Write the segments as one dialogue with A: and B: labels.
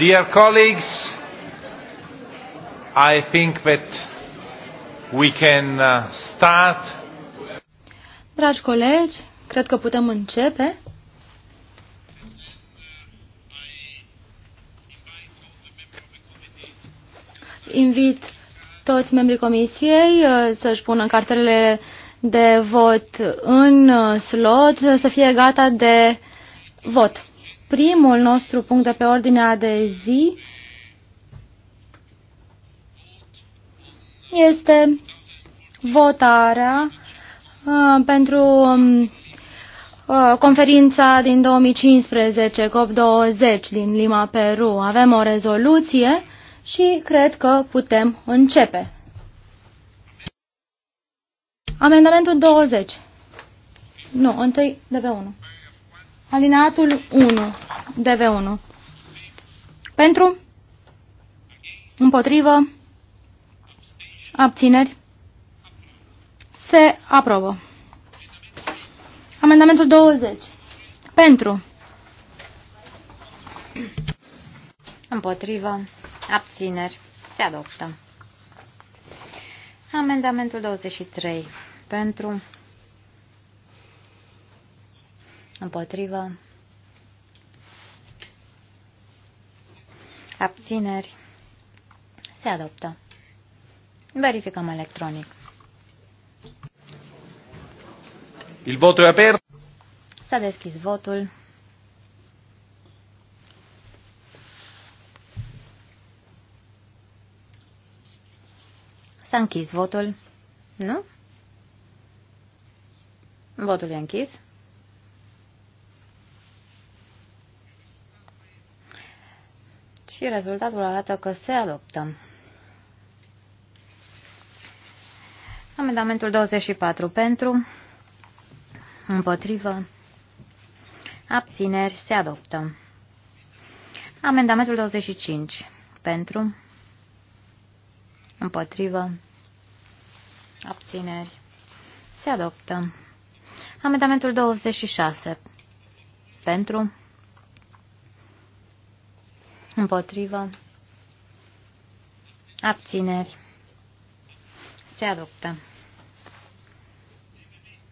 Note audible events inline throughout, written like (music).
A: Dear colleagues, I think that we can uh, start.
B: Dragi colegi, cred că putem începe. Invit toți membrii comisiei uh, să-și pună cartelele de vot în uh, slot, să fie gata de vot primul nostru punct de pe ordinea de zi este votarea uh, pentru um, uh, conferința din 2015, COP20 din Lima, Peru. Avem o rezoluție și cred că putem începe. Amendamentul 20. Nu, întâi de pe 1. Alineatul 1, DV1. Pentru, împotrivă, abțineri, se aprobă. Amendamentul 20.
C: Pentru. Împotrivă. Abțineri. Se adoptă. Amendamentul 23. Pentru. Împotrivă. Abțineri. Se adoptă. Verificăm electronic.
A: Il voto è aperto.
C: S-a deschis votul. S-a închis votul. Nu? Votul e închis. Și rezultatul arată că se adoptă. Amendamentul 24 pentru, împotrivă, abțineri, se adoptă. Amendamentul 25 pentru, împotrivă, abțineri, se adoptă. Amendamentul 26 pentru, Împotrivă. Abțineri. Se adoptă.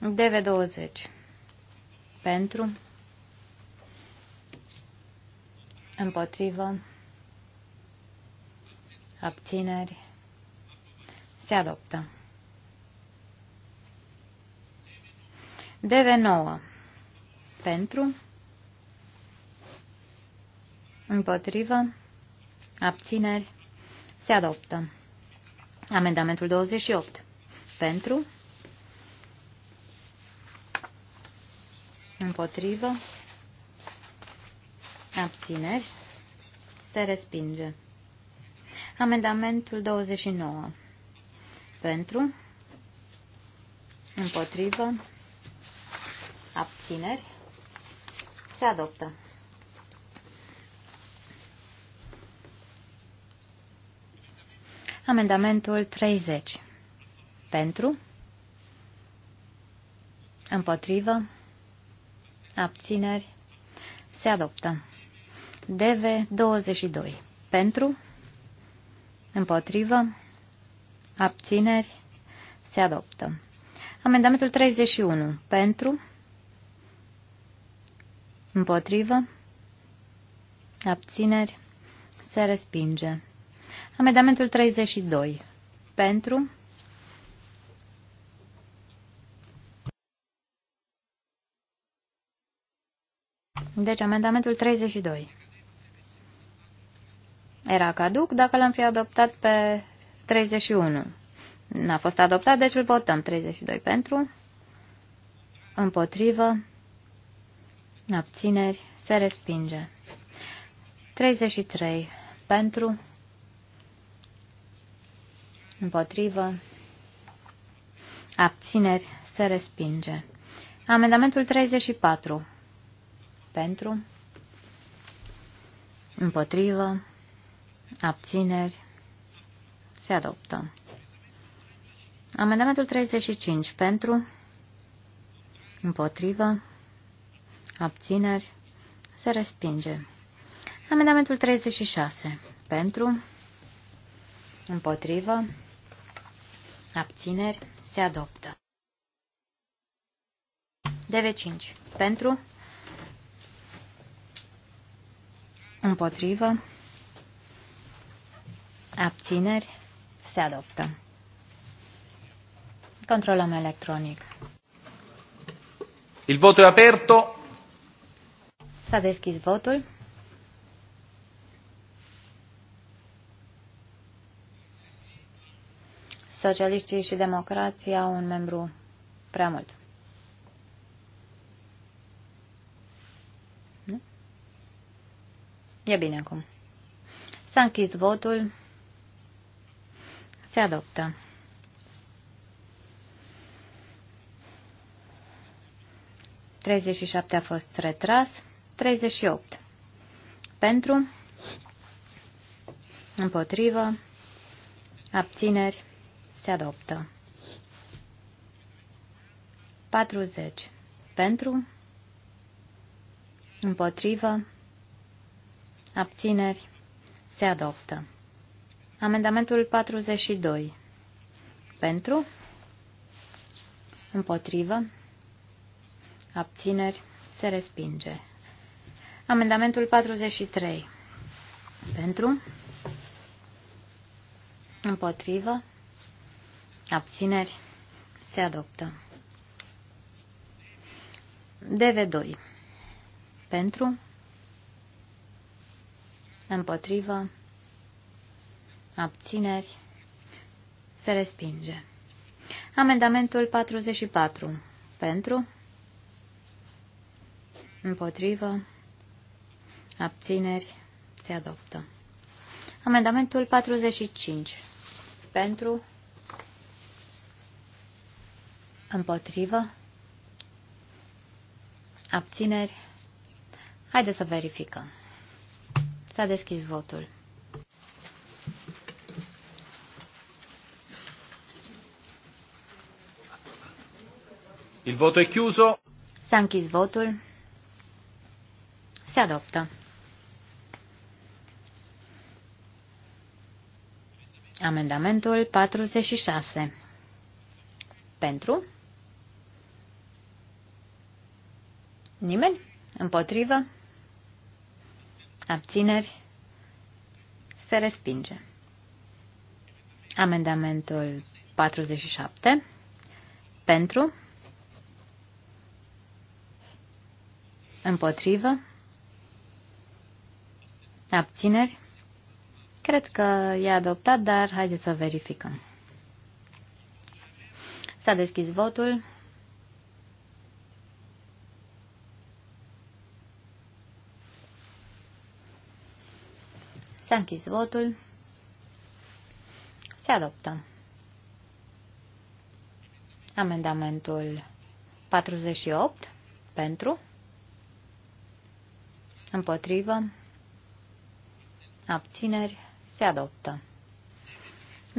C: DV20. Pentru. Împotrivă. Abțineri. Se adoptă. DV9. Pentru. Împotrivă. Abțineri. Se adoptă. Amendamentul 28. Pentru. Împotrivă. Abțineri. Se respinge. Amendamentul 29. Pentru. Împotrivă. Abțineri. Se adoptă. Amendamentul 30. Pentru? Împotrivă? Abțineri? Se adoptă. DV 22. Pentru? Împotrivă? Abțineri? Se adoptă. Amendamentul 31. Pentru? Împotrivă? Abțineri? Se respinge. Amendamentul 32. Pentru. Deci, amendamentul 32. Era caduc dacă l-am fi adoptat pe 31. N-a fost adoptat, deci îl votăm. 32 pentru, împotrivă, abțineri, se respinge. 33 pentru, împotrivă, abțineri, se respinge. Amendamentul 34, pentru, împotrivă, abțineri, se adoptă. Amendamentul 35, pentru, împotrivă, abțineri, se respinge. Amendamentul 36, pentru, împotrivă, Abțineri. Se adoptă. DV5. Pentru. Împotrivă. Abțineri. Se adoptă. Controlăm electronic.
A: Il voto è aperto.
C: S-a deschis votul. Socialiștii și democrații au un membru prea mult. Nu? E bine acum. S-a închis votul. Se adoptă. Treizeci și șapte a fost retras. Treizeci și opt. Pentru. Împotrivă. Abțineri. Se adoptă. 40. Pentru. Împotrivă. Abțineri. Se adoptă. Amendamentul 42. Pentru. Împotrivă. Abțineri. Se respinge. Amendamentul 43. Pentru. Împotrivă. Abțineri. Se adoptă. DV2. Pentru. Împotrivă. Abțineri. Se respinge. Amendamentul 44. Pentru. Împotrivă. Abțineri. Se adoptă. Amendamentul 45. Pentru. Împotrivă? Abțineri? Haideți să verificăm. S-a deschis votul.
A: Il voto è chiuso.
C: S-a închis votul. Se adoptă. Amendamentul 46. Pentru? Nimeni? Împotrivă? Abțineri? Se respinge. Amendamentul 47. Pentru? Împotrivă? Abțineri? Cred că e adoptat, dar haideți să verificăm. S-a deschis votul. S-a închis votul. Se adoptă. Amendamentul 48 pentru, împotrivă, abțineri, se adoptă.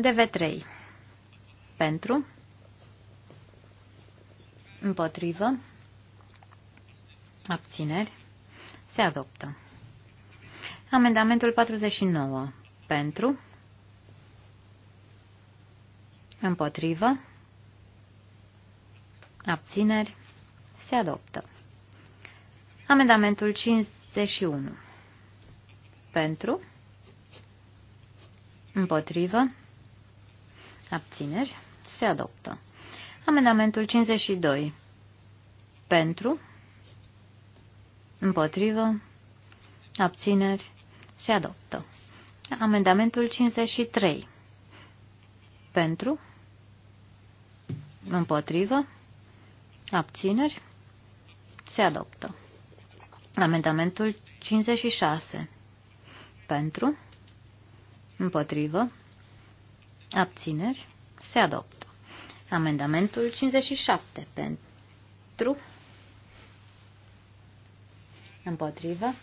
C: DV3 pentru, împotrivă, abțineri, se adoptă. Amendamentul 49. Pentru. Împotrivă. Abțineri. Se adoptă. Amendamentul 51. Pentru. Împotrivă. Abțineri. Se adoptă. Amendamentul 52. Pentru. Împotrivă. Abțineri. Se adoptă. Amendamentul 53. Pentru. Împotrivă. Abțineri. Se adoptă. Amendamentul 56. Pentru. Împotrivă. Abțineri. Se adoptă. Amendamentul 57. Pentru. Împotrivă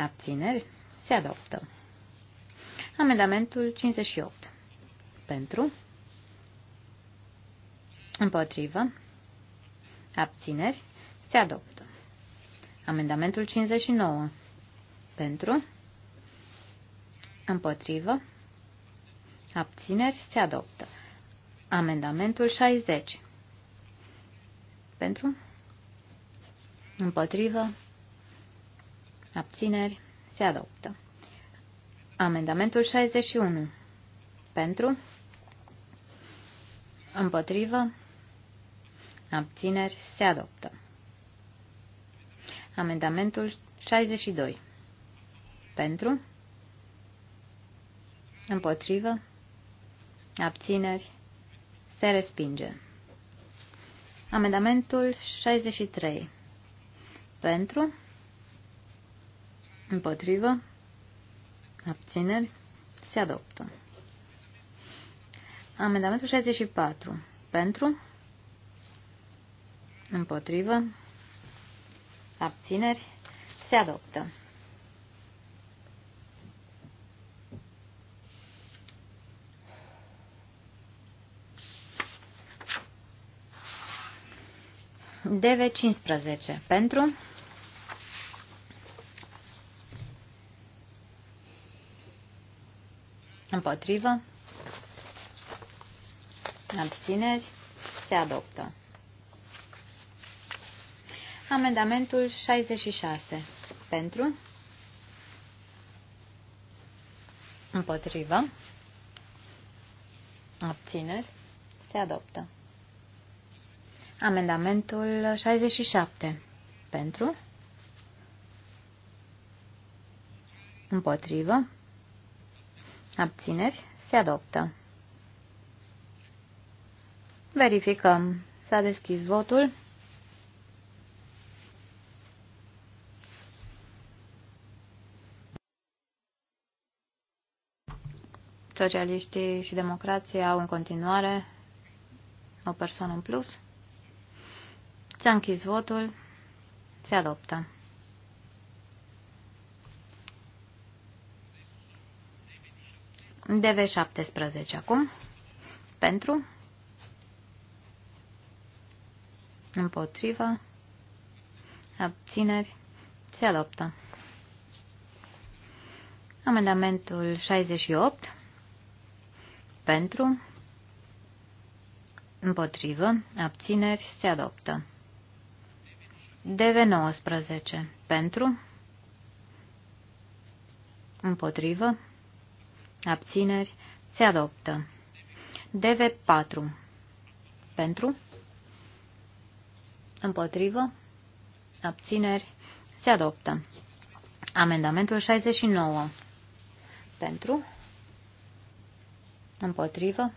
C: abțineri, se adoptă. Amendamentul 58. Pentru, împotrivă, abțineri, se adoptă. Amendamentul 59. Pentru, împotrivă, abțineri, se adoptă. Amendamentul 60. Pentru, împotrivă, abțineri, se adoptă. Amendamentul 61. Pentru, împotrivă, abțineri, se adoptă. Amendamentul 62. Pentru, împotrivă, abțineri, se respinge. Amendamentul 63. Pentru, Împotrivă. Abțineri. Se adoptă. Amendamentul 64. Pentru. Împotrivă. Abțineri. Se adoptă. DV15. Pentru. Împotrivă. Abțineri. Se adoptă. Amendamentul 66. Pentru. Împotrivă. Abțineri. Se adoptă. Amendamentul 67. Pentru. Împotrivă. Abțineri? Se adoptă. Verificăm. S-a deschis votul. Socialiștii și democrații au în continuare o persoană în plus. s a închis votul. Se adoptă. DV17 acum. Pentru. Împotrivă. Abțineri. Se adoptă. Amendamentul 68. Pentru. Împotrivă. Abțineri. Se adoptă. DV19. Pentru. Împotrivă abțineri, se adoptă. DV4. Pentru, împotrivă, abțineri, se adoptă. Amendamentul 69. Pentru, împotrivă,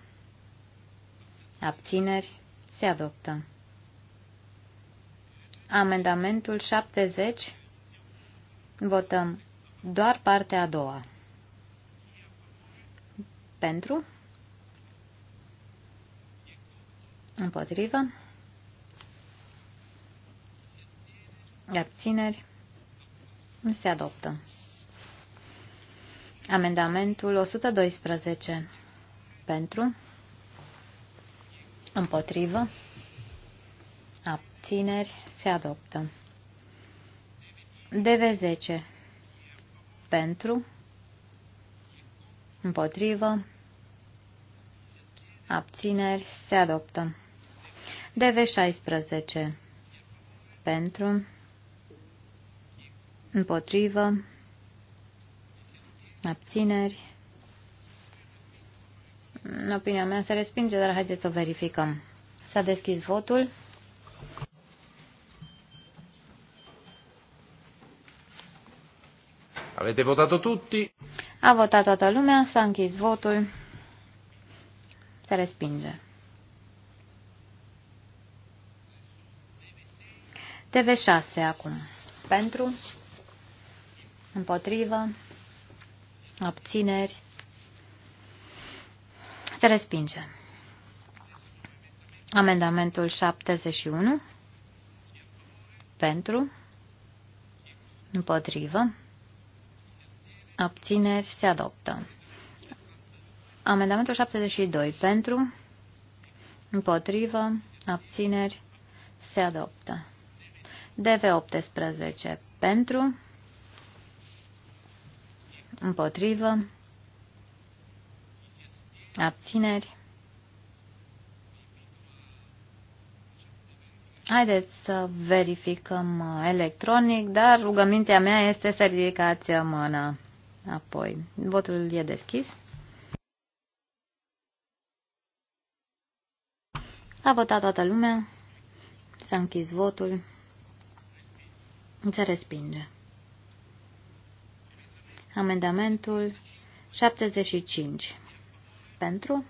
C: abțineri, se adoptă. Amendamentul 70. Votăm doar partea a doua. Pentru. Împotrivă. Abțineri. Se adoptă. Amendamentul 112. Pentru. Împotrivă. Abțineri. Se adoptă. DV10. Pentru. Împotrivă. Abțineri. Se adoptă. DV16. Pentru. Împotrivă. Abțineri. În opinia mea se respinge, dar haideți să o verificăm. S-a deschis votul.
A: Avete votato tutti?
C: A votat toată lumea, s-a închis votul, se respinge. TV6 acum. Pentru, împotrivă, abțineri, se respinge. Amendamentul 71. Pentru, împotrivă, Abțineri se adoptă. Amendamentul 72. Pentru, împotrivă, abțineri se adoptă. DV18. Pentru, împotrivă, abțineri. Haideți să verificăm uh, electronic, dar rugămintea mea este să ridicați mâna apoi. Votul e deschis. A votat toată lumea. S-a închis votul. Se respinge. Amendamentul 75. Pentru?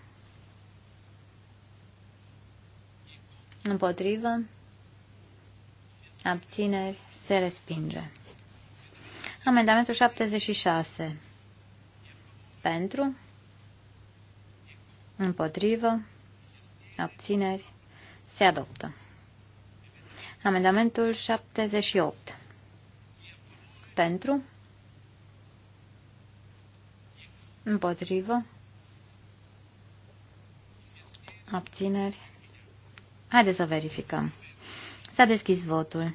C: Împotrivă? Abțineri? Se respinge. Amendamentul 76. Pentru. Împotrivă. Abțineri. Se adoptă. Amendamentul 78. Pentru. Împotrivă. Abțineri. Haideți să verificăm. S-a deschis votul.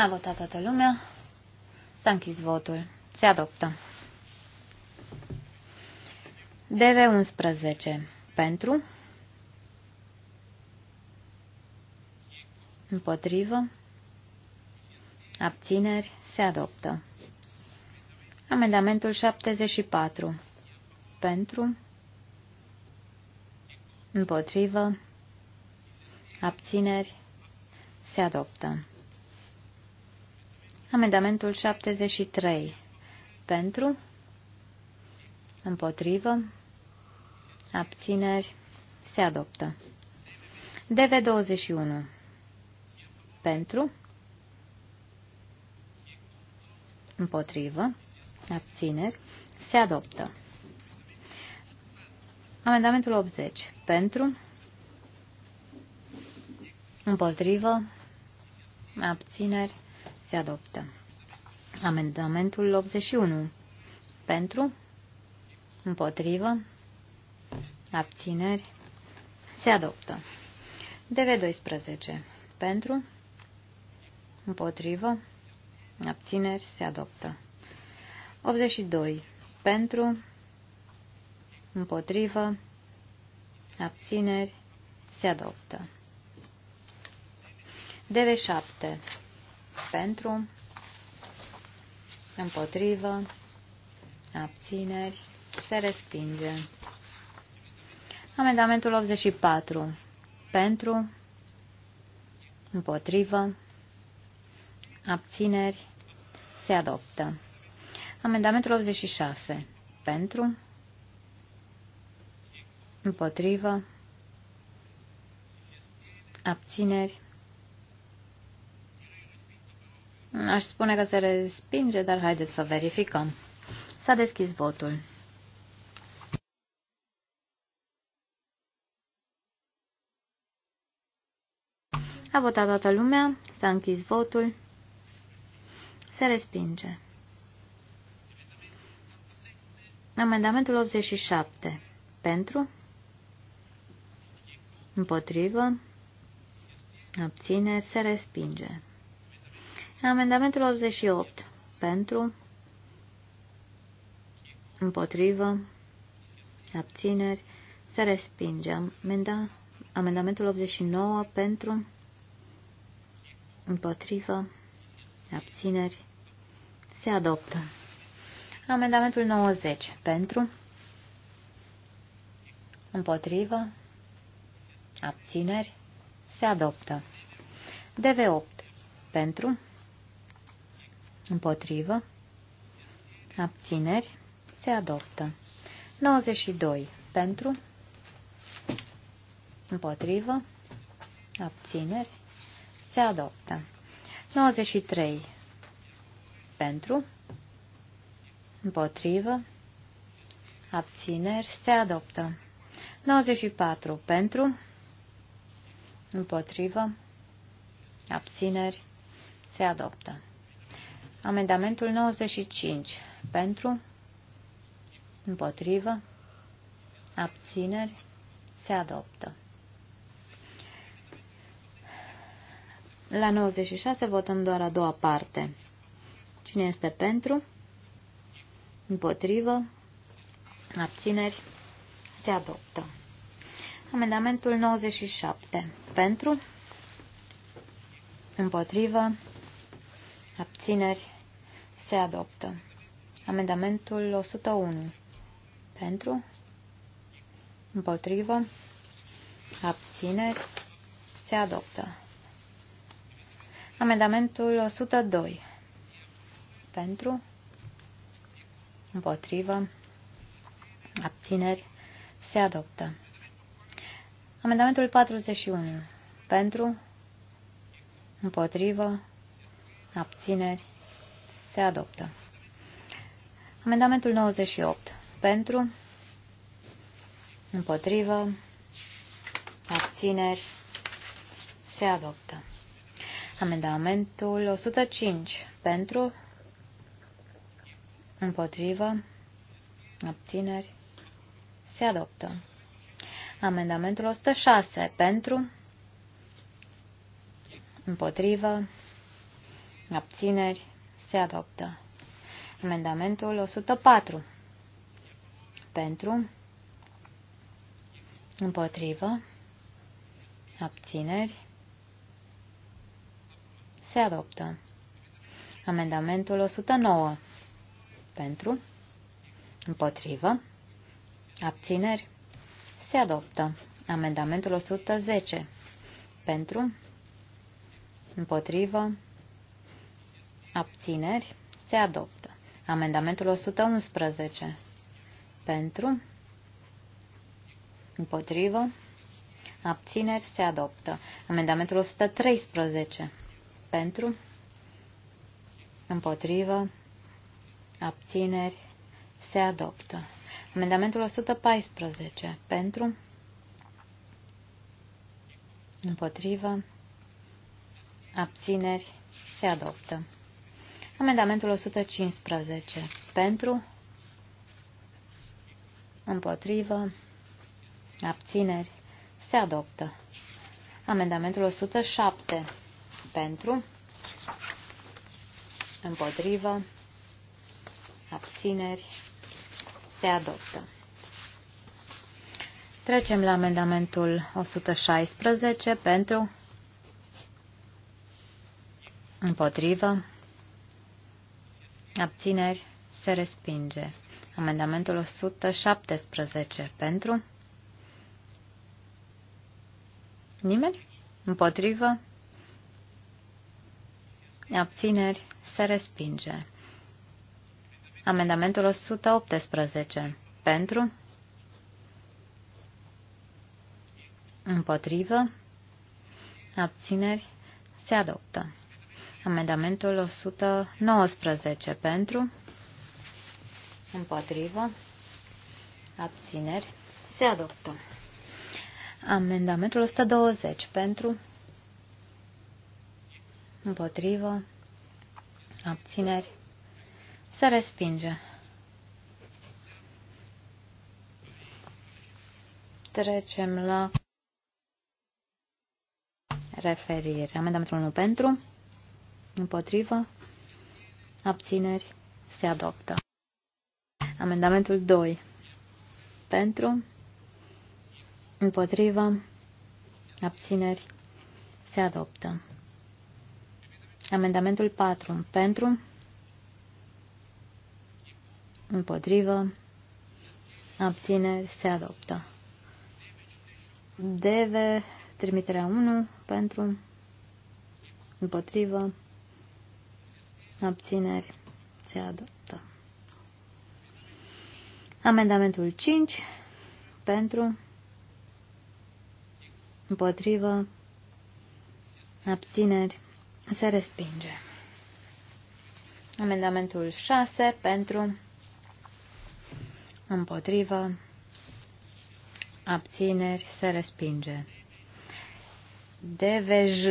C: A votat toată lumea. S-a închis votul. Se adoptă. DV11 pentru împotrivă abțineri se adoptă. Amendamentul 74 pentru împotrivă abțineri se adoptă. Amendamentul 73. Pentru. Împotrivă. Abțineri. Se adoptă. DV21. Pentru. Împotrivă. Abțineri. Se adoptă. Amendamentul 80. Pentru. Împotrivă. Abțineri. Se adoptă. Amendamentul 81. Pentru? Împotrivă? Abțineri? Se adoptă. DV12. Pentru? Împotrivă? Abțineri? Se adoptă. 82. Pentru? Împotrivă? Abțineri? Se adoptă. DV7 pentru, împotrivă, abțineri, se respinge. Amendamentul 84. Pentru, împotrivă, abțineri, se adoptă. Amendamentul 86. Pentru, împotrivă, abțineri, Aș spune că se respinge, dar haideți să verificăm. S-a deschis votul. A votat toată lumea, s-a închis votul, se respinge. Amendamentul 87. Pentru? Împotrivă? Abține. Se respinge. Amendamentul 88. Pentru. Împotrivă. Abțineri. Se respinge. Amenda, amendamentul 89. Pentru. Împotrivă. Abțineri. Se adoptă. Amendamentul 90. Pentru. Împotrivă. Abțineri. Se adoptă. DV8. Pentru. Împotrivă. Abțineri. Se adoptă. 92. Pentru. Împotrivă. Abțineri. Se adoptă. 93. Pentru. Împotrivă. Abțineri. Se adoptă. 94. Pentru. Împotrivă. Abțineri. Se adoptă. Amendamentul 95. Pentru, împotrivă, abțineri, se adoptă. La 96 votăm doar a doua parte. Cine este pentru? Împotrivă? Abțineri? Se adoptă. Amendamentul 97. Pentru? Împotrivă? Abțineri. Se adoptă. Amendamentul 101. Pentru. Împotrivă. Abțineri. Se adoptă. Amendamentul 102. Pentru. Împotrivă. Abțineri. Se adoptă. Amendamentul 41. Pentru. Împotrivă abțineri, se adoptă. Amendamentul 98. Pentru, împotrivă, abțineri, se adoptă. Amendamentul 105. Pentru, împotrivă, abțineri, se adoptă. Amendamentul 106. Pentru, împotrivă, Abțineri. Se adoptă. Amendamentul 104. Pentru. Împotrivă. Abțineri. Se adoptă. Amendamentul 109. Pentru. Împotrivă. Abțineri. Se adoptă. Amendamentul 110. Pentru. Împotrivă abțineri, se adoptă. Amendamentul 111 pentru, împotrivă, abțineri, se adoptă. Amendamentul 113 pentru, împotrivă, abțineri, se adoptă. Amendamentul 114 pentru, împotrivă, abțineri, se adoptă. Amendamentul 115. Pentru, împotrivă, abțineri, se adoptă. Amendamentul 107. Pentru, împotrivă, abțineri, se adoptă. Trecem la amendamentul 116 pentru împotrivă, abțineri, se respinge. Amendamentul 117 pentru? Nimeni? Împotrivă? Abțineri, se respinge. Amendamentul 118 pentru? Împotrivă? Abțineri, se adoptă. Amendamentul 119 pentru, împotrivă, abțineri, se adoptă. Amendamentul 120 pentru, împotrivă, abțineri, se respinge. Trecem la referire. Amendamentul 1 pentru, Împotrivă. Abțineri. Se adoptă. Amendamentul 2. Pentru. Împotrivă. Abțineri. Se adoptă. Amendamentul 4. Pentru. Împotrivă. Abțineri. Se adoptă. Deve. Trimiterea 1. Pentru. Împotrivă abțineri, se adoptă. Amendamentul 5 pentru, împotrivă, abțineri, se respinge. Amendamentul 6 pentru, împotrivă, abțineri, se respinge. DVJ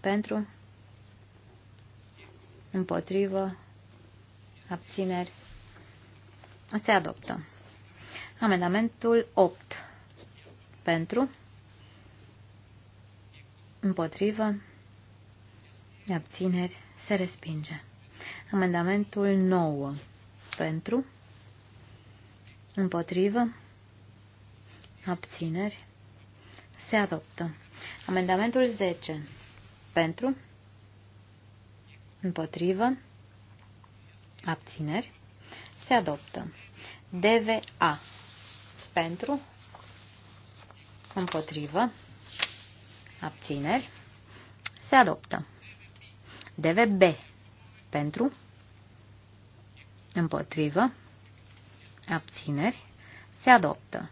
C: pentru împotrivă, abțineri, se adoptă. Amendamentul 8 pentru, împotrivă, abțineri, se respinge. Amendamentul 9 pentru, împotrivă, abțineri, se adoptă. Amendamentul 10 pentru, Împotrivă. Abțineri. Se adoptă. DVA. Pentru. Împotrivă. Abțineri. Se adoptă. DVB. Pentru. Împotrivă. Abțineri. Se adoptă.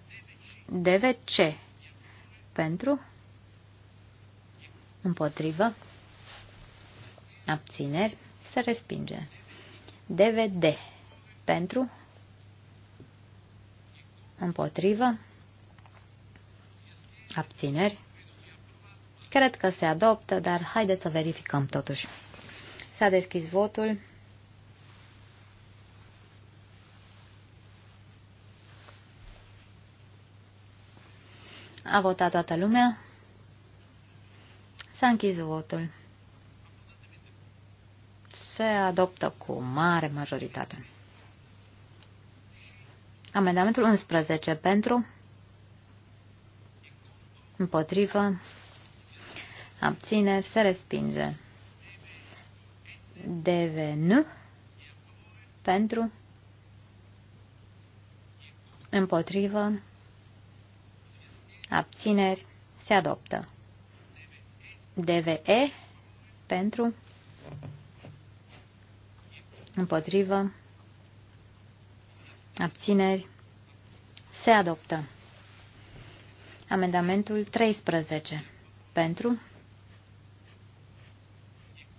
C: DVC. Pentru. Împotrivă abțineri, se respinge. DVD pentru, împotrivă, abțineri. Cred că se adoptă, dar haideți să verificăm totuși. S-a deschis votul. A votat toată lumea. S-a închis votul se adoptă cu mare majoritate. Amendamentul 11 pentru, împotrivă, abțineri, se respinge. DVN pentru, împotrivă, abțineri, se adoptă. DVE pentru, împotrivă, abțineri, se adoptă. Amendamentul 13. Pentru,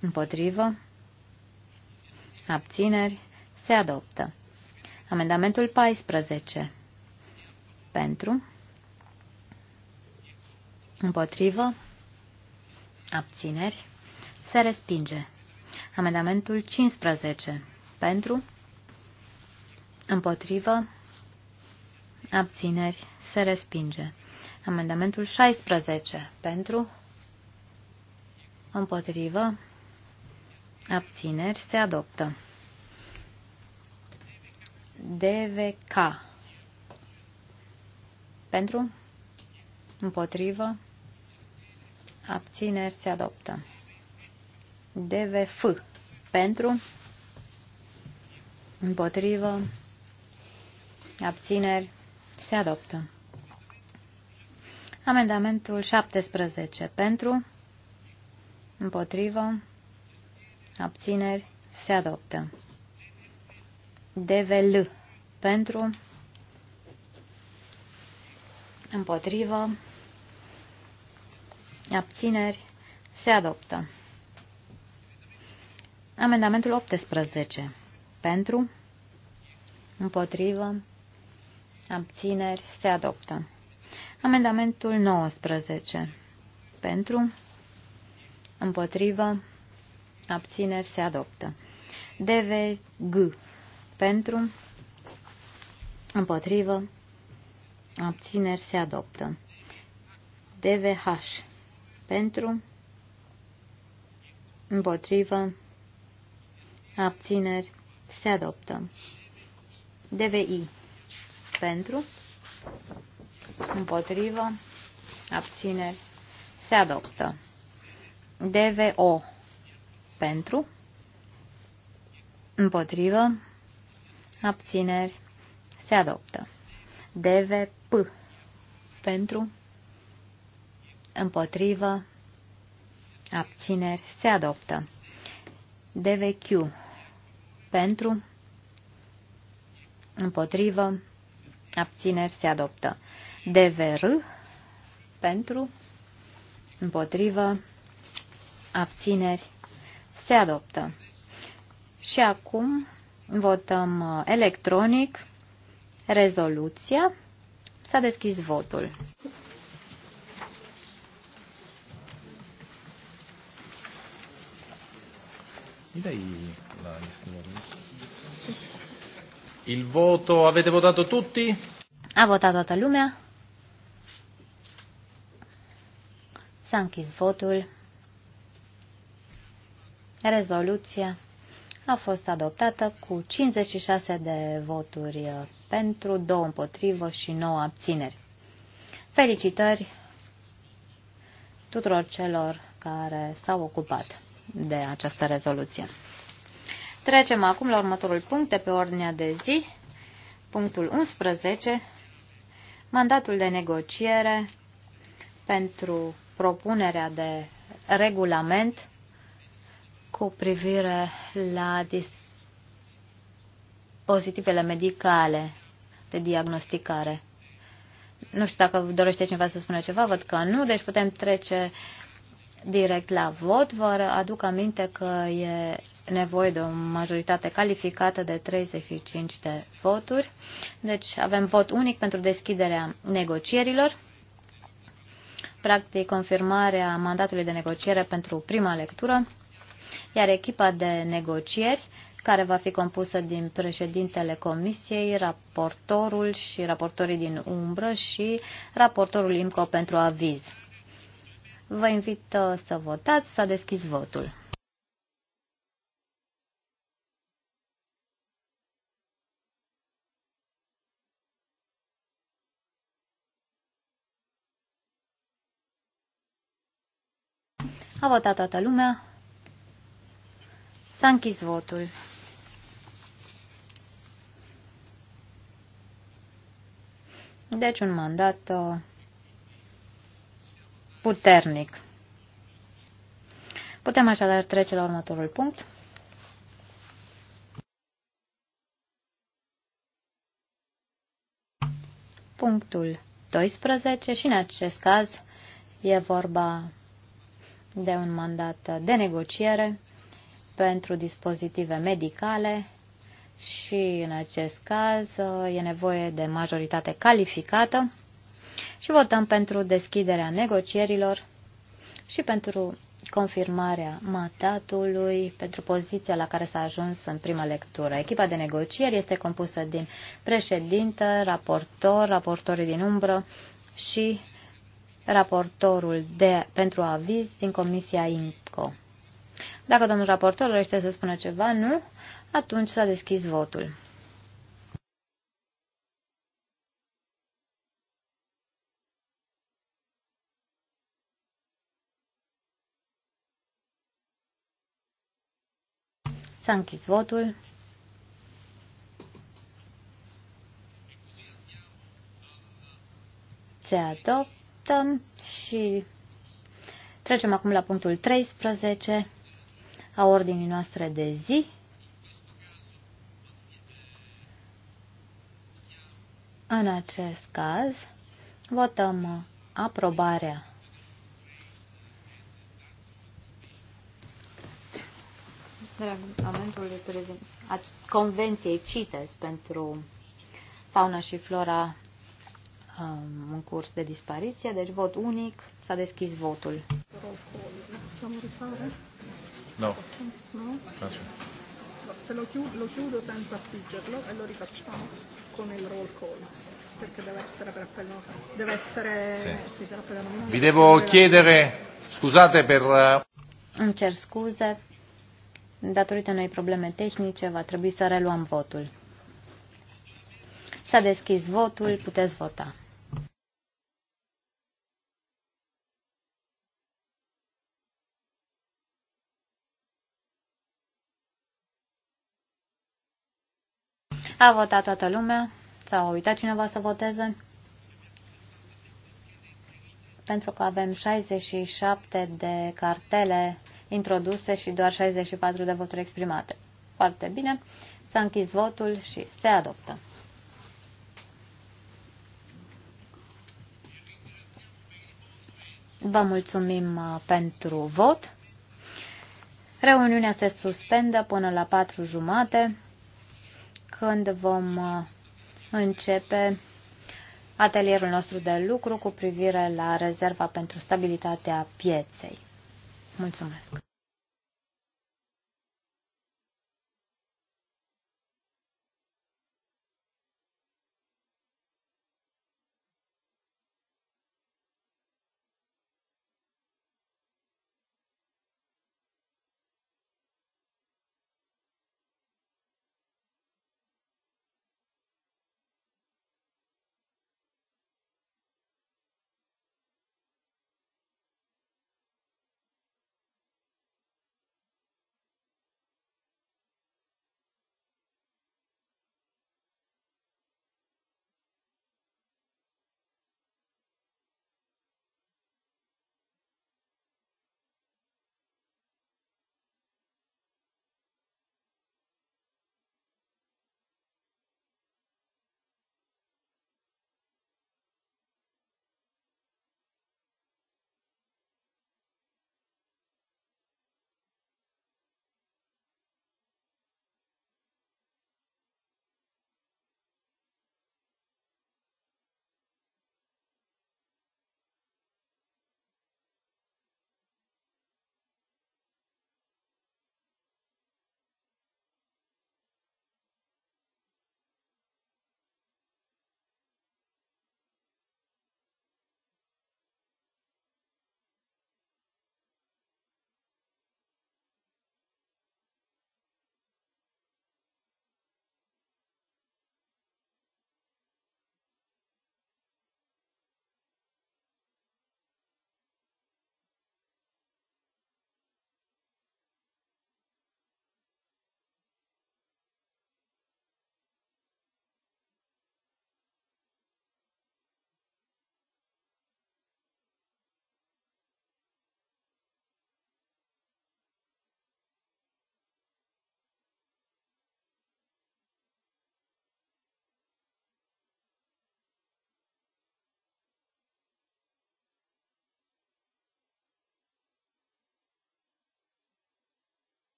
C: împotrivă, abțineri, se adoptă. Amendamentul 14. Pentru, împotrivă, abțineri, se respinge. Amendamentul 15. Pentru, împotrivă, abțineri, se respinge. Amendamentul 16. Pentru, împotrivă, abțineri, se adoptă. DVK. Pentru, împotrivă, abțineri, se adoptă. DVF pentru, împotrivă, abțineri, se adoptă. Amendamentul 17 pentru, împotrivă, abțineri, se adoptă. DVL pentru, împotrivă, abțineri, se adoptă. Amendamentul 18. Pentru, împotrivă, abțineri, se adoptă. Amendamentul 19. Pentru, împotrivă, abțineri, se adoptă. DVG. Pentru, împotrivă, abțineri, se adoptă. DVH. Pentru, împotrivă, abțineri, se adoptă. DVI pentru, împotrivă, abțineri, se adoptă. DVO pentru, împotrivă, abțineri, se adoptă. DVP pentru, împotrivă, abțineri, se adoptă. DVQ pentru, împotrivă, abțineri se adoptă. DVR pentru, împotrivă, abțineri se adoptă. Și acum votăm uh, electronic rezoluția. S-a deschis votul.
A: Ideea Il voto, avete votato tutti?
C: A votat toată lumea. S-a închis votul. Rezoluția a fost adoptată cu 56 de voturi uh, pentru, 2 împotrivă și 9 abțineri. Felicitări tuturor celor care s-au ocupat de această rezoluție. Trecem acum la următorul punct de pe ordinea de zi, punctul 11, mandatul de negociere pentru propunerea de regulament cu privire la dispozitivele medicale de diagnosticare. Nu știu dacă dorește cineva să spună ceva, văd că nu, deci putem trece direct la vot. Vă aduc aminte că e nevoie de o majoritate calificată de 35 de voturi. Deci avem vot unic pentru deschiderea negocierilor, practic confirmarea mandatului de negociere pentru prima lectură, iar echipa de negocieri care va fi compusă din președintele comisiei, raportorul și raportorii din umbră și raportorul IMCO pentru aviz. Vă invit uh, să votați, să a deschis votul. A votat toată lumea. S-a închis votul. Deci un mandat uh, puternic. Putem așadar trece la următorul punct. Punctul 12 și în acest caz e vorba de un mandat de negociere pentru dispozitive medicale și în acest caz e nevoie de majoritate calificată și votăm pentru deschiderea negocierilor și pentru confirmarea matatului pentru poziția la care s-a ajuns în prima lectură. Echipa de negocieri este compusă din președinte, raportor, raportorii din umbră și raportorul de, pentru aviz din Comisia INCO. Dacă domnul raportor dorește să spună ceva, nu, atunci s-a deschis votul. S-a închis votul. Se adopt adoptă și trecem acum la punctul 13 a ordinii noastre de zi. În acest caz, votăm aprobarea Convenției CITES pentru fauna și flora um, în curs de dispariție, deci vot unic, s-a deschis votul.
A: No. No?
D: Se lo chiudo, lo chiudo senza appiggerlo e lo rifacciamo con il roll call perché deve essere per appello, deve essere sì. Sì, per appello nominale. Vi devo chiedere
A: scusate per uh,
C: Îmi cer scuze. Datorită unei probleme tehnice va trebui să reluăm votul. S-a deschis votul, puteți vota. A votat toată lumea? S-a uitat cineva să voteze? Pentru că avem 67 de cartele introduse și doar 64 de voturi exprimate. Foarte bine. S-a închis votul și se adoptă. Vă mulțumim uh, pentru vot. Reuniunea se suspendă până la patru jumate când vom uh, începe atelierul nostru de lucru cu privire la rezerva pentru stabilitatea pieței.
A: Mulțumesc!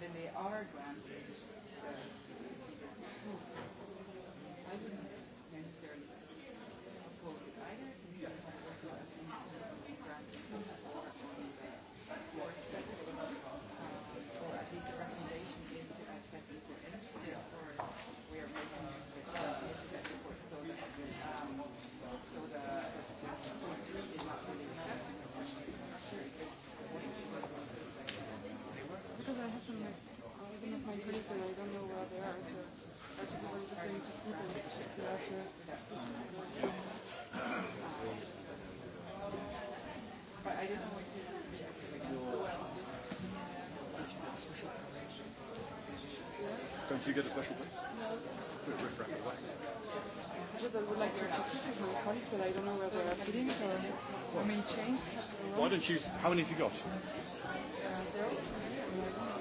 A: than they are I have some like, uh, some of my colleagues, but I don't know where they are, so I suppose I'm just going to see them after. But I didn't want to Don't you get a special place? No. With referendum rights? Because I would like to sit with my colleagues, but I don't know where they are sitting, so I may change. Why don't you, how many have you got? Uh, Mulțumesc.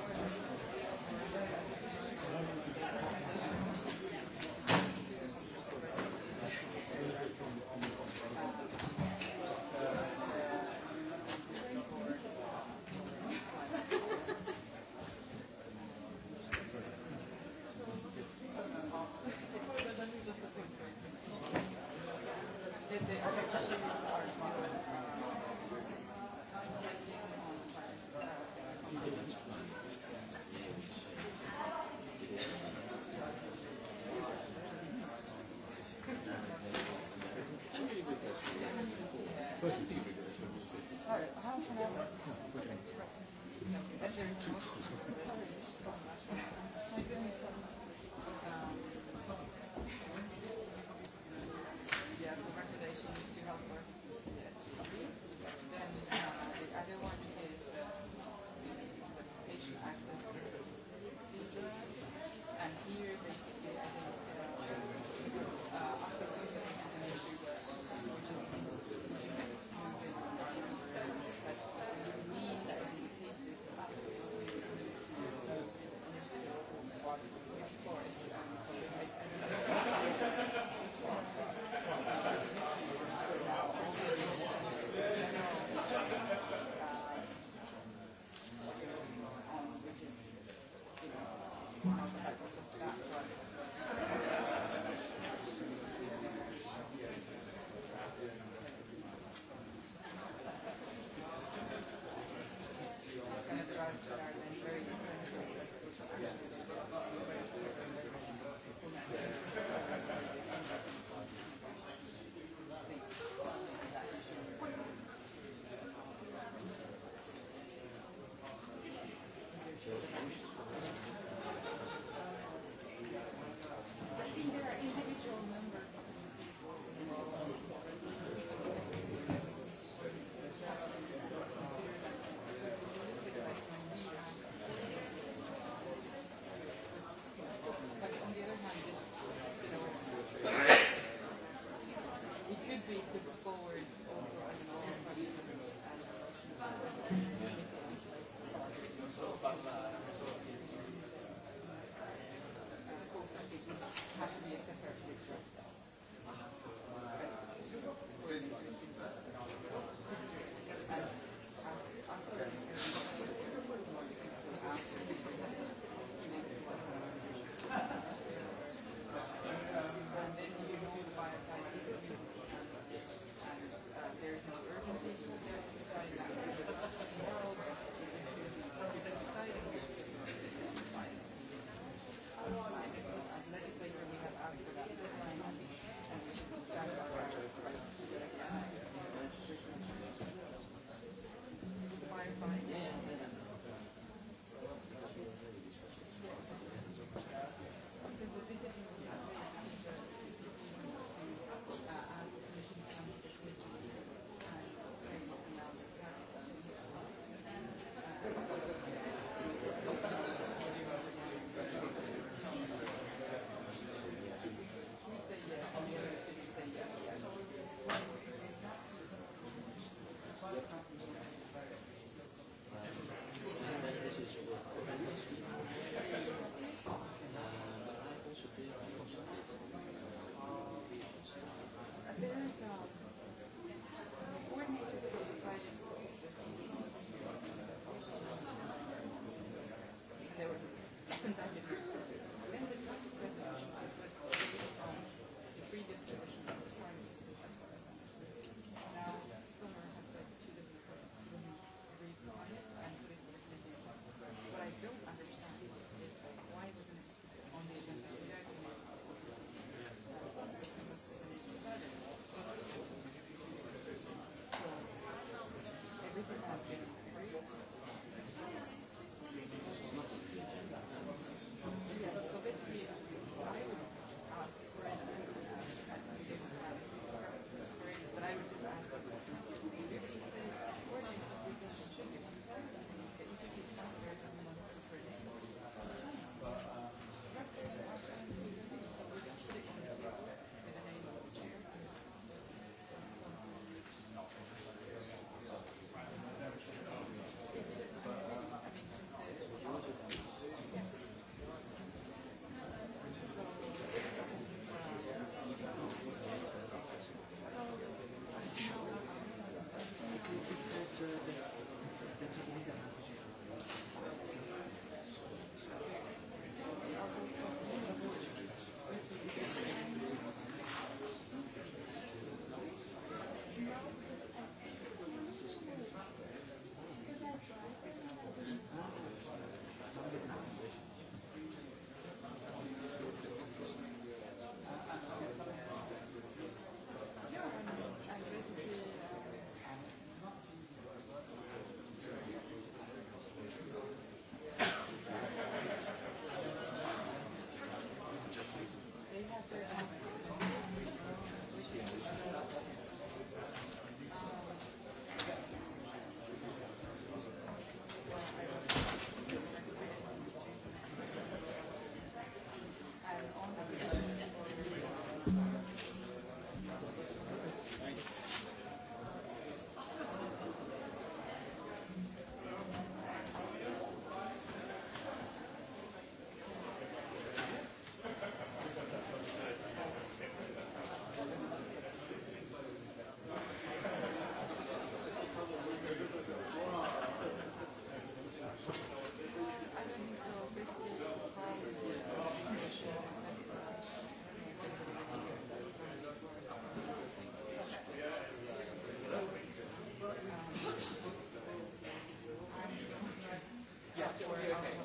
A: okay.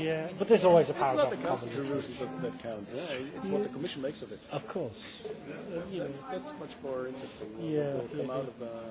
A: Yeah, but there's always a paragraph. It's not the council rules that, that count. Yeah, it's yeah. what the commission makes of it. Of course. Yeah, that's, that's that's much more interesting. Yeah, yeah, come yeah. out of uh,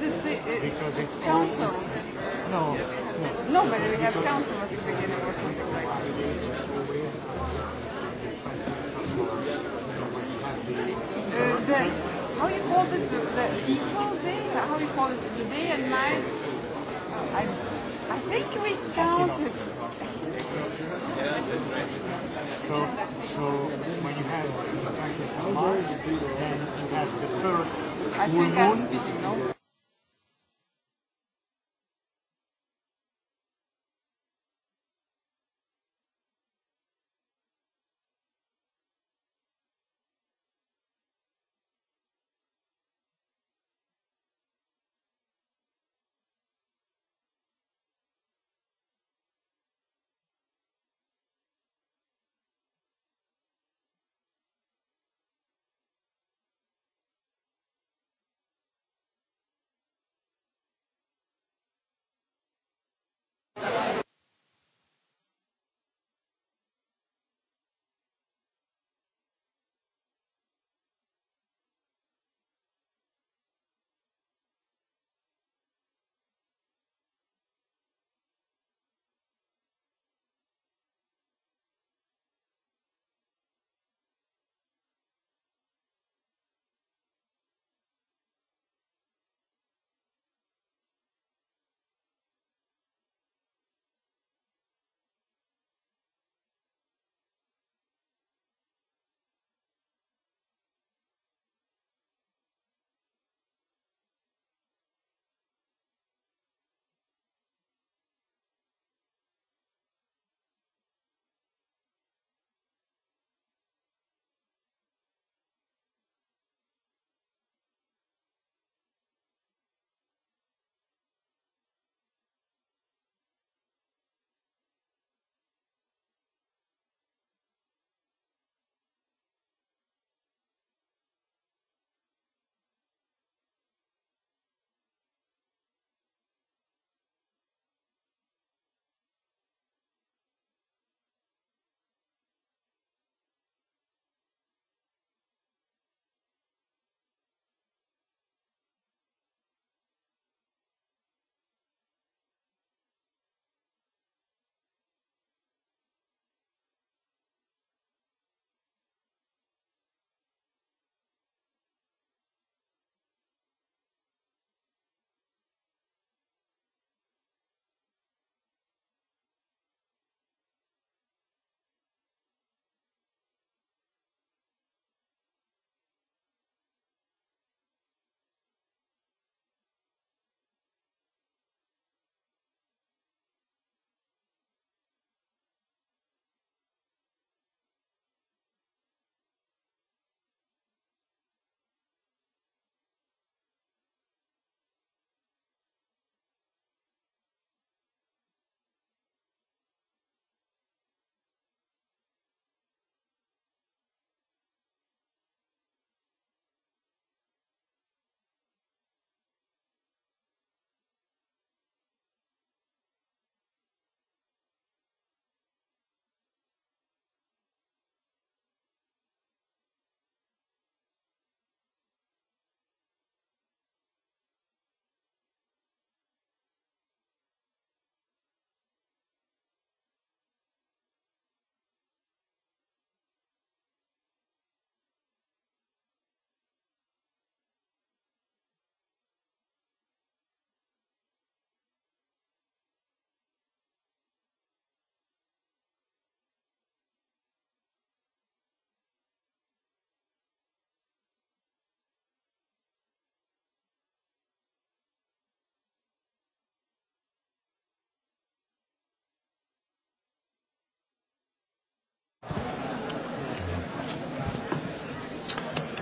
A: because it's, it, because it's, it's council. No, no. No, but we have council at the beginning or something like that. Uh, the,
D: how you call this? The, the equal day? How you call it? The day and night? I, I think we counted.
A: So, so when you have the of Mars, then you have the first full moon.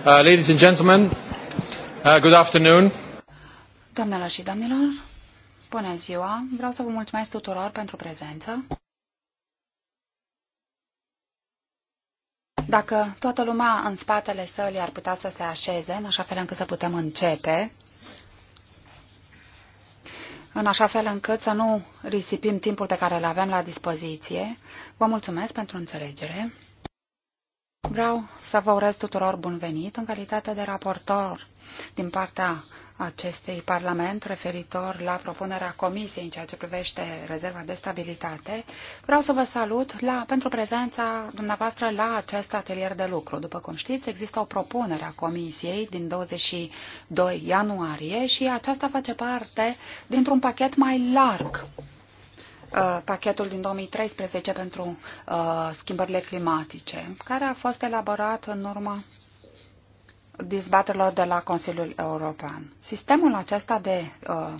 A: Uh, ladies and gentlemen, uh, good afternoon.
D: Doamnelor și domnilor, bună ziua! Vreau să vă mulțumesc tuturor pentru prezență. Dacă toată lumea în spatele sălii ar putea să se așeze, în așa fel încât să putem începe, în așa fel încât să nu risipim timpul pe care îl avem la dispoziție, vă mulțumesc pentru înțelegere. Vreau să vă urez tuturor bun venit în calitate de raportor din partea acestui Parlament referitor la propunerea Comisiei în ceea ce privește rezerva de stabilitate. Vreau să vă salut la, pentru prezența dumneavoastră la acest atelier de lucru. După cum știți, există o propunere a Comisiei din 22 ianuarie și aceasta face parte dintr-un pachet mai larg Uh, pachetul din 2013 pentru uh, schimbările climatice, care a fost elaborat în urma dezbaterilor de la Consiliul European. Sistemul acesta de uh,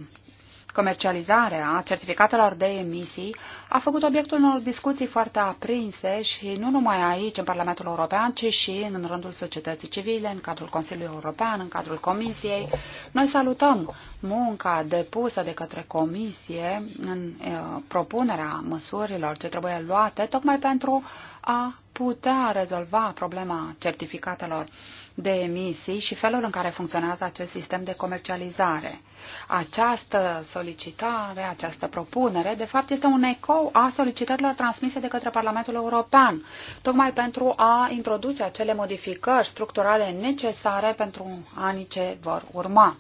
D: comercializarea certificatelor de emisii a făcut obiectul unor discuții foarte aprinse și nu numai aici, în Parlamentul European, ci și în rândul societății civile, în cadrul Consiliului European, în cadrul Comisiei. Noi salutăm munca depusă de către Comisie în propunerea măsurilor ce trebuie luate, tocmai pentru a putea rezolva problema certificatelor de emisii și felul în care funcționează acest sistem de comercializare. Această solicitare, această propunere, de fapt, este un ecou a solicitărilor transmise de către Parlamentul European, tocmai pentru a introduce acele modificări structurale necesare pentru anii ce vor urma.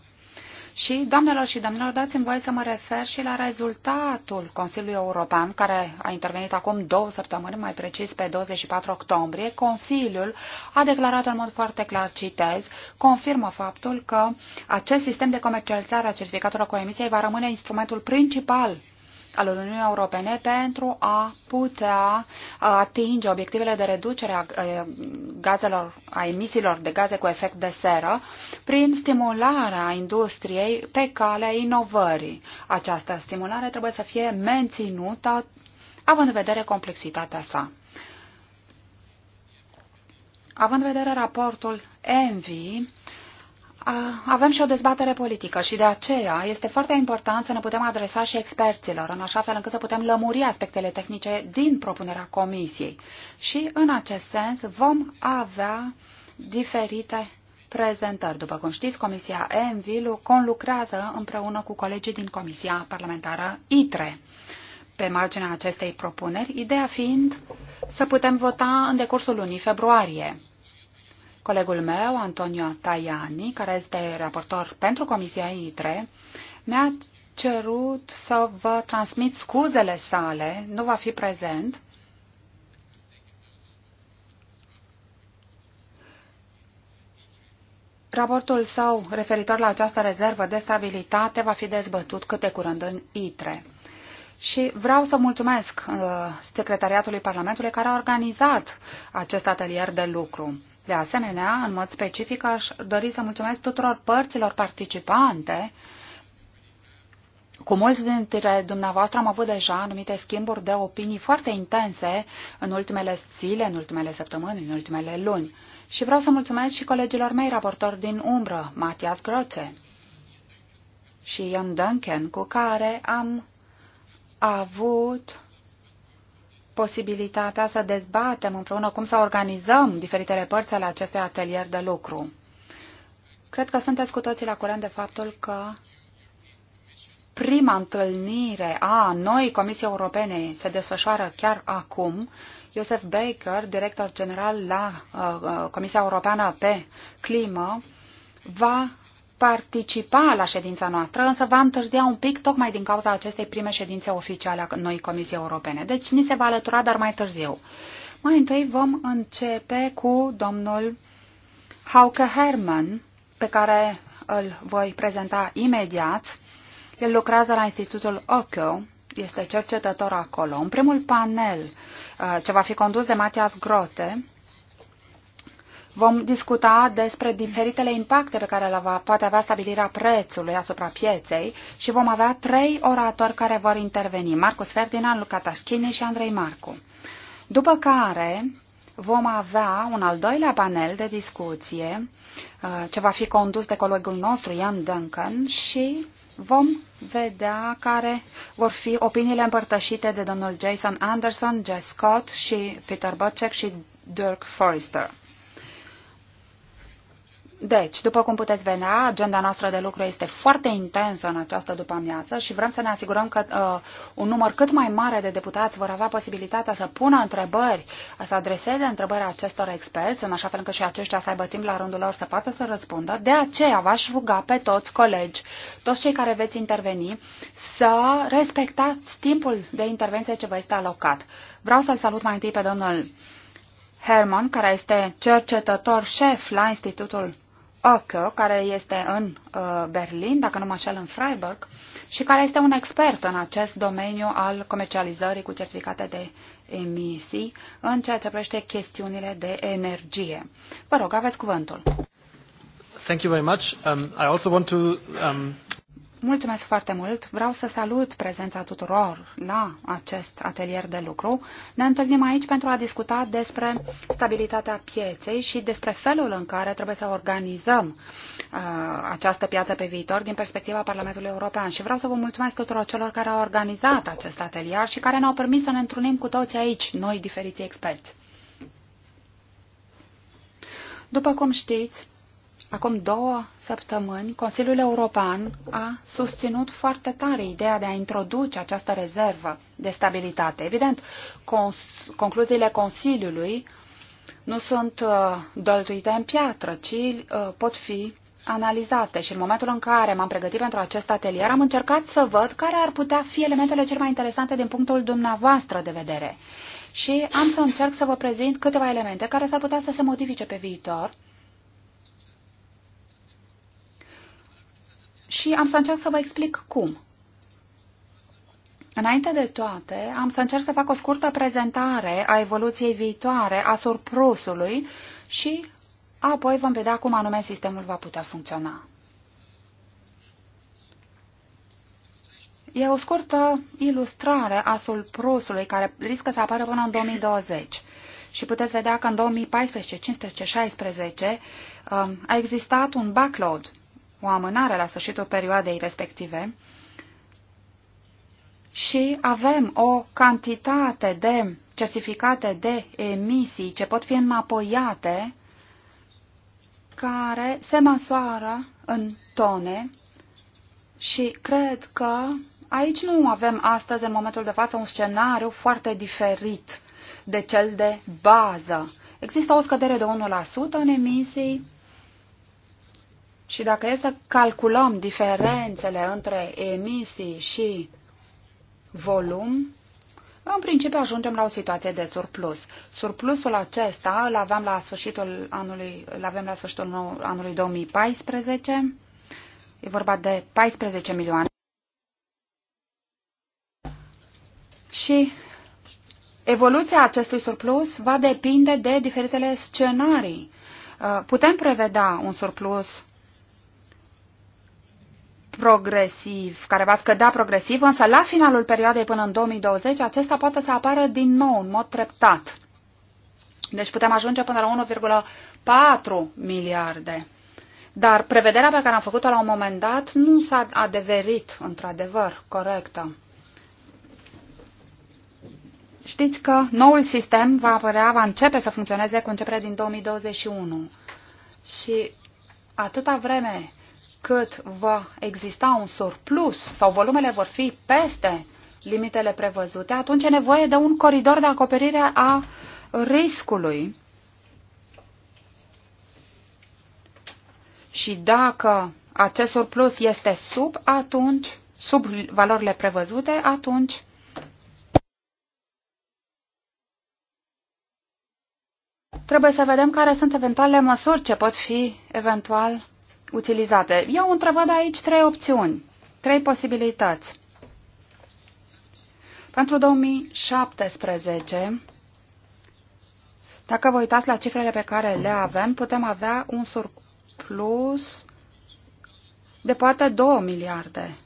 D: Și, doamnelor și domnilor, dați-mi voie să mă refer și la rezultatul Consiliului European, care a intervenit acum două săptămâni, mai precis pe 24 octombrie. Consiliul a declarat în mod foarte clar, citez, confirmă faptul că acest sistem de comercializare a certificatelor cu emisie va rămâne instrumentul principal al Uniunii Europene pentru a putea uh, atinge obiectivele de reducere a uh, gazelor, a emisiilor de gaze cu efect de seră prin stimularea industriei pe calea inovării. Această stimulare trebuie să fie menținută având în vedere complexitatea sa. Având în vedere raportul ENVI, avem și o dezbatere politică și de aceea este foarte important să ne putem adresa și experților, în așa fel încât să putem lămuri aspectele tehnice din propunerea comisiei. Și în acest sens vom avea diferite prezentări. După cum știți, Comisia Envilu conlucrează împreună cu colegii din Comisia Parlamentară ITRE. Pe marginea acestei propuneri, ideea fiind să putem vota în decursul lunii februarie. Colegul meu, Antonio Tajani, care este raportor pentru Comisia ITRE, mi-a cerut să vă transmit scuzele sale, nu va fi prezent. Raportul său referitor la această rezervă de stabilitate va fi dezbătut cât de curând în ITRE. Și vreau să mulțumesc uh, Secretariatului Parlamentului care a organizat acest atelier de lucru. De asemenea, în mod specific, aș dori să mulțumesc tuturor părților participante. Cu mulți dintre dumneavoastră am avut deja anumite schimburi de opinii foarte intense în ultimele zile, în ultimele săptămâni, în ultimele luni. Și vreau să mulțumesc și colegilor mei raportori din umbră, Matias Groțe și Ian Duncan, cu care am avut posibilitatea să dezbatem împreună cum să organizăm diferitele părți ale acestui atelier de lucru. Cred că sunteți cu toții la curent de faptul că prima întâlnire a noi Comisiei Europene se desfășoară chiar acum. Joseph Baker, director general la uh, uh, Comisia Europeană pe Climă, va participa la ședința noastră, însă va întârzia un pic tocmai din cauza acestei prime ședințe oficiale a noi Comisii Europene. Deci ni se va alătura, dar mai târziu. Mai întâi vom începe cu domnul Hauke Herman, pe care îl voi prezenta imediat. El lucrează la Institutul Ocho, este cercetător acolo. În primul panel, uh, ce va fi condus de Matias Grote, Vom discuta despre diferitele impacte pe care le va, poate avea stabilirea prețului asupra pieței și vom avea trei oratori care vor interveni, Marcus Ferdinand, Luca Taschini și Andrei Marcu. După care vom avea un al doilea panel de discuție uh, ce va fi condus de colegul nostru, Ian Duncan, și vom vedea care vor fi opiniile împărtășite de domnul Jason Anderson, Jess Scott și Peter Bocek și Dirk Forrester. Deci, după cum puteți vedea, agenda noastră de lucru este foarte intensă în această după-amiază și vrem să ne asigurăm că uh, un număr cât mai mare de deputați vor avea posibilitatea să pună întrebări, să adreseze întrebări acestor experți, în așa fel încât și aceștia să aibă timp la rândul lor să poată să răspundă. De aceea v-aș ruga pe toți colegi, toți cei care veți interveni, să respectați timpul de intervenție ce vă este alocat. Vreau să-l salut mai întâi pe domnul Herman, care este cercetător șef la Institutul Ocho, care este în uh, Berlin, dacă nu mă așel în Freiburg, și care este un expert în acest domeniu al comercializării cu certificate de emisii în ceea ce privește chestiunile de energie. Vă rog, aveți cuvântul.
A: Thank you very much. Um, I also want to um,
D: Mulțumesc foarte mult! Vreau să salut prezența tuturor la acest atelier de lucru. Ne întâlnim aici pentru a discuta despre stabilitatea pieței și despre felul în care trebuie să organizăm uh, această piață pe viitor din perspectiva Parlamentului European. Și vreau să vă mulțumesc tuturor celor care au organizat acest atelier și care ne-au permis să ne întrunim cu toți aici, noi diferiți experți. După cum știți, Acum două săptămâni, Consiliul European a susținut foarte tare ideea de a introduce această rezervă de stabilitate. Evident, concluziile Consiliului nu sunt uh, dăltuite în piatră, ci uh, pot fi analizate și în momentul în care m-am pregătit pentru acest atelier am încercat să văd care ar putea fi elementele cele mai interesante din punctul dumneavoastră de vedere. Și am să încerc să vă prezint câteva elemente care s-ar putea să se modifice pe viitor și am să încerc să vă explic cum. Înainte de toate, am să încerc să fac o scurtă prezentare a evoluției viitoare a surplusului și apoi vom vedea cum anume sistemul va putea funcționa. E o scurtă ilustrare a surplusului care riscă să apară până în 2020. Și puteți vedea că în 2014, 15, 16 a existat un backload o amânare la sfârșitul perioadei respective și avem o cantitate de certificate de emisii ce pot fi înapoiate, care se măsoară în tone și cred că aici nu avem astăzi, în momentul de față, un scenariu foarte diferit de cel de bază. Există o scădere de 1% în emisii, și dacă e să calculăm diferențele între emisii și volum, în principiu ajungem la o situație de surplus. Surplusul acesta îl aveam la sfârșitul anului, îl avem la sfârșitul anului 2014. E vorba de 14 milioane. Și evoluția acestui surplus va depinde de diferitele scenarii. Uh, putem prevedea un surplus progresiv, care va scădea progresiv, însă la finalul perioadei până în 2020 acesta poate să apară din nou în mod treptat. Deci putem ajunge până la 1,4 miliarde. Dar prevederea pe care am făcut-o la un moment dat nu s-a adeverit într-adevăr corectă. Știți că noul sistem va apărea, va începe să funcționeze cu începerea din 2021. Și atâta vreme cât va exista un surplus sau volumele vor fi peste limitele prevăzute, atunci e nevoie de un coridor de acoperire a riscului. Și dacă acest surplus este sub, atunci, sub valorile prevăzute, atunci trebuie să vedem care sunt eventuale măsuri ce pot fi eventual utilizate. Eu întrevăd aici trei opțiuni, trei posibilități. Pentru 2017, dacă vă uitați la cifrele pe care le avem, putem avea un surplus de poate 2 miliarde.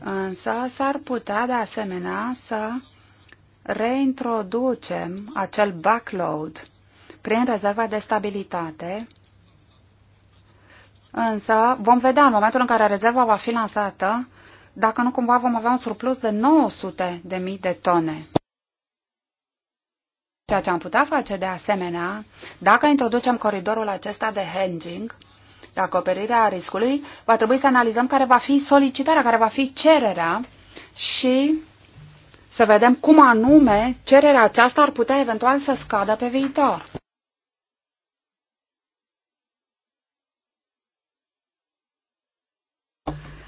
D: Însă s-ar putea de asemenea să reintroducem acel backload prin rezerva de stabilitate Însă vom vedea în momentul în care rezerva va fi lansată, dacă nu cumva vom avea un surplus de 900 de mii de tone. Ceea ce am putea face de asemenea, dacă introducem coridorul acesta de hedging, de acoperirea riscului, va trebui să analizăm care va fi solicitarea, care va fi cererea și să vedem cum anume cererea aceasta ar putea eventual să scadă pe viitor.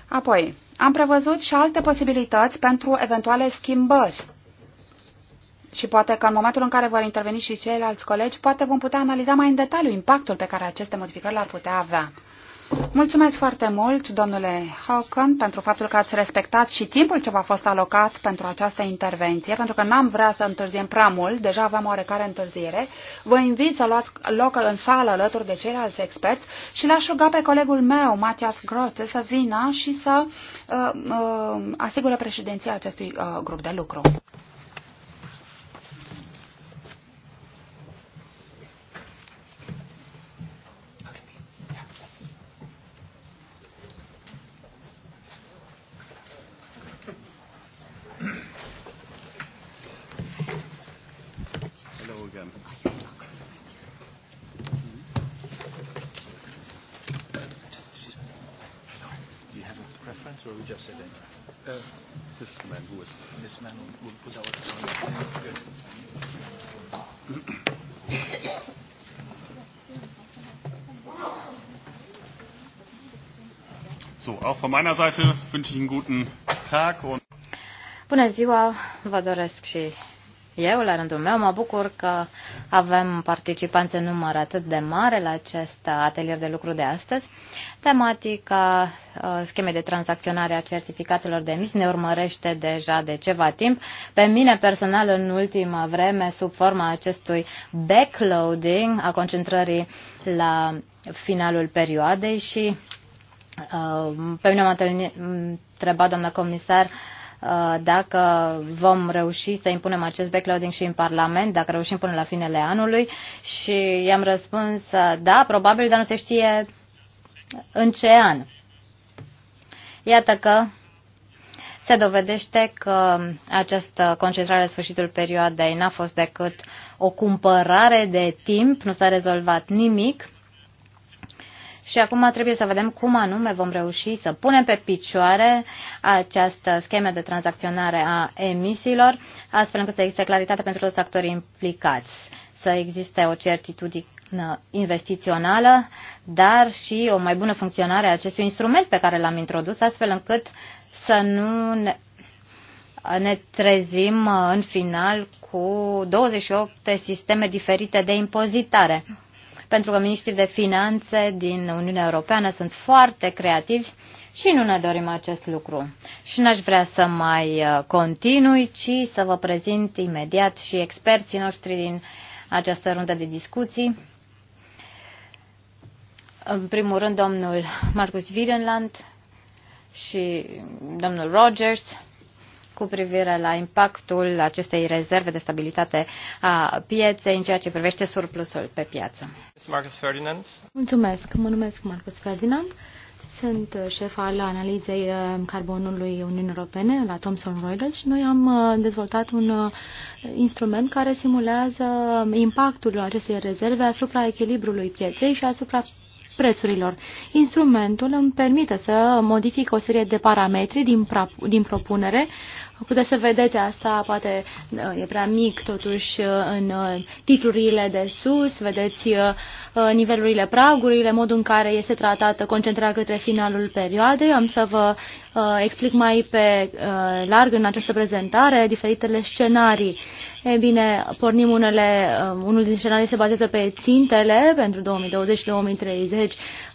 D: Apoi, am prevăzut și alte posibilități pentru eventuale schimbări. Și poate că în momentul în care vor interveni și ceilalți colegi, poate vom putea analiza mai în detaliu impactul pe care aceste modificări l-ar putea avea. Mulțumesc foarte mult, domnule Hawken, pentru faptul că ați respectat și timpul ce v-a fost alocat pentru această intervenție, pentru că n-am vrea să întârziem prea mult, deja avem oarecare întârziere. Vă invit să luați loc în sală alături de ceilalți experți și l-aș ruga pe colegul meu, Matias Grote, să vină și să uh, uh, asigure președinția acestui uh, grup de lucru.
A: what we just Uh, this man who was... This man who, who put out... Good. So, auch von meiner Seite wünsche ich einen guten Tag und
C: Bună ziua, vă doresc și eu, la rândul meu, mă bucur că avem participanți în număr atât de mare la acest atelier de lucru de astăzi. Tematica uh, schemei de tranzacționare a certificatelor de emis ne urmărește deja de ceva timp. Pe mine personal, în ultima vreme, sub forma acestui backloading a concentrării la finalul perioadei și uh, pe mine m-a întrebat doamna comisar uh, Uh, dacă vom reuși să impunem acest backloading și în Parlament, dacă reușim până la finele anului și i-am răspuns uh, da, probabil, dar nu se știe în ce an. Iată că se dovedește că această concentrare în sfârșitul perioadei n-a fost decât o cumpărare de timp, nu s-a rezolvat nimic și acum trebuie să vedem cum anume vom reuși să punem pe picioare această schemă de tranzacționare a emisiilor, astfel încât să existe claritate pentru toți actorii implicați, să existe o certitudine investițională, dar și o mai bună funcționare a acestui instrument pe care l-am introdus, astfel încât să nu ne, ne trezim în final cu 28 sisteme diferite de impozitare pentru că ministrii de finanțe din Uniunea Europeană sunt foarte creativi și nu ne dorim acest lucru. Și n-aș vrea să mai uh, continui, ci să vă prezint imediat și experții noștri din această rundă de discuții. În primul rând, domnul Marcus Virenland și domnul Rogers, cu privire la impactul acestei rezerve de
A: stabilitate
C: a pieței în ceea ce privește surplusul pe piață.
A: Ferdinand.
B: Mulțumesc. Mă numesc Marcus Ferdinand. Sunt șef al analizei uh, carbonului Uniunii Europene la Thomson Reuters și noi am uh, dezvoltat un uh, instrument care simulează impactul acestei rezerve asupra echilibrului pieței și asupra prețurilor. Instrumentul îmi permite să modific o serie de parametri din, din propunere Puteți să vedeți asta, poate e prea mic totuși uh, în uh, titlurile de sus, vedeți uh, nivelurile, pragurile, modul în care este tratată concentrarea către finalul perioadei. Am să vă explic mai pe larg în această prezentare diferitele scenarii E bine, pornim unele, um, unul din scenarii se bazează pe țintele pentru 2020-2030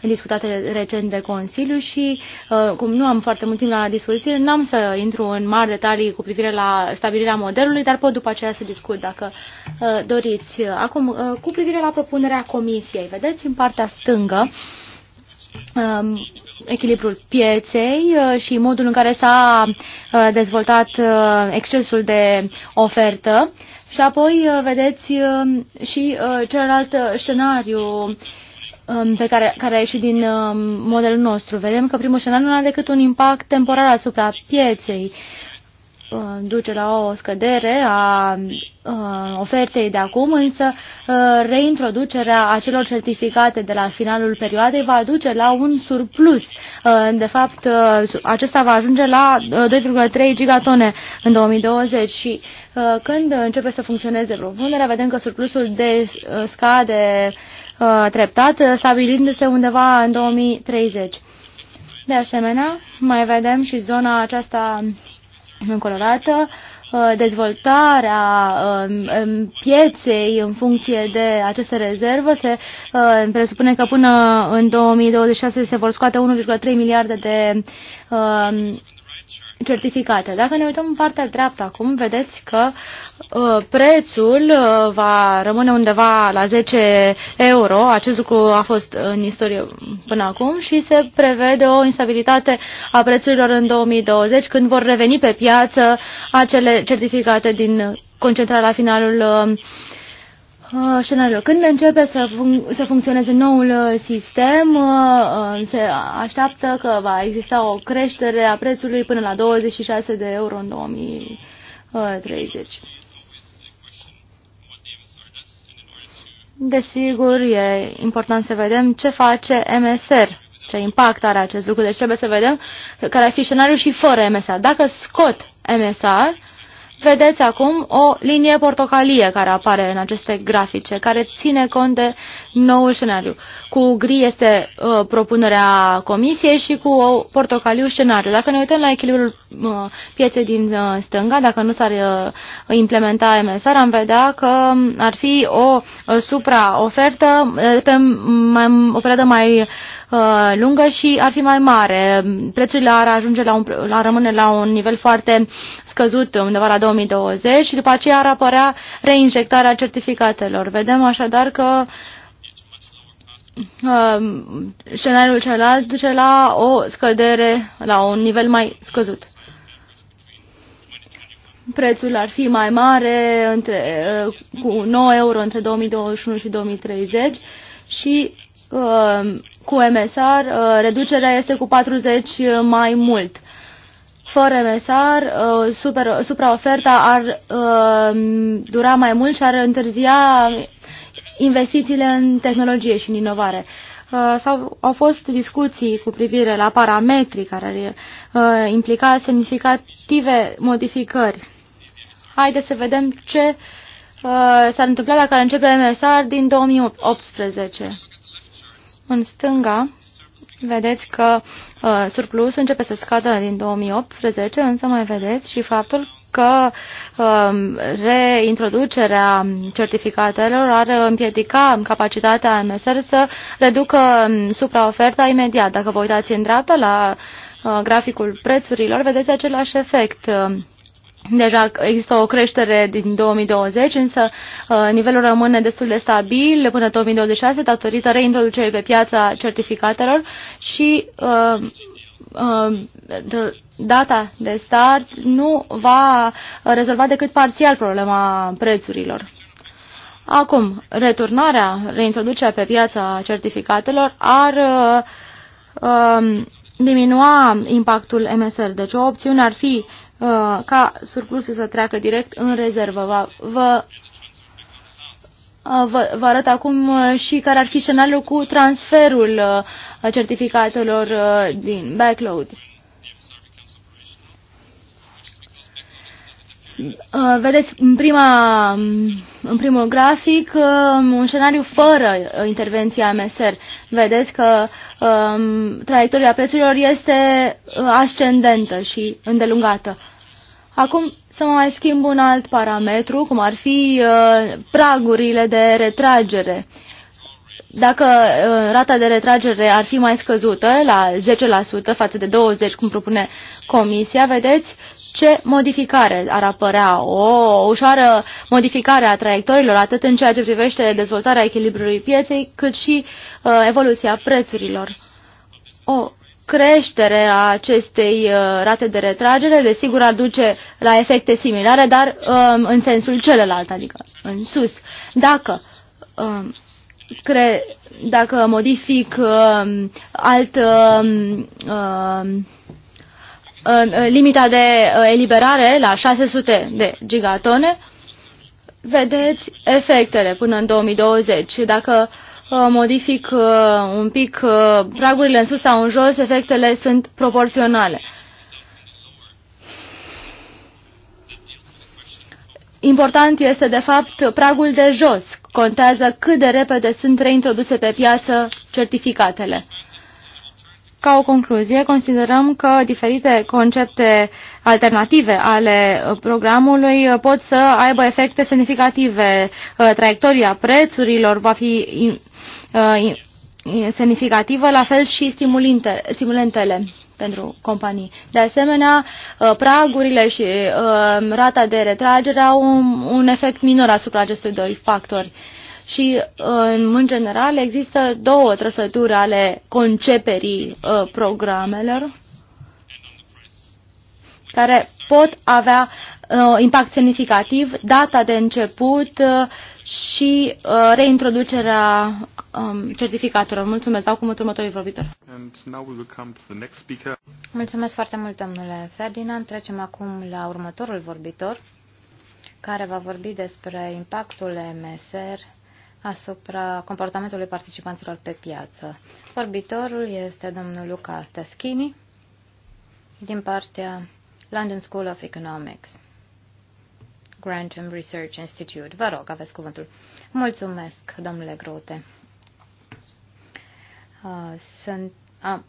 B: discutate recent de Consiliu și uh, cum nu am foarte mult timp la dispoziție, n-am să intru în mari detalii cu privire la stabilirea modelului, dar pot după aceea să discut dacă uh, doriți. Acum, uh, cu privire la propunerea Comisiei, vedeți în partea stângă um, echilibrul pieței uh, și modul în care s-a uh, dezvoltat uh, excesul de ofertă și apoi vedeți și celălalt scenariu um, pe care, care a ieșit din modelul nostru. Vedem că primul scenariu nu are decât un impact temporar asupra pieței Uh, duce la o scădere a uh, ofertei de acum, însă uh, reintroducerea acelor certificate de la finalul perioadei va duce la un surplus. De fapt, acesta va ajunge la 2,3 gigatone în 2020 și când începe să funcționeze propunerea, vedem că surplusul de scade treptat, stabilindu-se undeva în 2030. De asemenea, mai vedem și zona aceasta încolorată, uh, dezvoltarea um, um, pieței în funcție de aceste rezervă. Se uh, presupune că până în 2026 se vor scoate 1,3 miliarde de um, certificate. Dacă ne uităm în partea dreaptă acum, vedeți că uh, prețul uh, va rămâne undeva la 10 euro. Acest lucru a fost în istorie până acum și se prevede o instabilitate a prețurilor în 2020 când vor reveni pe piață acele certificate din concentrarea la finalul uh, Uh, scenariu. Când începe să, fun să funcționeze noul uh, sistem, uh, se așteaptă că va exista o creștere a prețului până la 26 de euro în 2030. Desigur, e important să vedem ce face MSR, ce impact are acest lucru. Deci trebuie să vedem care ar fi scenariul și fără MSR. Dacă scot MSR, vedeți acum o linie portocalie care apare în aceste grafice, care ține cont de noul scenariu. Cu gri este uh, propunerea comisiei și cu o portocaliu scenariu. Dacă ne uităm la echilibrul uh, pieței din uh, stânga, dacă nu s-ar uh, implementa MSR, am vedea că ar fi o uh, supraofertă uh, pe mai, o perioadă mai uh, Uh, lungă și ar fi mai mare. Prețurile ar, ajunge la un, ar rămâne la un nivel foarte scăzut, undeva la 2020 și după aceea ar apărea reinjectarea certificatelor. Vedem așadar că uh, scenariul celălalt duce la o scădere la un nivel mai scăzut prețul ar fi mai mare între, uh, cu 9 euro între 2021 și 2030 și uh, cu MSR, uh, reducerea este cu 40 mai mult. Fără MSR, uh, super, supraoferta ar uh, dura mai mult și ar întârzia investițiile în tehnologie și în inovare. Sau au fost discuții cu privire la parametrii care ar implica semnificative modificări. Haideți să vedem ce s-ar întâmpla dacă ar începe MSR din 2018. În stânga vedeți că uh, surplusul începe să scadă din 2018, însă mai vedeți și faptul că uh, reintroducerea certificatelor ar împiedica capacitatea MSR să reducă um, supraoferta imediat. Dacă vă uitați în dreapta la uh, graficul prețurilor, vedeți același efect. Deja există o creștere din 2020, însă uh, nivelul rămâne destul de stabil până 2026 datorită reintroducerii pe piața certificatelor și uh, uh, data de start nu va rezolva decât parțial problema prețurilor. Acum, returnarea, reintroducerea pe piața certificatelor ar uh, uh diminua impactul MSR. Deci o opțiune ar fi uh, Uh, ca surplusul să treacă direct în rezervă. Vă, uh, vă, vă arăt acum uh, și care ar fi scenariul cu transferul certificatelor din backload. Vedeți în, prima, în primul grafic un scenariu fără intervenția MSR. Vedeți că um, traiectoria prețurilor este ascendentă și îndelungată. Acum să mai schimb un alt parametru, cum ar fi uh, pragurile de retragere. Dacă uh, rata de retragere ar fi mai scăzută, la 10% față de 20%, cum propune Comisia, vedeți ce modificare ar apărea. O ușoară modificare a traiectorilor, atât în ceea ce privește dezvoltarea echilibrului pieței, cât și uh, evoluția prețurilor. O creștere a acestei uh, rate de retragere, desigur, aduce la efecte similare, dar um, în sensul celălalt, adică în sus. Dacă um, cre, dacă modific um, alt limita de uh, eliberare la 600 de gigatone, vedeți efectele până în 2020. Dacă Uh, modific uh, un pic uh, pragurile în sus sau în jos, efectele sunt proporționale. Important este, de fapt, pragul de jos. Contează cât de repede sunt reintroduse pe piață certificatele. Ca o concluzie, considerăm că diferite concepte alternative ale programului pot să aibă efecte semnificative. Traiectoria prețurilor va fi Uh, semnificativă, la fel și stimulentele pentru companii. De asemenea, uh, pragurile și uh, rata de retragere au un, efect minor asupra acestui doi factori. Și, în general, există două trăsături ale conceperii programelor care pot avea impact semnificativ, data de început, și uh, reintroducerea um, certificatelor. Mulțumesc. Dau cuvântul următorii vorbitor.
C: Mulțumesc foarte mult, domnule Ferdinand. Trecem acum la următorul vorbitor, care va vorbi despre impactul MSR asupra comportamentului participanților pe piață. Vorbitorul este domnul Luca Teschini din partea London School of Economics. Grantham Research Institute. Vă rog, aveți cuvântul. Mulțumesc, domnule Grote. Uh, sunt, a,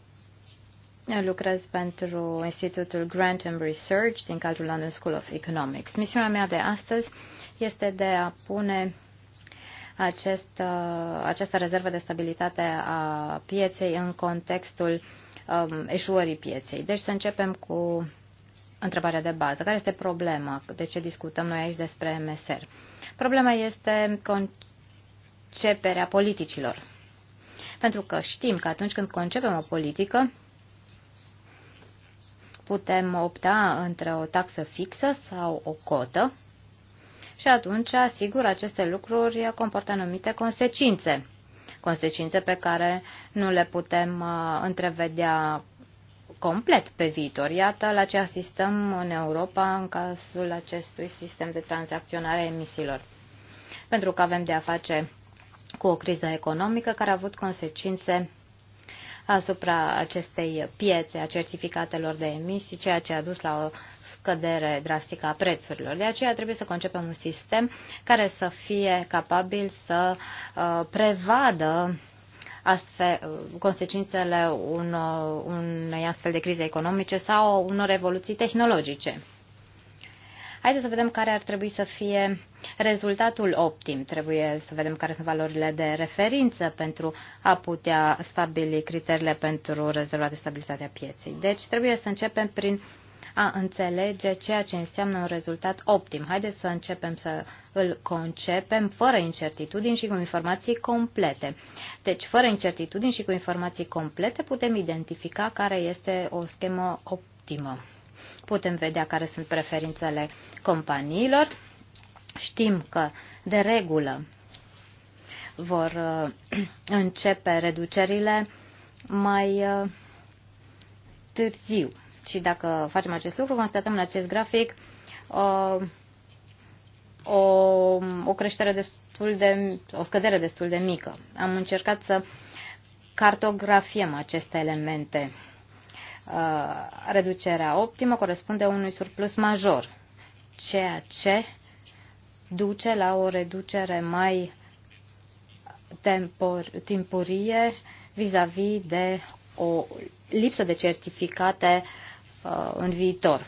C: lucrez pentru Institutul Grantham Research din cadrul London School of Economics. Misiunea mea de astăzi este de a pune acest, uh, această rezervă de stabilitate a pieței în contextul um, eșuării pieței. Deci să începem cu întrebarea de bază. Care este problema? De ce discutăm noi aici despre MSR? Problema este conceperea politicilor. Pentru că știm că atunci când concepem o politică, putem opta între o taxă fixă sau o cotă și atunci, asigur, aceste lucruri comportă anumite consecințe. Consecințe pe care nu le putem uh, întrevedea complet pe viitor. Iată la ce asistăm în Europa în cazul acestui sistem de tranzacționare a emisiilor. Pentru că avem de a face cu o criză economică care a avut consecințe asupra acestei piețe a certificatelor de emisii, ceea ce a dus la o scădere drastică a prețurilor. De aceea trebuie să concepem un sistem care să fie capabil să uh, prevadă astfel, uh, consecințele unor, unei astfel de crize economice sau unor evoluții tehnologice. Haideți să vedem care ar trebui să fie rezultatul optim. Trebuie să vedem care sunt valorile de referință pentru a putea stabili criteriile pentru rezerva de stabilitate a pieței. Deci trebuie să începem prin uh, a înțelege ceea ce înseamnă un rezultat optim. Haideți să începem să îl concepem fără incertitudini și cu informații complete. Deci, fără incertitudini și cu informații complete, putem identifica care este o schemă optimă. Putem vedea care sunt preferințele companiilor. Știm că, de regulă, vor uh, începe reducerile mai uh, târziu. Și dacă facem acest lucru, constatăm în acest grafic uh, o, o creștere destul de, o scădere destul de mică. Am încercat să cartografiem aceste elemente. Uh, reducerea optimă corespunde unui surplus major, ceea ce duce la o reducere mai tempor, timpurie vis-a-vis -vis de o lipsă de certificate Uh, în viitor.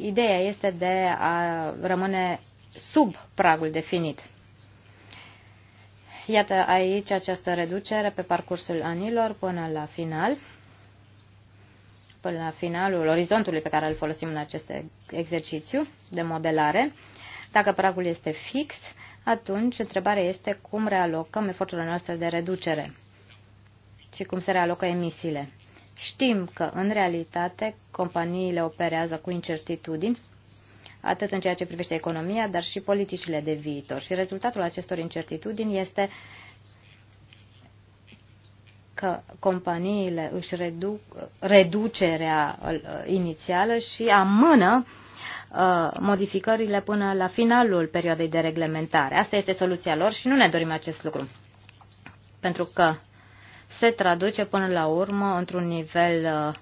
C: Ideea este de a rămâne sub pragul definit. Iată aici această reducere pe parcursul anilor până la final, până la finalul orizontului pe care îl folosim în acest exercițiu de modelare. Dacă pragul este fix, atunci întrebarea este cum realocăm eforturile noastre de reducere și cum se realocă emisiile. Știm că, în realitate, companiile operează cu incertitudini, atât în ceea ce privește economia, dar și politicile de viitor. Și rezultatul acestor incertitudini este că companiile își reduc reducerea uh, inițială și amână uh, modificările până la finalul perioadei de reglementare. Asta este soluția lor și nu ne dorim acest lucru. Pentru că se traduce până la urmă într-un nivel uh,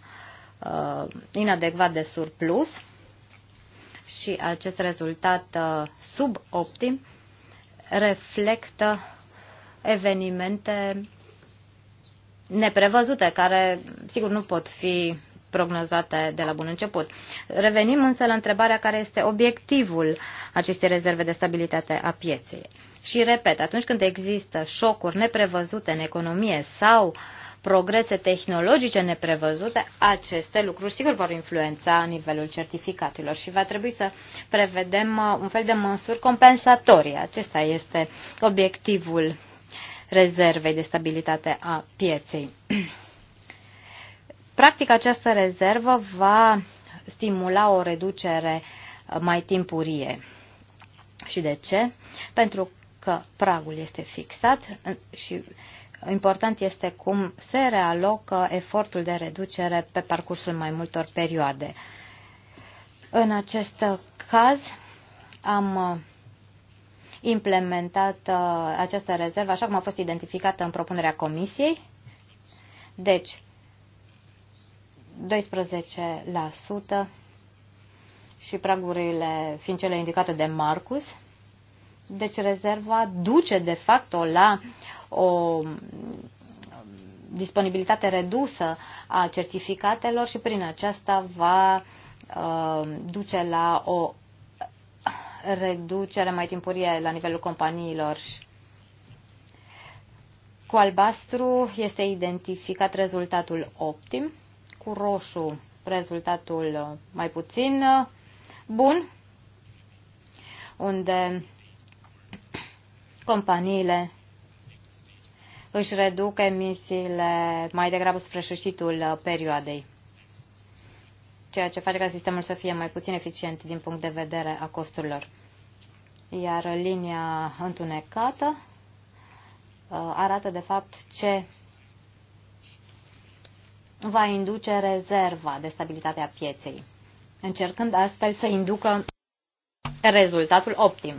C: uh, inadecvat de surplus și acest rezultat uh, suboptim reflectă evenimente neprevăzute, care sigur nu pot fi prognozate de la bun început. Revenim însă la întrebarea care este obiectivul acestei rezerve de stabilitate a pieței. Și repet, atunci când există șocuri neprevăzute în economie sau progrese tehnologice neprevăzute, aceste lucruri sigur vor influența nivelul certificatelor și va trebui să prevedem uh, un fel de măsuri compensatorii. Acesta este obiectivul rezervei de stabilitate a pieței. (clears throat) Practic, această rezervă va stimula o reducere uh, mai timpurie. Și de ce? Pentru că pragul este fixat și important este cum se realocă efortul de reducere pe parcursul mai multor perioade. În acest caz am uh, implementat uh, această rezervă așa cum a fost identificată în propunerea comisiei. Deci, 12% și pragurile fiind cele indicate de Marcus, deci rezerva duce de facto la o disponibilitate redusă a certificatelor și prin aceasta va uh, duce la o reducere mai timpurie la nivelul companiilor. Cu albastru este identificat rezultatul optim, cu roșu rezultatul mai puțin uh, bun, unde companiile își reduc emisiile mai degrabă spre sfârșitul uh, perioadei, ceea ce face ca sistemul să fie mai puțin eficient din punct de vedere a costurilor. Iar linia întunecată uh, arată de fapt ce va induce rezerva de stabilitate a pieței, încercând astfel să inducă rezultatul optim.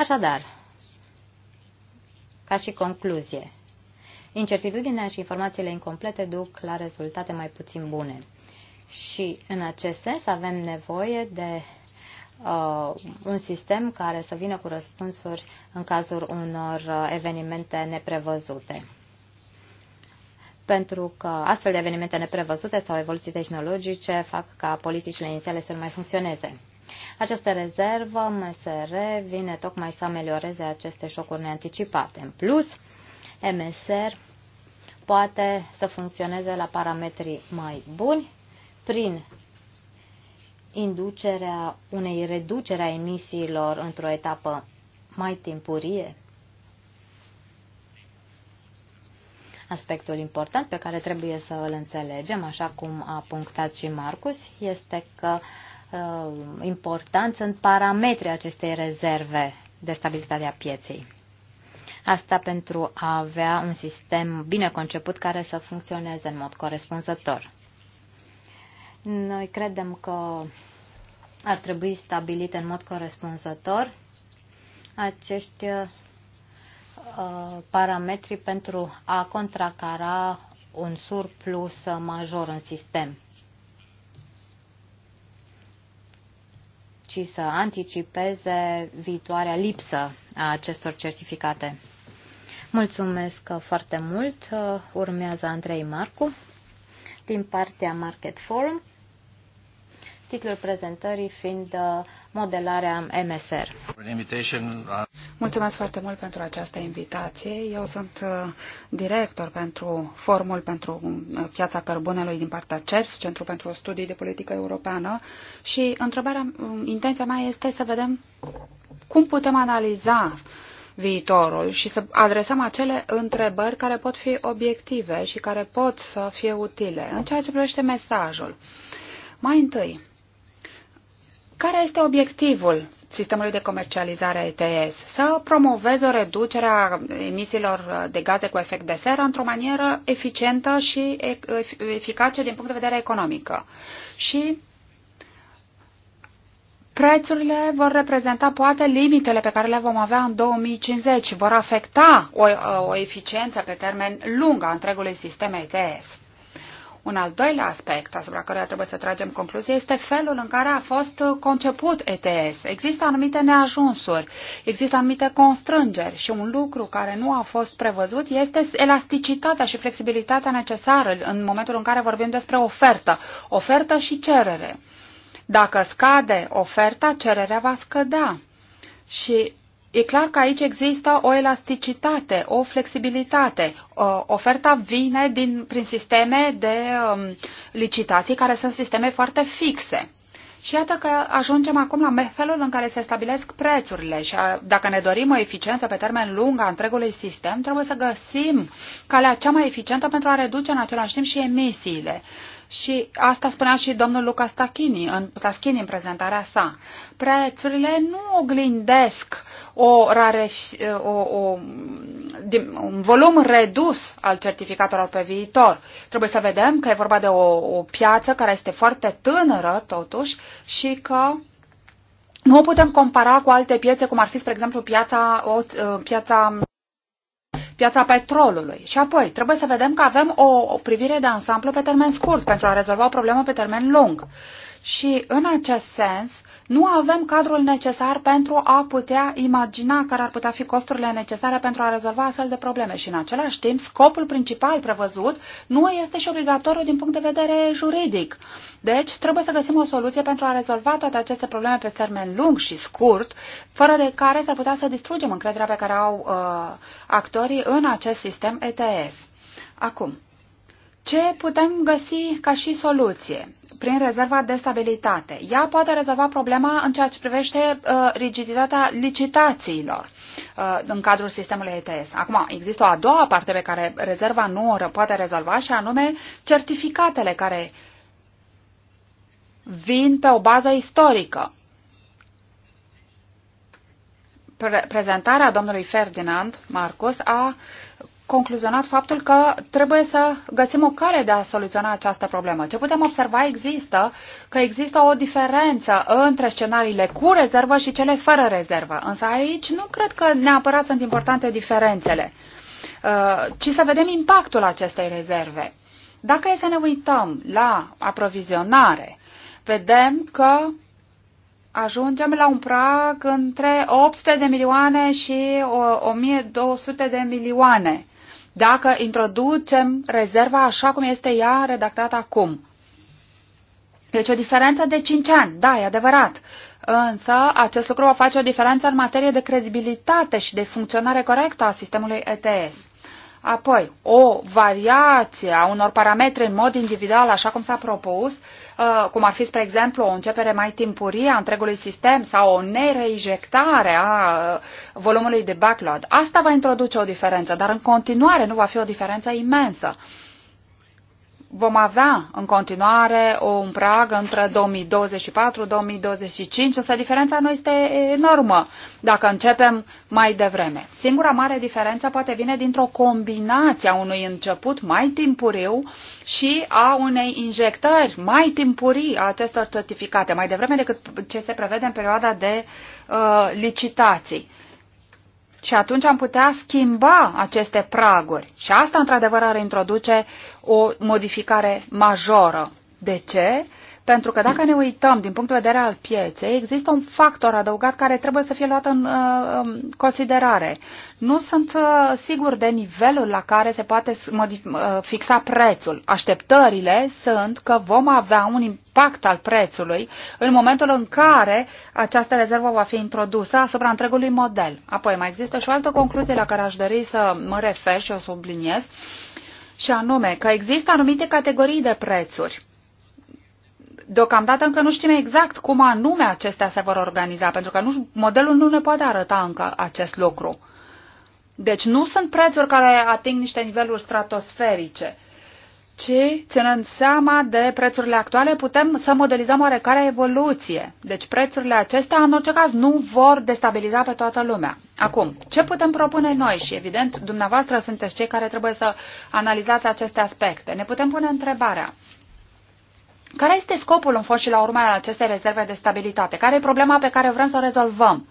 C: Așadar, ca și concluzie, incertitudinea și informațiile incomplete duc la rezultate mai puțin bune. Și în acest sens avem nevoie de uh, un sistem care să vină cu răspunsuri în cazul unor uh, evenimente neprevăzute. Pentru că astfel de evenimente neprevăzute sau evoluții tehnologice fac ca politicile inițiale să nu mai funcționeze. Această rezervă MSR vine tocmai să amelioreze aceste șocuri neanticipate. În plus, MSR poate să funcționeze la parametri mai buni prin inducerea unei reducere a emisiilor într-o etapă mai timpurie. Aspectul important pe care trebuie să îl înțelegem, așa cum a punctat și Marcus, este că uh, important sunt parametrii acestei rezerve de stabilitate a pieței. Asta pentru a avea un sistem bine conceput care să funcționeze în mod corespunzător. Noi credem că ar trebui stabilite în mod corespunzător acești uh, parametri pentru a contracara un surplus major în sistem. ci să anticipeze viitoarea lipsă a acestor certificate. Mulțumesc foarte mult. Urmează Andrei Marcu din partea Market Forum titlul prezentării
D: fiind uh, modelarea MSR. Mulțumesc foarte mult pentru această invitație. Eu sunt uh, director pentru formul pentru uh, piața cărbunelui din partea CERS, Centrul pentru Studii de Politică Europeană, și întrebarea, um, intenția mea este să vedem cum putem analiza viitorul și să adresăm acele întrebări care pot fi obiective și care pot să fie utile în ceea ce privește mesajul. Mai întâi, care este obiectivul sistemului de comercializare ETS? Să promoveze o reducere a emisiilor de gaze cu efect de seră într-o manieră eficientă și eficace din punct de vedere economică. Și prețurile vor reprezenta poate limitele pe care le vom avea în 2050 vor afecta o, o eficiență pe termen lung a întregului sistem ETS. Un al doilea aspect asupra căruia trebuie să tragem concluzie este felul în care a fost conceput ETS. Există anumite neajunsuri, există anumite constrângeri și un lucru care nu a fost prevăzut este elasticitatea și flexibilitatea necesară în momentul în care vorbim despre ofertă, ofertă și cerere. Dacă scade oferta, cererea va scădea. Și E clar că aici există o elasticitate, o flexibilitate. Oferta vine din, prin sisteme de um, licitații care sunt sisteme foarte fixe. Și iată că ajungem acum la felul în care se stabilesc prețurile și uh, dacă ne dorim o eficiență pe termen lung a întregului sistem, trebuie să găsim calea cea mai eficientă pentru a reduce în același timp și emisiile. Și asta spunea și domnul Luca Stachini în, Taschini în prezentarea sa. Prețurile nu oglindesc o rare, o, o, un volum redus al certificatelor pe viitor. Trebuie să vedem că e vorba de o, o piață care este foarte tânără, totuși, și că nu o putem compara cu alte piețe, cum ar fi, spre exemplu, piața, o, piața piața petrolului. Și apoi, trebuie să vedem că avem o, o privire de ansamblu pe termen scurt pentru a rezolva o problemă pe termen lung. Și în acest sens, nu avem cadrul necesar pentru a putea imagina care ar putea fi costurile necesare pentru a rezolva astfel de probleme. Și în același timp, scopul principal prevăzut nu este și obligatoriu din punct de vedere juridic. Deci, trebuie să găsim o soluție pentru a rezolva toate aceste probleme pe termen lung și scurt, fără de care s-ar putea să distrugem încrederea pe care au uh, actorii în acest sistem ETS. Acum, ce putem găsi ca și soluție prin rezerva de stabilitate? Ea poate rezolva problema în ceea ce privește uh, rigiditatea licitațiilor uh, în cadrul sistemului ETS. Acum, există o a doua parte pe care rezerva nu o poate rezolva și anume certificatele care vin pe o bază istorică. Pre prezentarea domnului Ferdinand Marcus a uh, concluzionat faptul că trebuie să găsim o cale de a soluționa această problemă. Ce putem observa există că există o diferență între scenariile cu rezervă și cele fără rezervă. Însă aici nu cred că neapărat sunt importante diferențele, uh, ci să vedem impactul acestei rezerve. Dacă e să ne uităm la aprovizionare, vedem că ajungem la un prag între 800 de milioane și 1200 de milioane dacă introducem rezerva așa cum este ea redactată acum. Deci o diferență de 5 ani, da, e adevărat. Însă acest lucru va face o diferență în materie de credibilitate și de funcționare corectă a sistemului ETS. Apoi, o variație a unor parametri în mod individual, așa cum s-a propus, Uh, cum ar fi, spre exemplu, o începere mai timpurie a întregului sistem sau o nereijectare a uh, volumului de backlog. Asta va introduce o diferență, dar în continuare nu va fi o diferență imensă vom avea în continuare o prag între 2024-2025, însă diferența nu este enormă dacă începem mai devreme. Singura mare diferență poate vine dintr-o combinație a unui început mai timpuriu și a unei injectări mai timpurii a acestor certificate, mai devreme decât ce se prevede în perioada de uh, licitații. Și atunci am putea schimba aceste praguri. Și asta, într-adevăr, ar introduce o modificare majoră. De ce? Pentru că dacă ne uităm din punct de vedere al pieței, există un factor adăugat care trebuie să fie luat în uh, considerare. Nu sunt uh, sigur de nivelul la care se poate uh, fixa prețul. Așteptările sunt că vom avea un impact al prețului în momentul în care această rezervă va fi introdusă asupra întregului model. Apoi mai există și o altă concluzie la care aș dori să mă refer și o subliniez, și anume că există anumite categorii de prețuri deocamdată încă nu știm exact cum anume acestea se vor organiza, pentru că nu, modelul nu ne poate arăta încă acest lucru. Deci nu sunt prețuri care ating niște niveluri stratosferice, ci, ținând seama de prețurile actuale, putem să modelizăm oarecare evoluție. Deci prețurile acestea, în orice caz, nu vor destabiliza pe toată lumea. Acum, ce putem propune noi? Și, evident, dumneavoastră sunteți cei care trebuie să analizați aceste aspecte. Ne putem pune întrebarea. Care este scopul în fost și la urma acestei rezerve de stabilitate? Care e problema pe care vrem să o rezolvăm?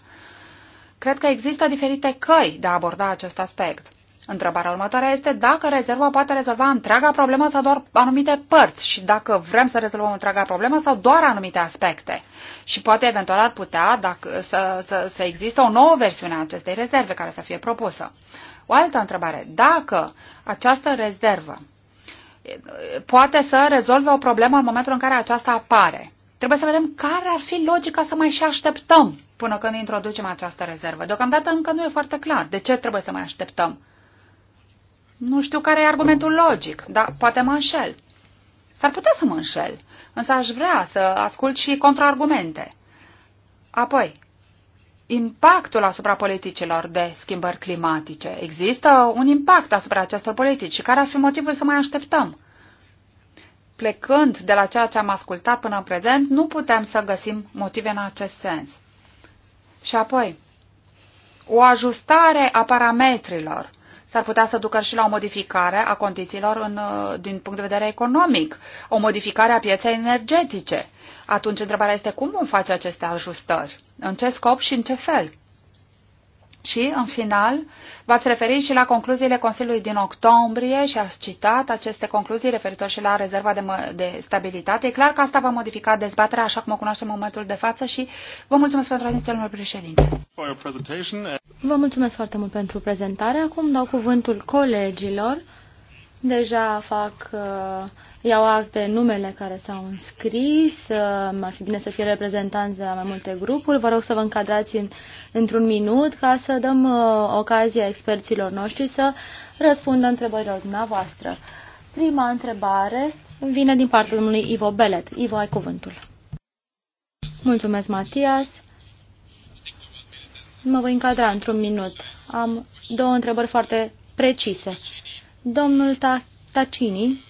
D: Cred că există diferite căi de a aborda acest aspect. Întrebarea următoare este dacă rezerva poate rezolva întreaga problemă sau doar anumite părți și dacă vrem să rezolvăm întreaga problemă sau doar anumite aspecte. Și poate eventual ar putea dacă, să, să, să există o nouă versiune a acestei rezerve care să fie propusă. O altă întrebare. Dacă această rezervă poate să rezolve o problemă în momentul în care aceasta apare. Trebuie să vedem care ar fi logica să mai și așteptăm până când introducem această rezervă. Deocamdată încă nu e foarte clar de ce trebuie să mai așteptăm. Nu știu care e argumentul logic, dar poate mă înșel. S-ar putea să mă înșel, însă aș vrea să ascult și contraargumente. Apoi, impactul asupra politicilor de schimbări climatice. Există un impact asupra acestor politici și care ar fi motivul să mai așteptăm? Plecând de la ceea ce am ascultat până în prezent, nu putem să găsim motive în acest sens. Și apoi, o ajustare a parametrilor s-ar putea să ducă și la o modificare a condițiilor în, din punct de vedere economic, o modificare a pieței energetice. Atunci întrebarea este cum vom face aceste ajustări? În ce scop și în ce fel? Și, în final, v-ați referit și la concluziile Consiliului din octombrie și ați citat aceste concluzii referitor și la rezerva de, de stabilitate. E clar că asta va modifica dezbaterea așa cum o cunoaștem în momentul de față și vă mulțumesc pentru atenție, domnule președinte.
B: Vă mulțumesc foarte mult pentru prezentare. Acum dau cuvântul colegilor. Deja fac, uh, iau acte numele care s-au înscris, uh, ar fi bine să fie reprezentanți de la mai multe grupuri. Vă rog să vă încadrați în, într-un minut ca să dăm uh, ocazia experților noștri să răspundă întrebărilor dumneavoastră. Prima întrebare vine din partea domnului Ivo Belet. Ivo, ai cuvântul. Mulțumesc, Matias. Mă voi încadra într-un minut. Am două întrebări foarte precise. Domnul Tacini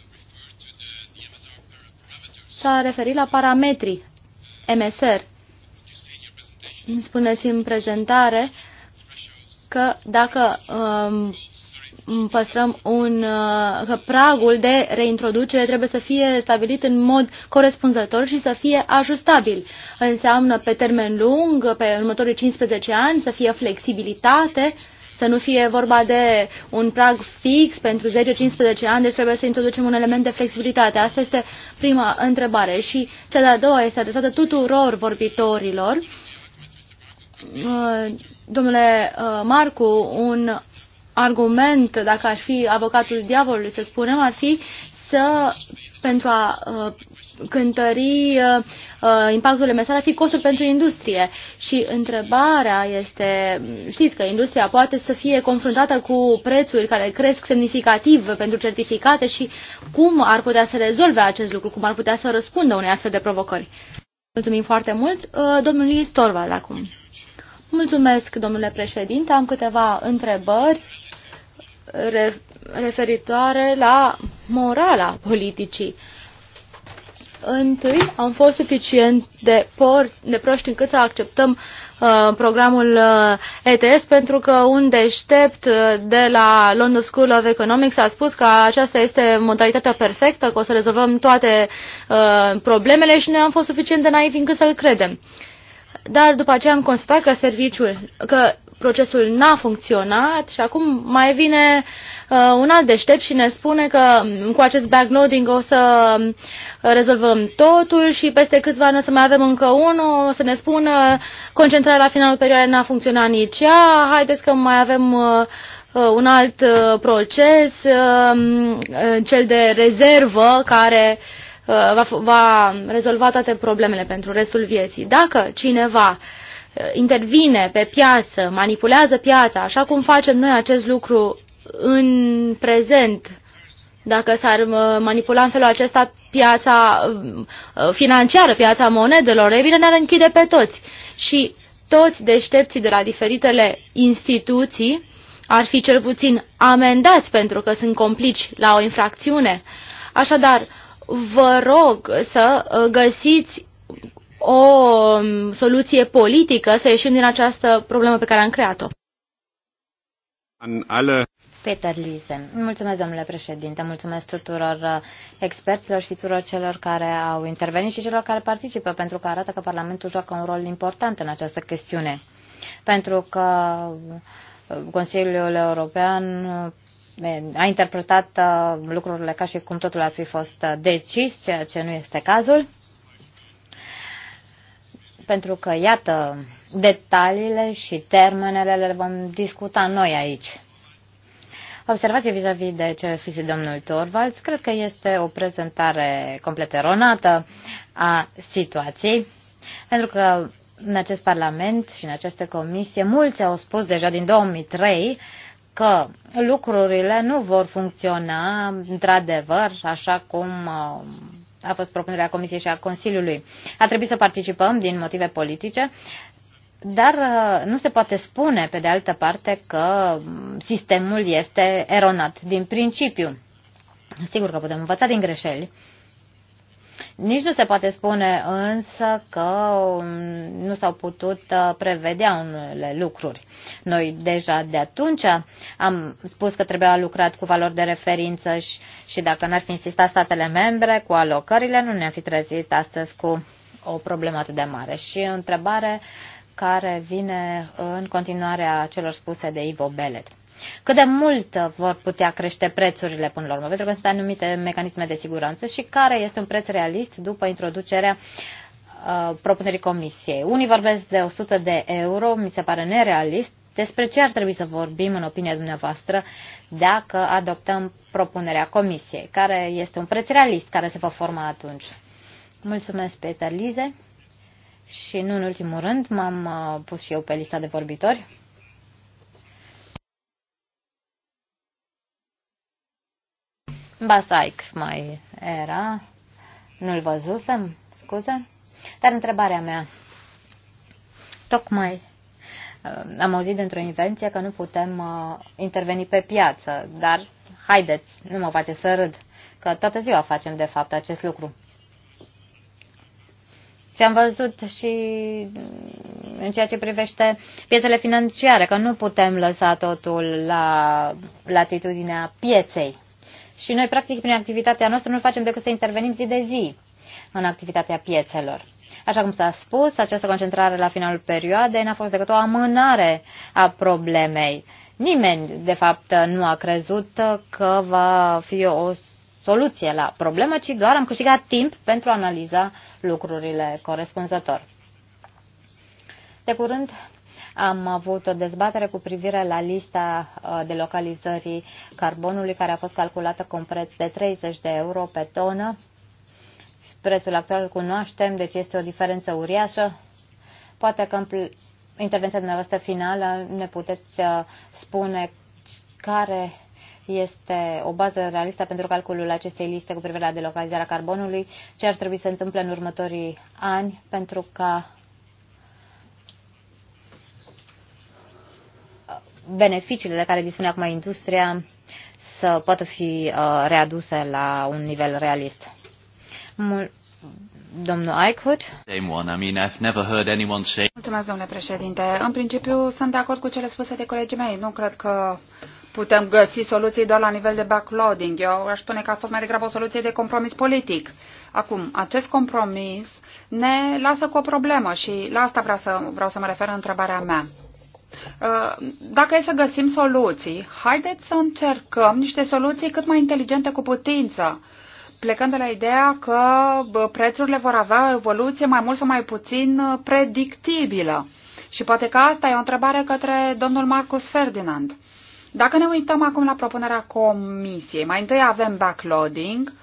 B: s-a referit la parametrii MSR. Îmi Spuneți în prezentare că dacă um, păstrăm un uh, pragul de reintroducere trebuie să fie stabilit în mod corespunzător și să fie ajustabil. Înseamnă pe termen lung, pe următorii 15 ani, să fie flexibilitate uh, să nu fie vorba de un prag fix pentru 10-15 ani, deci trebuie să introducem un element de flexibilitate. Asta este prima întrebare. Și cea de-a doua este adresată tuturor vorbitorilor. Uh, domnule uh, Marcu, un argument, dacă aș fi avocatul diavolului, să spunem, ar fi să, pentru a uh, cântări uh, uh impactul MSR, ar fi costul pentru industrie. Și întrebarea este, știți că industria poate să fie confruntată cu prețuri care cresc semnificativ pentru certificate și cum ar putea să rezolve acest lucru, cum ar putea să răspundă unei astfel de provocări. Mulțumim foarte mult. Uh, domnul Istorva acum. Mulțumesc, domnule președinte. Am câteva întrebări referitoare la morala politicii. Întâi am fost suficient de, por, de proști încât să acceptăm uh, programul uh, ETS pentru că un deștept uh, de la London School of Economics a spus că aceasta este modalitatea perfectă, că o să rezolvăm toate uh, problemele și noi am fost suficient de naivi încât să-l credem. Uh, dar după aceea am constatat că serviciul, că procesul n-a funcționat și acum mai vine uh, un alt deștept și ne spune că mm, cu acest backloading o să uh, rezolvăm totul și peste câțiva ani o să mai avem încă unul, o să ne spună concentrarea la finalul perioadei n-a funcționat nici ea, haideți că mai avem uh, uh un alt uh, proces, mm, uh, cel de rezervă care uh, Uh, va, rezolva toate problemele pentru restul vieții. Dacă cineva uh, intervine pe piață, manipulează piața, așa cum facem noi acest lucru în prezent, dacă s-ar uh, manipula în felul acesta piața financiară, piața monedelor, e bine, ne-ar închide pe toți. Și toți deștepții de la diferitele instituții ar fi cel puțin amendați pentru că sunt complici la o infracțiune. Așadar, vă rog să uh, găsiți o um, soluție
C: politică să ieșim din această problemă pe care am creat-o. Peter Lise. Mulțumesc, domnule președinte, mulțumesc tuturor uh, experților și tuturor celor care au intervenit și celor care participă, pentru că arată că Parlamentul joacă un rol important în această chestiune. Pentru că uh, Consiliul European a interpretat uh, lucrurile ca și cum totul ar fi fost uh, decis, ceea ce nu este cazul. Pentru că, iată, detaliile și termenele le vom discuta noi aici. Observație vis-a-vis -vis de ce spuse domnul Torvalds, cred că este o prezentare complet eronată a situației, pentru că în acest Parlament și în această comisie mulți au spus deja din 2003 că lucrurile nu vor funcționa într-adevăr așa cum uh, a fost propunerea Comisiei și a Consiliului. A trebuit să participăm din motive politice, dar uh, nu se poate spune, pe de altă parte, că sistemul este eronat din principiu. Sigur că putem învăța din greșeli, nici nu se poate spune însă că um, nu s-au putut uh, prevedea unele lucruri. Noi deja de atunci am spus că trebuia lucrat cu valori de referință și, și dacă n-ar fi insistat statele membre cu alocările, nu ne-am fi trezit astăzi cu o problemă atât de mare. Și o întrebare care vine în continuarea celor spuse de Ivo Belet cât de mult vor putea crește prețurile până la urmă, pentru că sunt anumite mecanisme de siguranță și care este un preț realist după introducerea uh, propunerii comisiei. Unii vorbesc de 100 de euro, mi se pare nerealist. Despre ce ar trebui să vorbim, în opinia dumneavoastră, dacă adoptăm propunerea comisiei, care este un preț realist care se va forma atunci? Mulțumesc, Peter Lize. Și nu în ultimul rând, m-am uh, pus și eu pe lista de vorbitori. Basaic mai era, nu-l văzusem, scuze. Dar întrebarea mea, tocmai uh, am auzit dintr-o invenție că nu putem uh, interveni pe piață, dar haideți, nu mă face să râd, că toată ziua facem de fapt acest lucru. Și am văzut și uh, în ceea ce privește piețele financiare, că nu putem lăsa totul la latitudinea pieței și noi, practic, prin activitatea noastră nu facem decât să intervenim zi de zi în activitatea piețelor. Așa cum s-a spus, această concentrare la finalul perioadei n-a fost decât o amânare a problemei. Nimeni, de fapt, nu a crezut că va fi o soluție la problemă, ci doar am câștigat timp pentru a analiza lucrurile corespunzător. De curând am avut o dezbatere cu privire la lista uh, de localizării carbonului, care a fost calculată cu un preț de 30 de euro pe tonă. Prețul actual îl cunoaștem, deci este o diferență uriașă. Poate că în intervenția dumneavoastră finală ne puteți uh, spune care este o bază realistă pentru calculul acestei liste cu privire la delocalizarea carbonului, ce ar trebui să întâmple în următorii ani pentru ca beneficiile de care dispune acum industria să poată fi uh, readuse la un nivel realist. Mul- Domnul Eichhout.
D: Mulțumesc, domnule președinte. În principiu, sunt de acord cu cele spuse de colegii mei. Nu cred că putem găsi soluții doar la nivel de backloading. Eu aș spune că a fost mai degrabă o soluție de compromis politic. Acum, acest compromis ne lasă cu o problemă și la asta vreau să, vreau să mă refer în întrebarea mea. Uh, dacă e să găsim soluții, haideți să încercăm niște soluții cât mai inteligente cu putință, plecând de la ideea că prețurile vor avea o evoluție mai mult sau mai puțin uh, predictibilă. Și poate că asta e o întrebare către domnul Marcus Ferdinand. Dacă ne uităm acum la propunerea comisiei, mai întâi avem backloading, uh,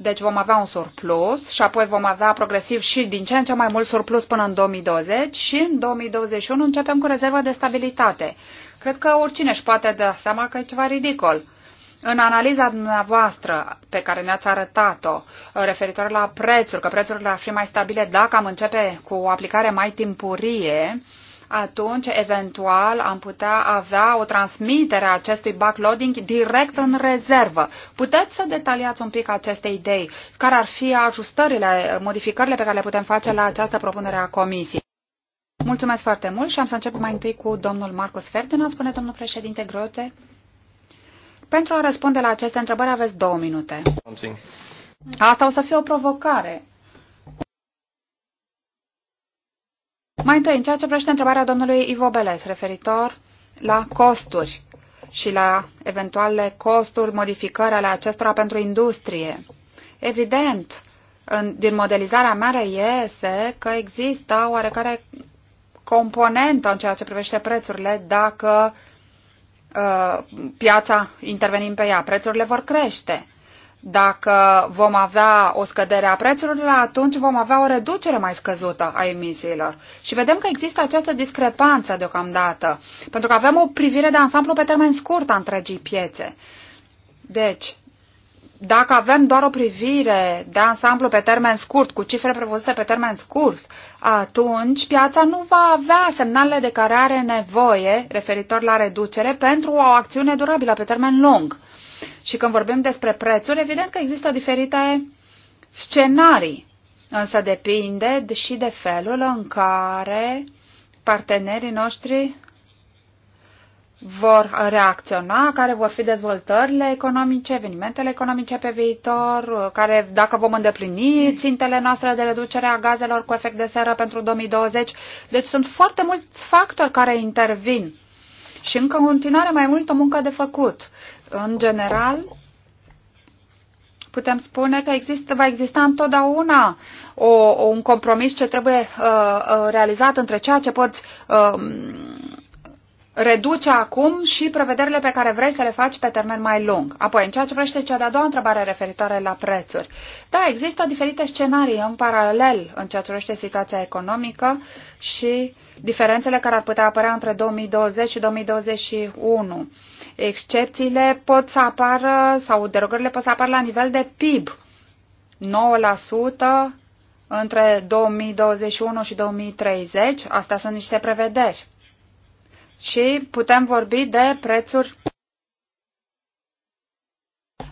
D: deci vom avea un surplus și apoi vom avea progresiv și din ce în ce mai mult surplus până în 2020 și în 2021 începem cu rezerva de stabilitate. Cred că oricine își poate da seama că e ceva ridicol. În analiza dumneavoastră pe care ne-ați arătat-o uh, referitor la prețuri, că prețurile ar fi mai stabile dacă am începe cu o aplicare mai timpurie, uh, atunci eventual am putea avea o transmitere a acestui backloading direct în rezervă. Puteți să detaliați un pic aceste idei? Care ar fi ajustările, modificările pe care le putem face la această propunere a Comisiei? Mulțumesc foarte mult și am să încep mai întâi cu domnul Marcus Ferdinand, spune domnul președinte Grote. Pentru a răspunde la aceste întrebări aveți două minute. Asta o să fie o provocare. Mai întâi, în ceea ce privește întrebarea domnului Ivo Beles, referitor la costuri și la eventuale costuri, modificări ale acestora pentru industrie. Evident, în, din modelizarea mea iese că există oarecare componentă în ceea ce privește prețurile dacă uh, piața intervenim pe ea. Prețurile vor crește. Dacă vom avea o scădere a prețurilor, atunci vom avea o reducere mai scăzută a emisiilor. Și vedem că există această discrepanță deocamdată, pentru că avem o privire de ansamblu pe termen scurt a întregii piețe. Deci, dacă avem doar o privire de ansamblu pe termen scurt, cu cifre prevăzute pe termen scurt, atunci piața nu va avea semnalele de care are nevoie referitor la reducere pentru o acțiune durabilă pe termen lung. Și când vorbim despre prețuri, evident că există diferite scenarii, însă depinde și de felul în care partenerii noștri vor reacționa, care vor fi dezvoltările economice, evenimentele economice pe viitor, care, dacă vom îndeplini țintele noastre de reducere a gazelor cu efect de seră pentru 2020. Deci sunt foarte mulți factori care intervin și încă în continuare mai multă muncă de făcut. În general, putem spune că există, va exista întotdeauna o, un compromis ce trebuie uh, uh, realizat între ceea ce poți uh, reduce acum și prevederile pe care vrei să le faci pe termen mai lung. Apoi, în ceea ce vrește cea de-a doua întrebare referitoare la prețuri. Da, există diferite scenarii în paralel în ceea ce vrește situația economică și diferențele care ar putea apărea între 2020 și 2021 excepțiile pot să apară sau derogările pot să apară la nivel de PIB. 9% între 2021 și 2030, astea sunt niște prevederi. Și putem vorbi de prețuri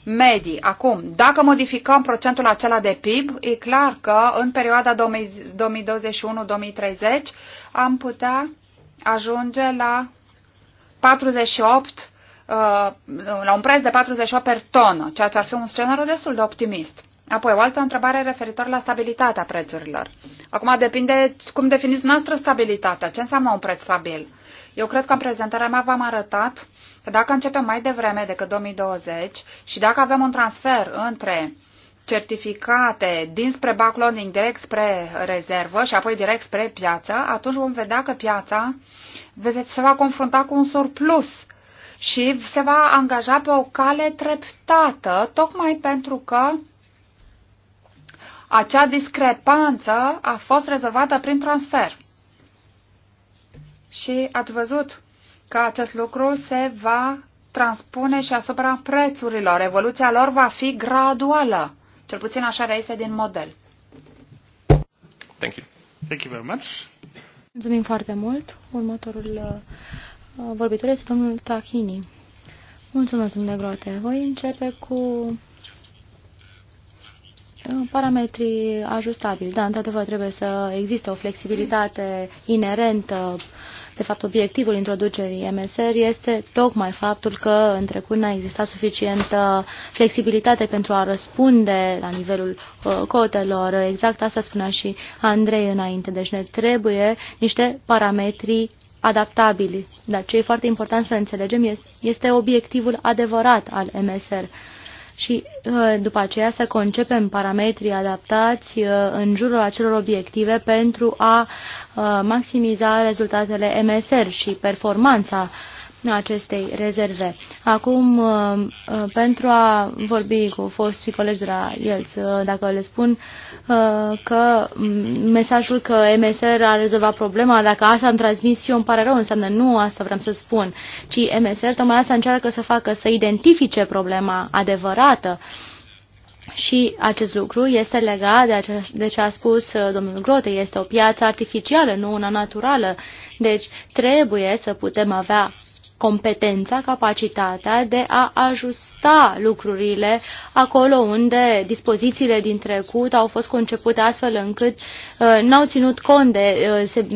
D: medii. Acum, dacă modificăm procentul acela de PIB, e clar că în perioada 2021-2030 am putea ajunge la 48 Uh, la un preț de 48 per tonă, ceea ce ar fi un scenariu destul de optimist. Apoi, o altă întrebare referitor la stabilitatea prețurilor. Acum depinde cum definiți noastră stabilitatea. Ce înseamnă un preț stabil? Eu cred că în prezentarea mea v-am arătat că dacă începem mai devreme decât 2020 și dacă avem un transfer între certificate dinspre backloading direct spre rezervă și apoi direct spre piață, atunci vom vedea că piața se va confrunta cu un surplus și se va angaja pe o cale treptată, tocmai pentru că acea discrepanță a fost rezolvată prin transfer. Și ați văzut că acest lucru se va transpune și asupra prețurilor. Evoluția lor va fi graduală. Cel puțin așa reiese din model.
A: Thank you. Thank you very much.
D: Mulțumim
B: foarte mult. Următorul uh, vorbitor este domnul Tahini. Mulțumesc, domnule Grote. Voi începe cu uh, parametrii ajustabili. Da, într-adevăr, trebuie să existe o flexibilitate inerentă. De fapt, obiectivul introducerii MSR este tocmai faptul că în trecut n-a existat suficientă flexibilitate pentru a răspunde la nivelul uh, cotelor. Exact asta spunea și Andrei înainte. Deci ne trebuie niște parametri adaptabili. Dar ce e foarte important să înțelegem este obiectivul adevărat al MSR. Și uh, după aceea să concepem parametrii adaptați uh, în jurul acelor obiective pentru a uh, maximiza rezultatele MSR și performanța uh, acestei rezerve. Acum, uh, uh, pentru a vorbi cu și colegi de la el, uh, dacă le spun că mm, mesajul că MSR a rezolvat problema, dacă asta am transmis eu, îmi pare rău, înseamnă nu asta vreau să spun, ci MSR tocmai asta încearcă să facă, să identifice problema adevărată și acest lucru este legat de, de ce a spus domnul Grote, este o piață artificială, nu una naturală. Deci trebuie să putem avea competența, capacitatea de a ajusta lucrurile acolo unde dispozițiile din trecut au fost concepute astfel încât uh, n-au ținut cont de uh, se,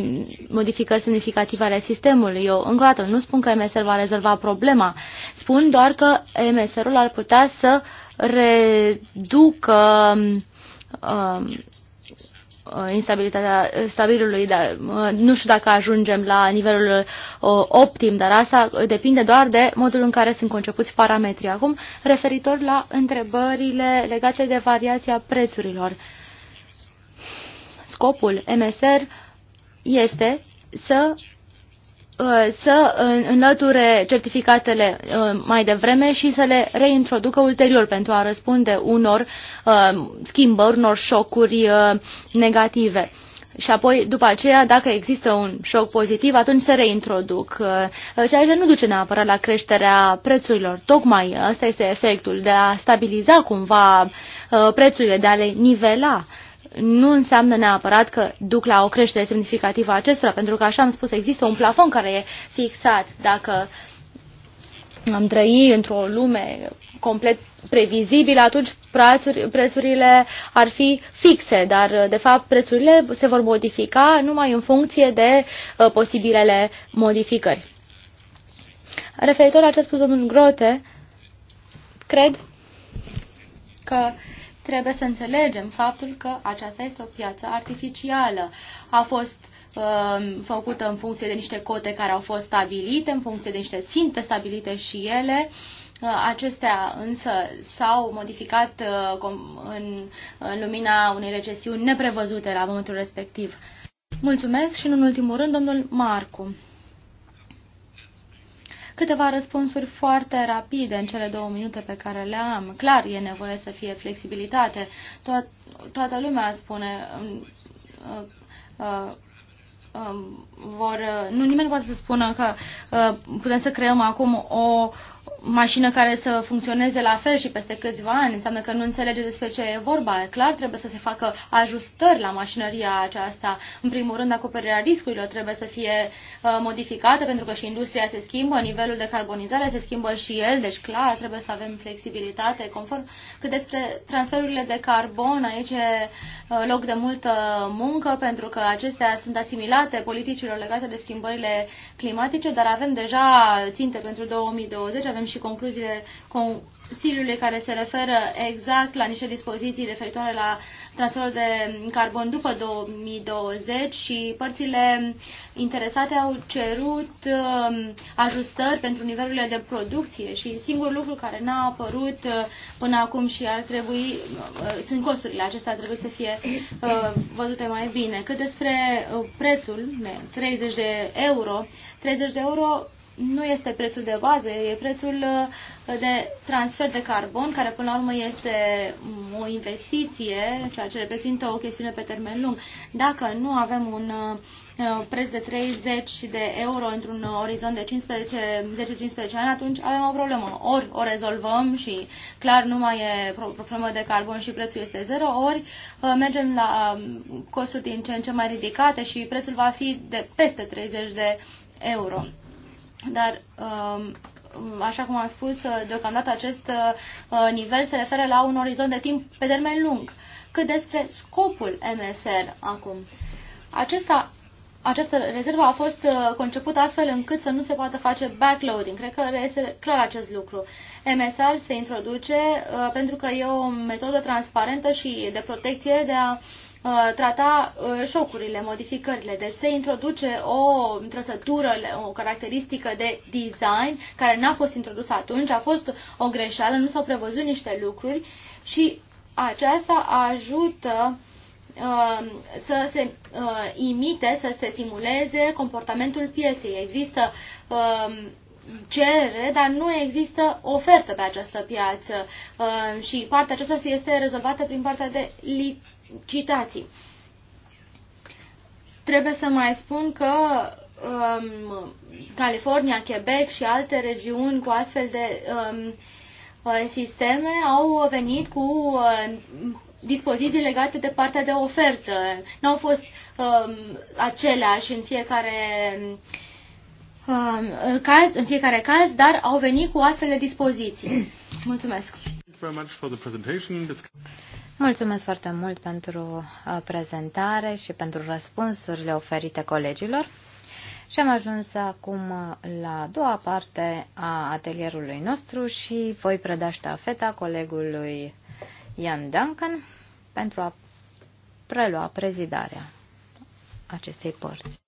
B: modificări semnificative ale sistemului. Eu, încă o dată, nu spun că MSR va rezolva problema, spun doar că MSR-ul ar putea să reducă uh, Uh, instabilitatea stabilului, dar uh, nu știu dacă ajungem la nivelul uh, optim, dar asta depinde doar de modul în care sunt concepuți parametrii. Acum, referitor la întrebările legate de variația prețurilor. Scopul MSR este să Uh, să înlăture certificatele uh, mai devreme și să le reintroducă ulterior pentru a răspunde unor uh, schimbări, unor șocuri negative. Și apoi, după aceea, dacă există un șoc pozitiv, atunci se reintroduc, ceea ce nu duce neapărat la creșterea prețurilor. Tocmai ăsta este efectul de a stabiliza cumva prețurile, de a le nivela nu înseamnă neapărat că duc la o creștere semnificativă a acestora, pentru că, așa am spus, există un plafon care e fixat. Dacă am trăi într-o lume complet previzibilă, atunci prețurile ar fi fixe, dar, de fapt, prețurile se vor modifica numai în funcție de uh, posibilele modificări. Referitor la ce a spus domnul Grote, cred că uh, Trebuie să înțelegem faptul că aceasta este o piață artificială. A fost uh, făcută în funcție de niște cote care au fost stabilite, în funcție de niște ținte stabilite și ele. Uh, acestea însă s-au modificat uh, în, în lumina unei recesiuni neprevăzute la momentul respectiv. Mulțumesc și, în ultimul rând, domnul Marcu. Câteva răspunsuri foarte rapide în cele două minute pe care le am. Clar, e nevoie să fie flexibilitate. Toat, toată lumea spune um, uh, uh, um, vor, nu nimeni poate să spună că uh, putem să creăm acum o, mașină care să funcționeze la fel și peste câțiva ani. Înseamnă că nu înțelege despre ce e vorba. E clar, trebuie să se facă ajustări la mașinăria aceasta. În primul rând, acoperirea riscurilor trebuie să fie uh, modificată, pentru că și industria se schimbă, nivelul de carbonizare se schimbă și el, deci clar, trebuie să avem flexibilitate conform. Cât despre transferurile de carbon, aici e uh, loc de multă muncă, pentru că acestea sunt asimilate politicilor legate de schimbările climatice, dar avem deja ținte pentru 2020, avem și concluziile Consiliului care se referă exact la niște dispoziții referitoare la transferul de carbon după 2020 și părțile interesate au cerut um, ajustări pentru nivelurile de producție și singurul lucru care n-a apărut uh, până acum și ar trebui, uh, sunt costurile acestea, ar trebui să fie uh, văzute mai bine. Cât despre prețul, 30 de euro, 30 de euro nu este prețul de bază, e prețul uh, de transfer de carbon, care până la urmă este o investiție, ceea ce reprezintă o chestiune pe termen lung. Dacă nu avem un uh, uh, preț de 30 de euro într-un orizont de 10-15 ani, atunci avem o problemă. Ori o rezolvăm și clar nu mai e problemă de carbon și prețul este zero, ori mergem la um, costuri din ce în ce mai ridicate și prețul va fi de peste 30 de euro. Dar um, așa cum am spus, uh, deocamdată acest uh, uh, nivel se referă la un orizont de timp pe termen lung. Cât despre scopul MSR acum. Acesta, această rezervă a fost concepută astfel încât să nu se poată face backloading. Cred că este clar acest lucru. MSR se introduce pentru că e o metodă transparentă și de protecție de a Uh, trata uh, șocurile, modificările. Deci se introduce o trăsătură, o caracteristică de design care n-a fost introdusă atunci, a fost o greșeală, nu s-au prevăzut niște lucruri și aceasta ajută uh, să se imite, să se simuleze comportamentul pieței. Există cerere, dar nu există ofertă pe această piață și partea aceasta este rezolvată prin partea de citații. Trebuie să mai spun că um, California, Quebec și alte regiuni cu astfel de um, uh, sisteme au venit cu uh, dispoziții legate de partea de ofertă. Nu au fost um, aceleași în fiecare um, caz, în fiecare caz, dar au venit cu astfel de
C: dispoziții. Mulțumesc. Mulțumesc foarte mult pentru uh, prezentare și pentru răspunsurile oferite colegilor. Și am ajuns acum uh, la a doua parte a atelierului nostru și voi preda ștafeta colegului Ian Duncan pentru a prelua prezidarea acestei părți.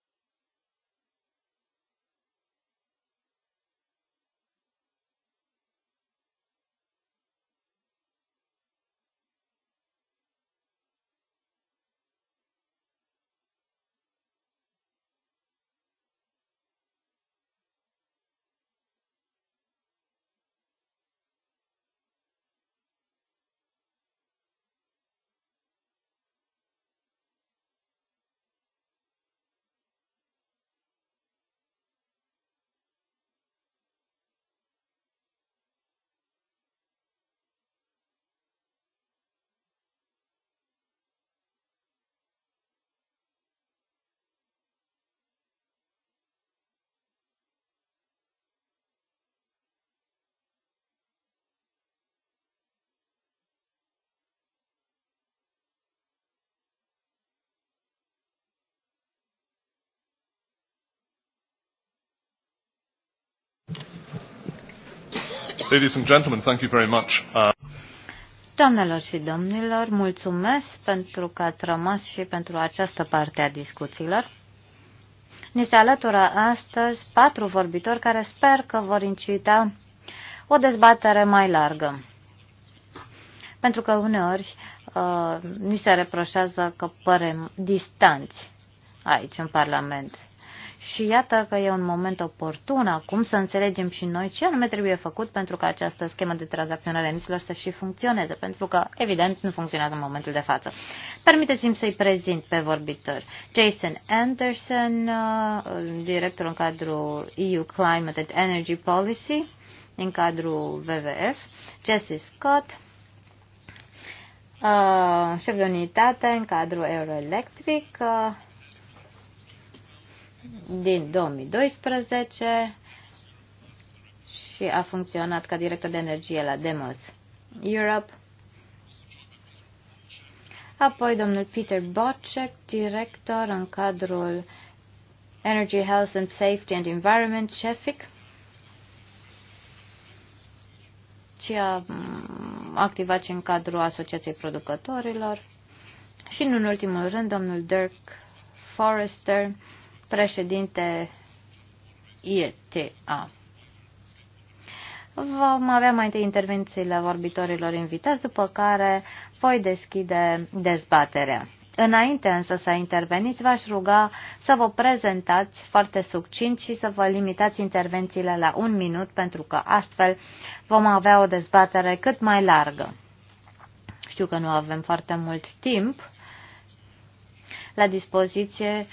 A: Ladies and gentlemen, thank you very much. Uh,
C: Doamnelor și domnilor, mulțumesc pentru că ați rămas și pentru această parte a discuțiilor. Ni se alătură astăzi patru vorbitori care sper că vor incita o dezbatere mai largă. Pentru că uneori uh, ni se reproșează că părem distanți aici în Parlament. Și iată că e un moment oportun acum să înțelegem și noi ce anume trebuie făcut pentru ca această schemă de tranzacționare a emisiilor să și funcționeze, pentru că, evident, nu funcționează în momentul de față. Permiteți-mi să-i prezint pe vorbitor. Jason Anderson, uh, director în cadrul EU Climate and Energy Policy, în cadrul WWF, Jesse Scott, uh, șef de unitate în cadrul Euroelectric, uh, din 2012 și a funcționat ca director de energie la Demos Europe. Apoi domnul Peter Bocek, director în cadrul Energy Health and Safety and Environment, CEFIC, și a mm, activat și în cadrul Asociației Producătorilor. Și, în ultimul rând, domnul Dirk Forrester, președinte IETA. Vom avea mai întâi intervențiile vorbitorilor invitați, după care voi deschide dezbaterea. Înainte însă să interveniți, v-aș ruga să vă prezentați foarte succint și să vă limitați intervențiile la un minut, pentru că astfel vom avea o dezbatere cât mai largă. Știu că nu avem foarte mult timp la dispoziție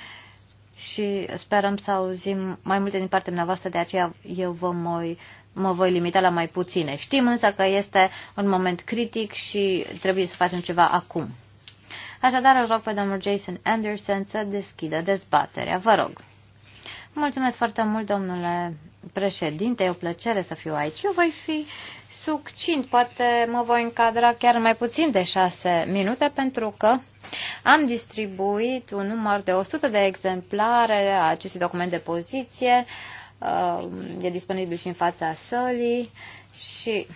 C: și sperăm să auzim mai multe din partea dumneavoastră, de aceea eu vă moi, mă voi limita la mai puține. Știm însă că este un moment critic și trebuie să facem ceva acum. Așadar, îl rog pe domnul Jason Anderson să deschidă dezbaterea. Vă rog. Mulțumesc foarte mult, domnule președinte, e o plăcere să fiu aici. Eu voi fi succint, poate mă voi încadra chiar mai puțin de șase minute, pentru că am distribuit un număr de 100 de exemplare a acestui document de poziție, uh, e disponibil și în fața sălii și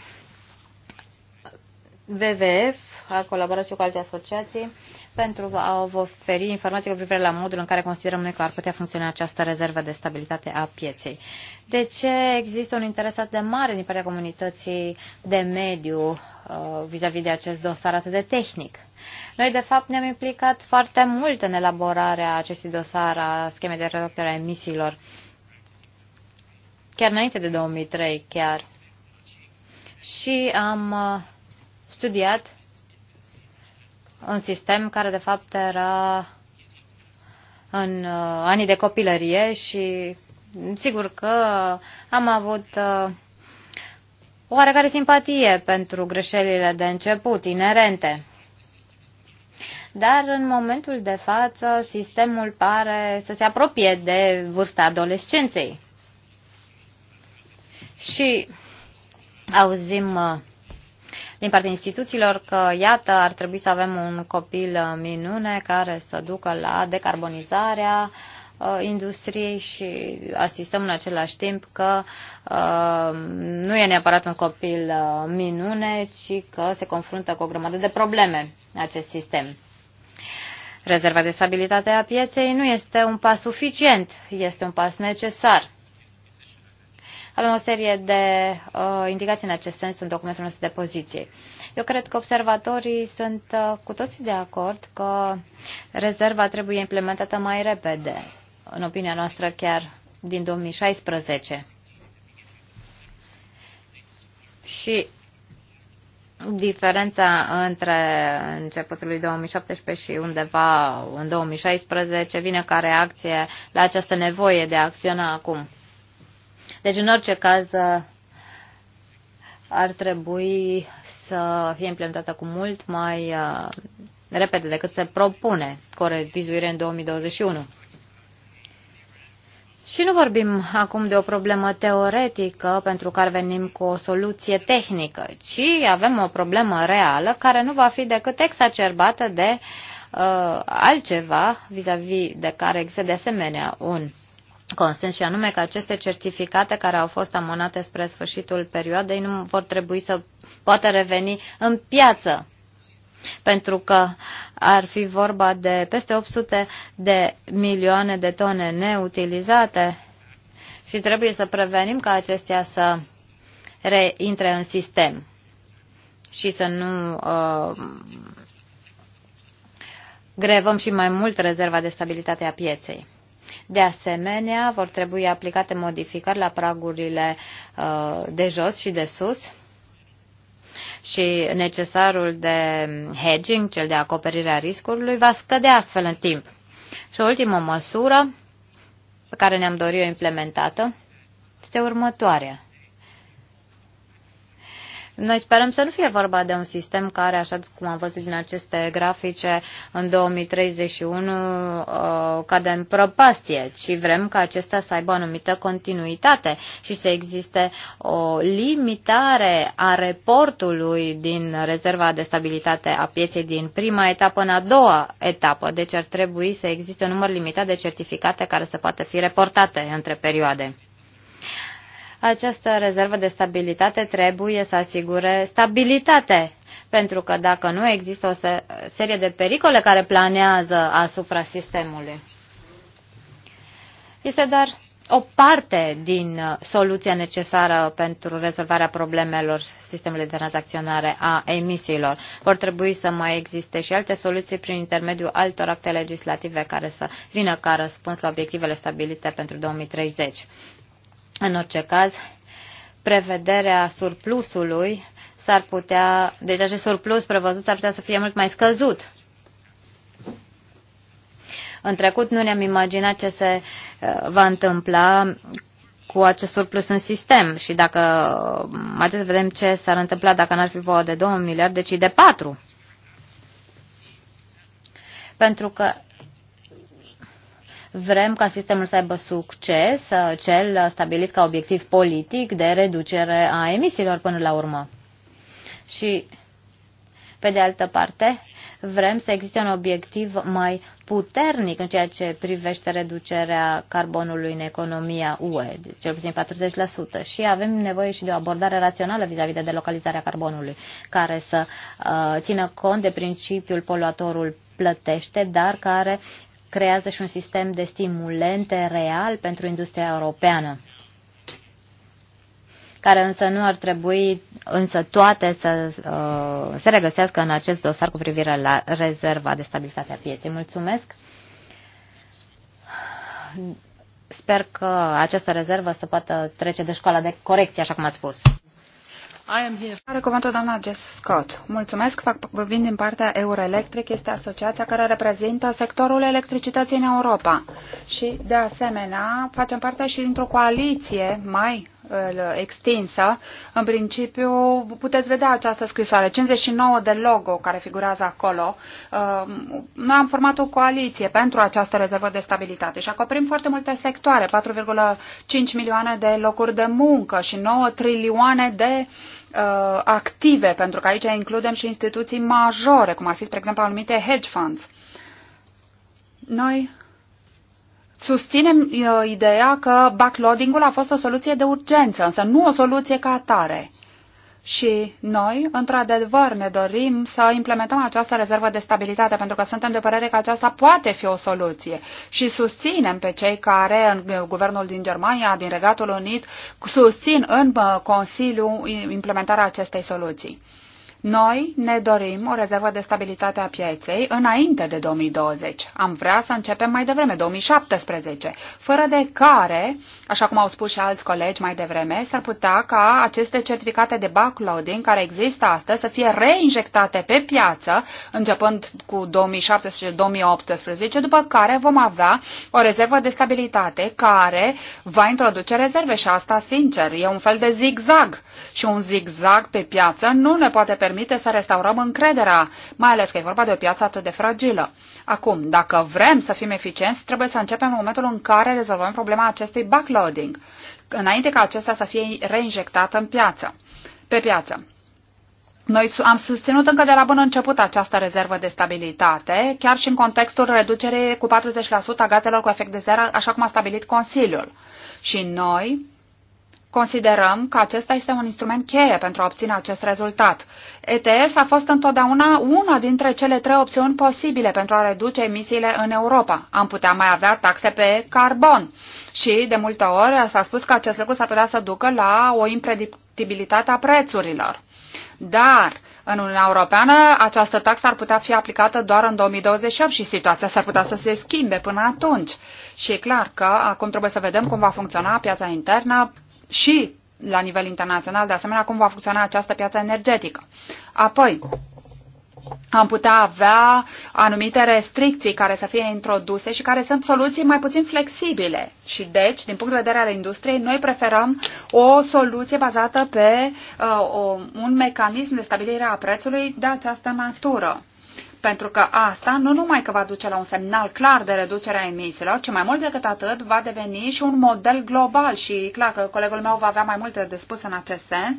C: WWF a colaborat și cu alte asociații pentru a vă oferi informații cu privire la modul în care considerăm noi că ar putea funcționa această rezervă de stabilitate a pieței. De ce există un interes atât de mare din partea comunității de mediu uh, vis-a-vis -vis de acest dosar atât de tehnic? Noi, de fapt, ne-am implicat foarte mult în elaborarea acestui dosar a schemei de reducere a emisiilor, chiar înainte de 2003, chiar. Și am uh, studiat un sistem care de fapt era în uh, anii de copilărie și sigur că am avut uh, oarecare simpatie pentru greșelile de început, inerente. Dar în momentul de față, sistemul pare să se apropie de vârsta adolescenței. Și auzim uh, din partea instituțiilor că, iată, ar trebui să avem un copil minune care să ducă la decarbonizarea uh, industriei și asistăm în același timp că uh, nu e neapărat un copil uh, minune, ci că se confruntă cu o grămadă de probleme acest sistem. Rezerva de stabilitate a pieței nu este un pas suficient, este un pas necesar. Avem o serie de uh, indicații în acest sens în documentul nostru de poziție. Eu cred că observatorii sunt uh, cu toții de acord că rezerva trebuie implementată mai repede, în opinia noastră chiar din 2016. Și diferența între începutul lui 2017 și undeva în 2016 vine ca reacție la această nevoie de a acționa acum. Deci, în orice caz, ar trebui să fie implementată cu mult mai uh, repede decât se propune cu o revizuire în 2021. Și nu vorbim acum de o problemă teoretică pentru care venim cu o soluție tehnică, ci avem o problemă reală care nu va fi decât exacerbată de uh, altceva vis-a-vis -vis de care există de asemenea un consens și anume că aceste certificate care au fost amânate spre sfârșitul perioadei nu vor trebui să poată reveni în piață pentru că ar fi vorba de peste 800 de milioane de tone neutilizate și trebuie să prevenim ca acestea să reintre în sistem și să nu uh, grevăm și mai mult rezerva de stabilitate a pieței. De asemenea, vor trebui aplicate modificări la pragurile uh, de jos și de sus și necesarul de hedging, cel de acoperire a riscurilor, va scădea astfel în timp. Și o ultimă măsură pe care ne-am dorit-o implementată este următoarea. Noi sperăm să nu fie vorba de un sistem care, așa cum am văzut din aceste grafice, în 2031 uh, cade în prăpastie, ci vrem ca acesta să aibă o anumită continuitate și să existe o limitare a reportului din rezerva de stabilitate a pieței din prima etapă în a doua etapă. Deci ar trebui să existe un număr limitat de certificate care să poată fi reportate între perioade. Această rezervă de stabilitate trebuie să asigure stabilitate, pentru că dacă nu există o serie de pericole care planează asupra sistemului. Este doar o parte din uh, soluția necesară pentru rezolvarea problemelor sistemului de tranzacționare a emisiilor. Vor trebui să mai existe și alte soluții prin intermediul altor acte legislative care să vină ca răspuns la obiectivele stabilite pentru 2030. În orice caz, prevederea surplusului s-ar putea, deci acest surplus prevăzut s-ar putea să fie mult mai scăzut. În trecut nu ne-am imaginat ce se uh, va întâmpla cu acest surplus în sistem și dacă, mai um, trebuie să vedem ce s-ar întâmpla dacă n-ar fi vorba de 2 miliarde, ci de 4. Pentru că vrem ca sistemul să aibă succes, cel stabilit ca obiectiv politic de reducere a emisiilor până la urmă. Și, pe de altă parte, vrem să existe un obiectiv mai puternic în ceea ce privește reducerea carbonului în economia UE, cel puțin 40%. Și avem nevoie și de o abordare rațională vis-a-vis -vis de delocalizarea carbonului, care să uh, țină cont de principiul poluatorul plătește, dar care creează și un sistem de stimulente real pentru industria europeană care însă nu ar trebui însă toate să uh, se regăsească în acest dosar cu privire la rezerva de stabilitate a pieței. Mulțumesc! Sper că această rezervă să poată trece de școala de corecție, așa cum ați spus.
D: Are cuvântul doamna Jess Scott. Mulțumesc, fac, vin din partea Euroelectric, este asociația care reprezintă sectorul electricității în Europa. Și, de asemenea, facem parte și dintr-o coaliție mai extinsă, în principiu puteți vedea această scrisoare, 59 de logo care figurează acolo. Uh, noi am format o coaliție pentru această rezervă de stabilitate și acoperim foarte multe sectoare, 4,5 milioane de locuri de muncă și 9 trilioane de uh, active, pentru că aici includem și instituții majore, cum ar fi, spre exemplu, anumite hedge funds. Noi susținem uh, ideea că backloading-ul a fost o soluție de urgență, însă nu o soluție ca atare. Și noi, într-adevăr, ne dorim să implementăm această rezervă de stabilitate, pentru că suntem de părere că aceasta poate fi o soluție. Și susținem pe cei care în uh, guvernul din Germania, din Regatul Unit, susțin în uh, Consiliu implementarea acestei soluții. Noi ne dorim o rezervă de stabilitate a pieței înainte de 2020. Am vrea să începem mai devreme, 2017, fără de care, așa cum au spus și alți colegi mai devreme, s-ar putea ca aceste certificate de backloading care există astăzi să fie reinjectate pe piață, începând cu 2017-2018, după care vom avea o rezervă de stabilitate care va introduce rezerve și asta, sincer, e un fel de zigzag și un zigzag pe piață nu ne poate permite permite să restaurăm încrederea, mai ales că e vorba de o piață atât de fragilă. Acum, dacă vrem să fim eficienți, trebuie să începem în momentul în care rezolvăm problema acestui backloading, înainte ca acesta să fie reinjectat în piață, pe piață. Noi am susținut încă de la bun început această rezervă de stabilitate, chiar și în contextul reducerii cu 40% a gazelor cu efect de seră, așa cum a stabilit Consiliul. Și noi Considerăm că acesta este un instrument cheie pentru a obține acest rezultat. ETS a fost întotdeauna una dintre cele trei opțiuni posibile pentru a reduce emisiile în Europa. Am putea mai avea taxe pe carbon și, de multe ori, s-a spus că acest lucru s-ar putea să ducă la o impredictibilitate a prețurilor. Dar, în Uniunea Europeană, această taxă ar putea fi aplicată doar în 2028 și situația s-ar putea să se schimbe până atunci. Și e clar că acum trebuie să vedem cum va funcționa piața internă și la nivel internațional, de asemenea, cum va funcționa această piață energetică. Apoi, am putea avea anumite restricții care să fie introduse și care sunt soluții mai puțin flexibile. Și deci, din punct de vedere al industriei, noi preferăm o soluție bazată pe uh, o, un mecanism de stabilire a prețului de această natură pentru că asta nu numai că va duce la un semnal clar de reducere a emisiilor, ci mai mult decât atât va deveni și un model global și clar că colegul meu va avea mai multe de spus în acest sens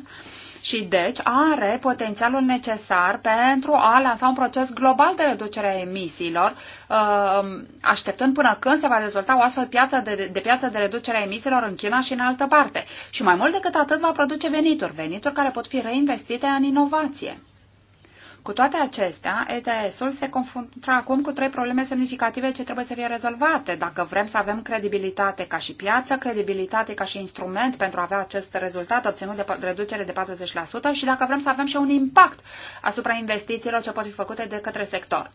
D: și deci are potențialul necesar pentru a lansa un proces global de reducere a emisiilor, uh, așteptând până când se va dezvolta o astfel piață de, de piață de reducere a emisiilor în China și în altă parte. Și mai mult decât atât va produce venituri, venituri care pot fi reinvestite în inovație. Cu toate acestea, ETS-ul se confruntă acum cu trei probleme semnificative ce trebuie să fie rezolvate dacă vrem să avem credibilitate ca și piață, credibilitate ca și instrument pentru a avea acest rezultat obținut de reducere de 40% și dacă vrem să avem și un impact asupra investițiilor ce pot fi făcute de către sector.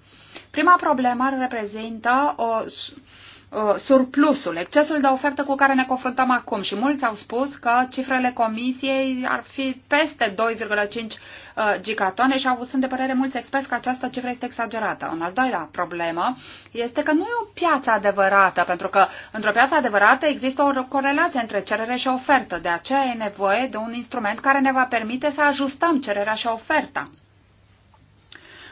D: Prima problemă reprezintă o Uh, surplusul, excesul de ofertă cu care ne confruntăm acum și mulți au spus că cifrele comisiei ar fi peste 2,5 uh, gigatone și au sunt de părere mulți experți că această cifră este exagerată. În al doilea problemă este că nu e o piață adevărată, pentru că într-o piață adevărată există o corelație între cerere și ofertă. De aceea e nevoie de un instrument care ne va permite să ajustăm cererea și oferta.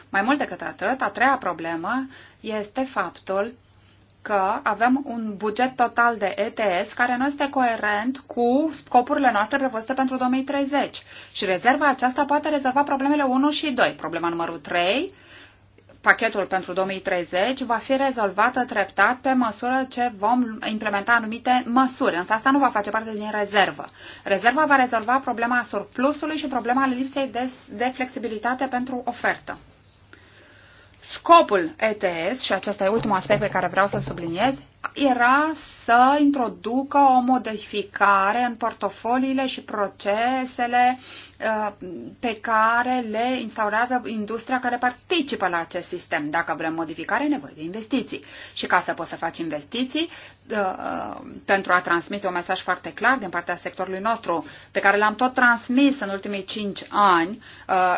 D: Mai mult decât atât, a treia problemă este faptul că avem un buget total de ETS care nu este coerent cu scopurile noastre prevăzute pentru 2030. Și rezerva aceasta poate rezolva problemele 1 și 2. Problema numărul 3, pachetul pentru 2030, va fi rezolvată treptat pe măsură ce vom implementa anumite măsuri, însă asta nu va face parte din rezervă. Rezerva va rezolva problema surplusului și problema lipsei de, de flexibilitate pentru ofertă. Scopul ETS, și acesta e ultimul aspect pe care vreau să-l subliniez, era să introducă o modificare în portofoliile și procesele Uh, pe care le instaurează industria care participă la acest sistem. Dacă vrem modificare, e nevoie de investiții. Și ca să poți să faci investiții, uh, uh, pentru a transmite un mesaj foarte clar din partea sectorului nostru, pe care l-am tot transmis în ultimii cinci ani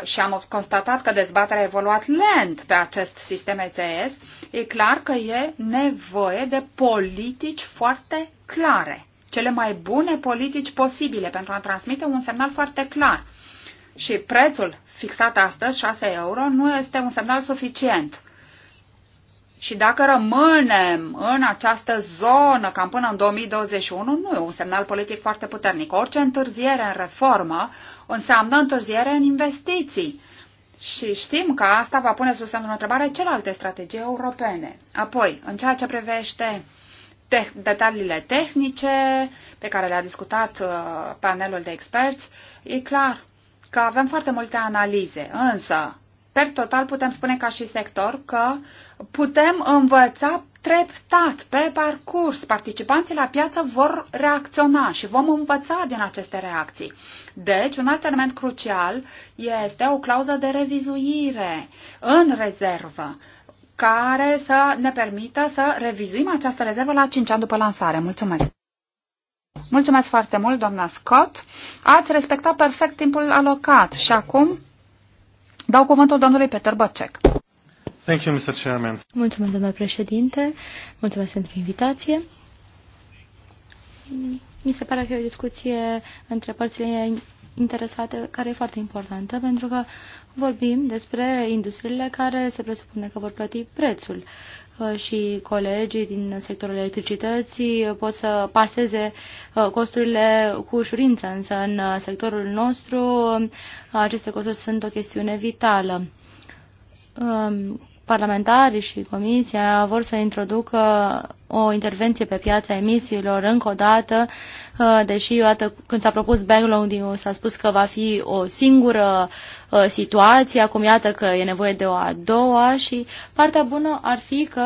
D: și am constatat că dezbaterea a evoluat lent pe acest sistem ETS, e clar că e nevoie de politici foarte clare cele mai bune politici posibile pentru a transmite un semnal foarte clar. Și prețul fixat astăzi, 6 euro, nu este un semnal suficient. Și dacă rămânem în această zonă cam până în 2021, nu e un semnal politic foarte puternic. Orice întârziere în reformă înseamnă întârziere în investiții. Și știm că asta va pune sub semnul întrebare celelalte strategii europene. Apoi, în ceea ce privește te- detaliile tehnice pe care le-a discutat uh, panelul de experți, e clar că avem foarte multe analize, însă, per total, putem spune ca și sector că putem învăța treptat, pe parcurs, participanții la piață vor reacționa și vom învăța din aceste reacții. Deci, un alt element crucial este o clauză de revizuire în rezervă care să ne permită să revizuim această rezervă la 5 ani după lansare. Mulțumesc! Mulțumesc foarte mult, doamna Scott. Ați respectat perfect timpul alocat și acum dau cuvântul domnului Peter Băcec.
A: Thank you, Mr. Chairman.
D: Mulțumesc, domnule președinte. Mulțumesc pentru invitație.
B: Mi se pare că e o discuție între părțile interesate care e foarte importantă, pentru că vorbim despre industriile care se presupune că vor plăti prețul uh, și colegii din sectorul electricității pot să paseze uh, costurile cu ușurință, însă în uh, sectorul nostru aceste costuri sunt o chestiune vitală um, parlamentarii și Comisia vor să introducă o intervenție pe piața emisiilor încă o dată, uh, deși iată, când s-a propus backloading s-a spus că va fi o singură uh, situație, acum iată că e nevoie de o a doua și partea bună ar fi că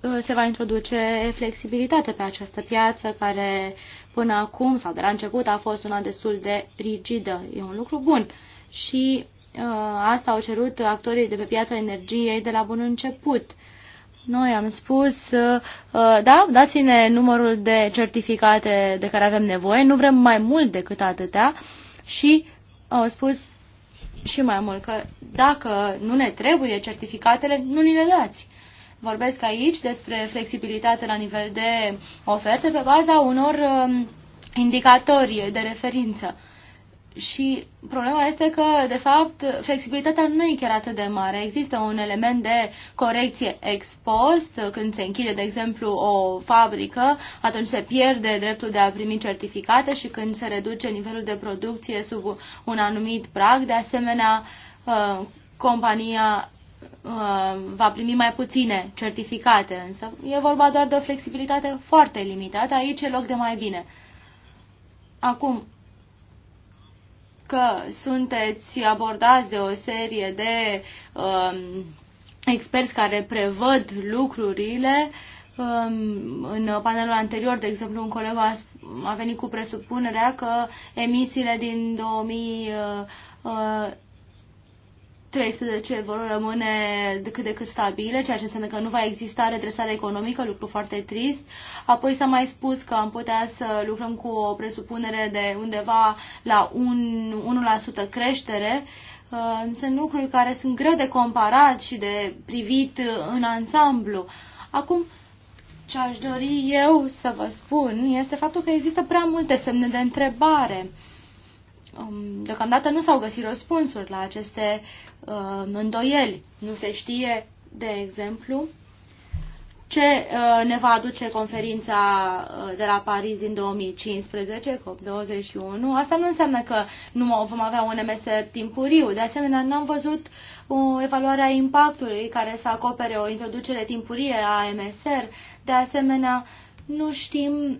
B: uh, se va introduce flexibilitate pe această piață care până acum sau de la început a fost una destul de rigidă. E un lucru bun. Și Uh, asta au cerut actorii de pe piața energiei de la bun început. Noi am spus, uh, da, dați-ne numărul de certificate de care avem nevoie, nu vrem mai mult decât atâtea și au spus și mai mult că dacă nu ne trebuie certificatele, nu ni le dați. Vorbesc aici despre flexibilitate la nivel de oferte pe baza unor um, indicatori de referință. Și problema este că, de fapt, flexibilitatea nu e chiar atât de mare. Există un element de corecție ex post, când se închide, de exemplu, o fabrică, atunci se pierde dreptul de a primi certificate și când se reduce nivelul de producție sub un anumit prag, de asemenea, uh, compania uh, va primi mai puține certificate, însă e vorba doar de o flexibilitate foarte limitată, aici e loc de mai bine. Acum, că sunteți abordați de o serie de um, experți care prevăd lucrurile. Um, în panelul anterior, de exemplu, un coleg a, a venit cu presupunerea că emisiile din 2000 uh, uh 13 vor rămâne cât de cât stabile, ceea ce înseamnă că nu va exista redresare economică, lucru foarte trist. Apoi s-a mai spus că am putea să lucrăm cu o presupunere de undeva la un, 1% creștere. Uh, sunt lucruri care sunt greu de comparat și de privit în ansamblu. Acum, ce aș dori eu să vă spun este faptul că există prea multe semne de întrebare Um, deocamdată nu s-au găsit răspunsuri la aceste uh, îndoieli. Nu se știe, de exemplu, ce uh, ne va aduce conferința uh, de la Paris din 2015, COP21. Asta nu înseamnă că nu vom avea un MS timpuriu. De asemenea, n-am văzut o uh, evaluare a impactului care să acopere o introducere timpurie a MSR. De asemenea, nu știm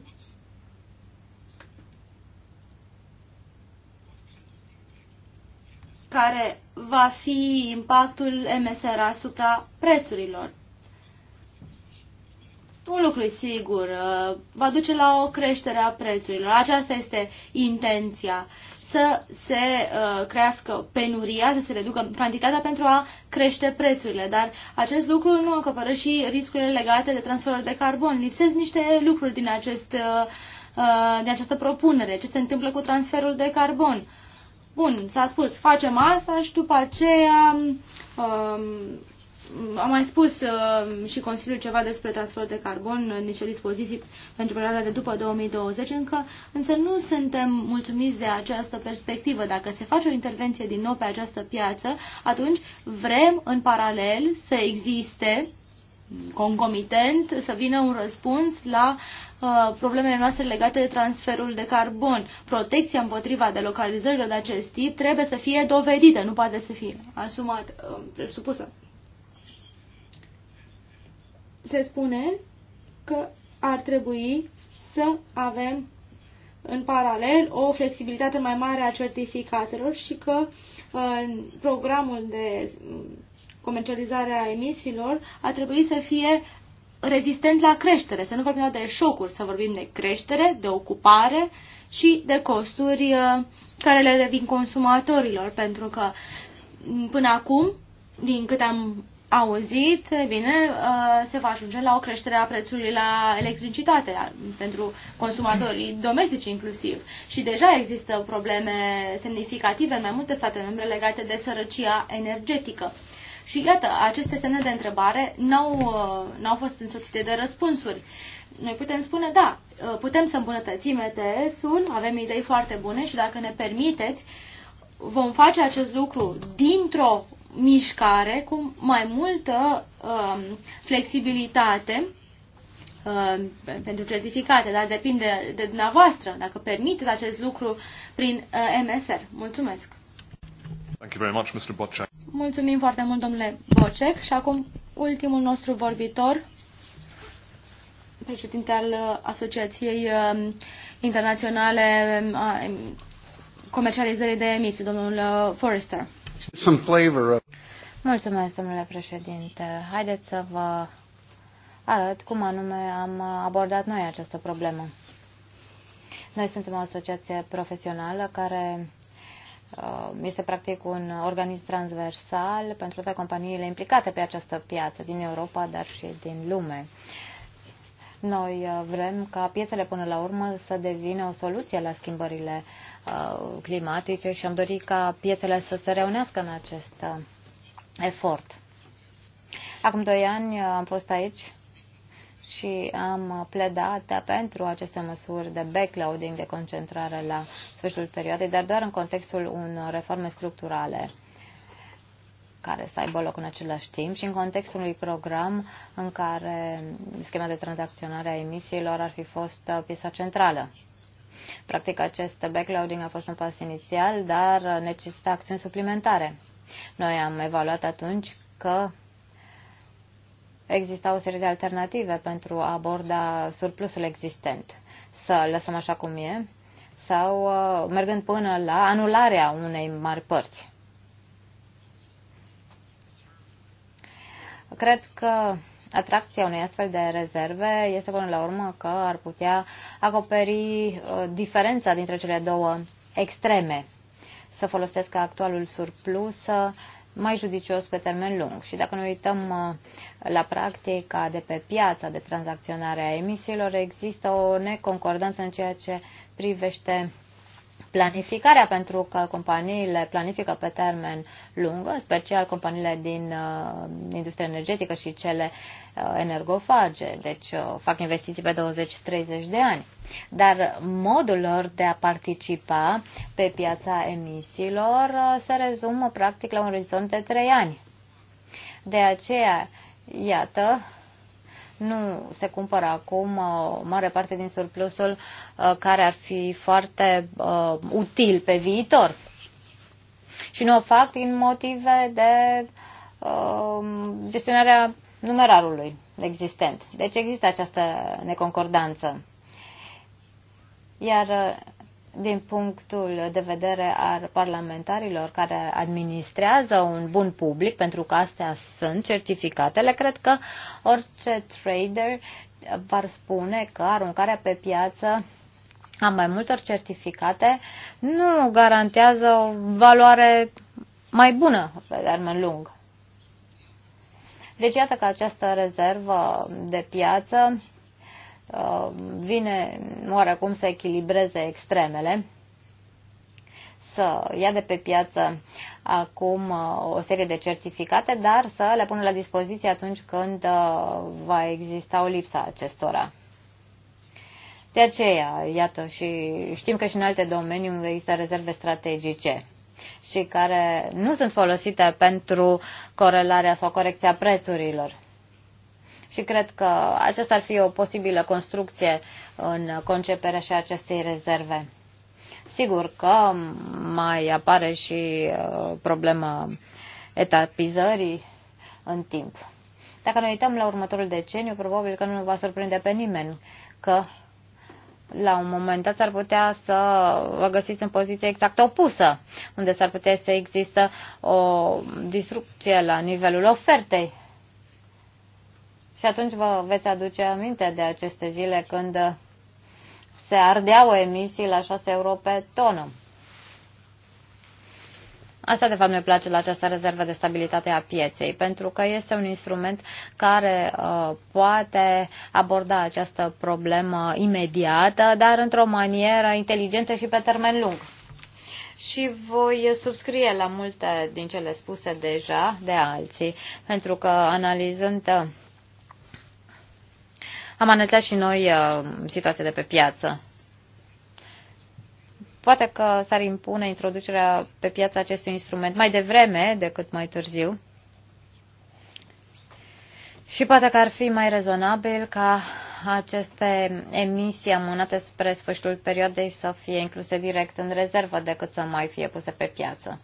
B: care va fi impactul MSR asupra prețurilor. Un lucru e sigur, va duce la o creștere a prețurilor. Aceasta este intenția, să se uh, crească penuria, să se reducă cantitatea pentru a crește prețurile, dar acest lucru nu acoperă și riscurile legate de transferul de carbon. Lipsesc niște lucruri din, acest, uh, uh, din această propunere, ce se întâmplă cu transferul de carbon Bun, s-a spus, facem asta și după aceea um, a mai spus uh, și Consiliul ceva despre transfer de carbon, uh, niște dispoziții pentru perioada de după 2020, încă, însă nu suntem mulțumiți de această perspectivă. Dacă se face o intervenție din nou pe această piață, atunci vrem în paralel să existe concomitent să vină un răspuns la Uh, problemele noastre legate de transferul de carbon. Protecția împotriva delocalizărilor de acest tip trebuie să fie dovedită, nu poate să fie asumată, uh, presupusă. Se spune că ar trebui să avem în paralel o flexibilitate mai mare a certificatelor și că uh, programul de comercializare a emisiilor ar trebui să fie rezistent la creștere, să nu vorbim de șocuri, să vorbim de creștere, de ocupare și de costuri uh, care le revin consumatorilor, pentru că mm, până acum, din câte am auzit, bine, uh, se va ajunge la o creștere a prețului la electricitate pentru consumatorii domestici inclusiv. Și deja există probleme semnificative în mai multe state membre legate de sărăcia energetică. Și iată, aceste semne de întrebare n-au, uh, n-au fost însoțite de răspunsuri. Noi putem spune, da, uh, putem să îmbunătățim ETS-ul, avem idei foarte bune și dacă ne permiteți, vom face acest lucru dintr-o mișcare cu mai multă um, flexibilitate um, pentru certificate, dar depinde de dumneavoastră dacă permiteți acest lucru prin uh, MSR. Mulțumesc!
A: Thank you very much, Mr.
B: Mulțumim foarte mult, domnule Bocek. Și acum ultimul nostru vorbitor, președinte al uh, Asociației um, Internaționale um, a Comercializării de Emisii, domnul
C: uh, Forrester.
A: Some flavor of...
C: Mulțumesc, domnule președinte. Haideți să vă arăt cum anume am abordat noi această problemă. Noi suntem o asociație profesională care Uh, este practic un organism transversal pentru toate companiile implicate pe această piață din Europa, dar și din lume. Noi uh, vrem ca piețele până la urmă să devină o soluție la schimbările uh, climatice și am dorit ca piețele să se reunească în acest efort. Acum doi ani am fost aici și am pledat pentru aceste măsuri de backloading, de concentrare la sfârșitul perioadei, dar doar în contextul unor reforme structurale care să aibă loc în același timp și în contextul unui program în care schema de tranzacționare a emisiilor ar fi fost piesa centrală. Practic, acest backloading a fost un pas inițial, dar necesită acțiuni suplimentare. Noi am evaluat atunci că exista o serie de alternative pentru a aborda surplusul existent. Să lăsăm așa cum e sau uh, mergând până la anularea unei mari părți. Cred că atracția unei astfel de rezerve este până la urmă că ar putea acoperi uh, diferența dintre cele două extreme. Să folosesc actualul surplus mai judicios pe termen lung. Și dacă ne uităm uh, la practica de pe piața de tranzacționare a emisiilor, există o neconcordanță în ceea ce privește planificarea, pentru că companiile planifică pe termen lung, în special companiile din uh, industria energetică și cele uh, energofage, deci uh, fac investiții pe 20-30 de ani. Dar modul lor de a participa pe piața emisiilor uh, se rezumă practic la un orizont de 3 ani. De aceea, iată, nu se cumpără acum o uh, mare parte din surplusul uh, care ar fi foarte uh, util pe viitor. Și nu o fac din motive de gestionarea numerarului existent. Deci există această neconcordanță. Iar din punctul de vedere al parlamentarilor care administrează un bun public, pentru că astea sunt certificatele, cred că orice trader v-ar spune că aruncarea pe piață a mai multor certificate nu garantează o valoare mai bună pe termen lung. Deci iată că această rezervă de piață Uh, vine oarecum să echilibreze extremele, să ia de pe piață acum uh, o serie de certificate, dar să le pună la dispoziție atunci când uh, va exista o lipsă acestora. De aceea, iată, și știm că și în alte domenii există rezerve strategice și care nu sunt folosite pentru corelarea sau corecția prețurilor și cred că aceasta ar fi o posibilă construcție în conceperea și acestei rezerve. Sigur că mai apare și uh, problema etapizării în timp. Dacă ne uităm la următorul deceniu, probabil că nu va surprinde pe nimeni că la un moment dat s ar putea să vă găsiți în poziție exact opusă, unde s-ar putea să există o disrupție la nivelul ofertei și atunci vă veți aduce aminte de aceste zile când se ardeau emisii la 6 euro pe tonă. Asta, de fapt, ne place la această rezervă de stabilitate a pieței, pentru că este un instrument care uh, poate aborda această problemă imediată, dar într-o manieră inteligentă și pe termen lung. Și voi subscrie la multe din cele spuse deja de alții, pentru că analizând am analizat și noi uh, situația de pe piață. Poate că s-ar impune introducerea pe piață acestui instrument mai devreme decât mai târziu. Și poate că ar fi mai rezonabil ca aceste emisii amânate spre sfârșitul perioadei să fie incluse direct în rezervă decât să mai fie puse pe piață.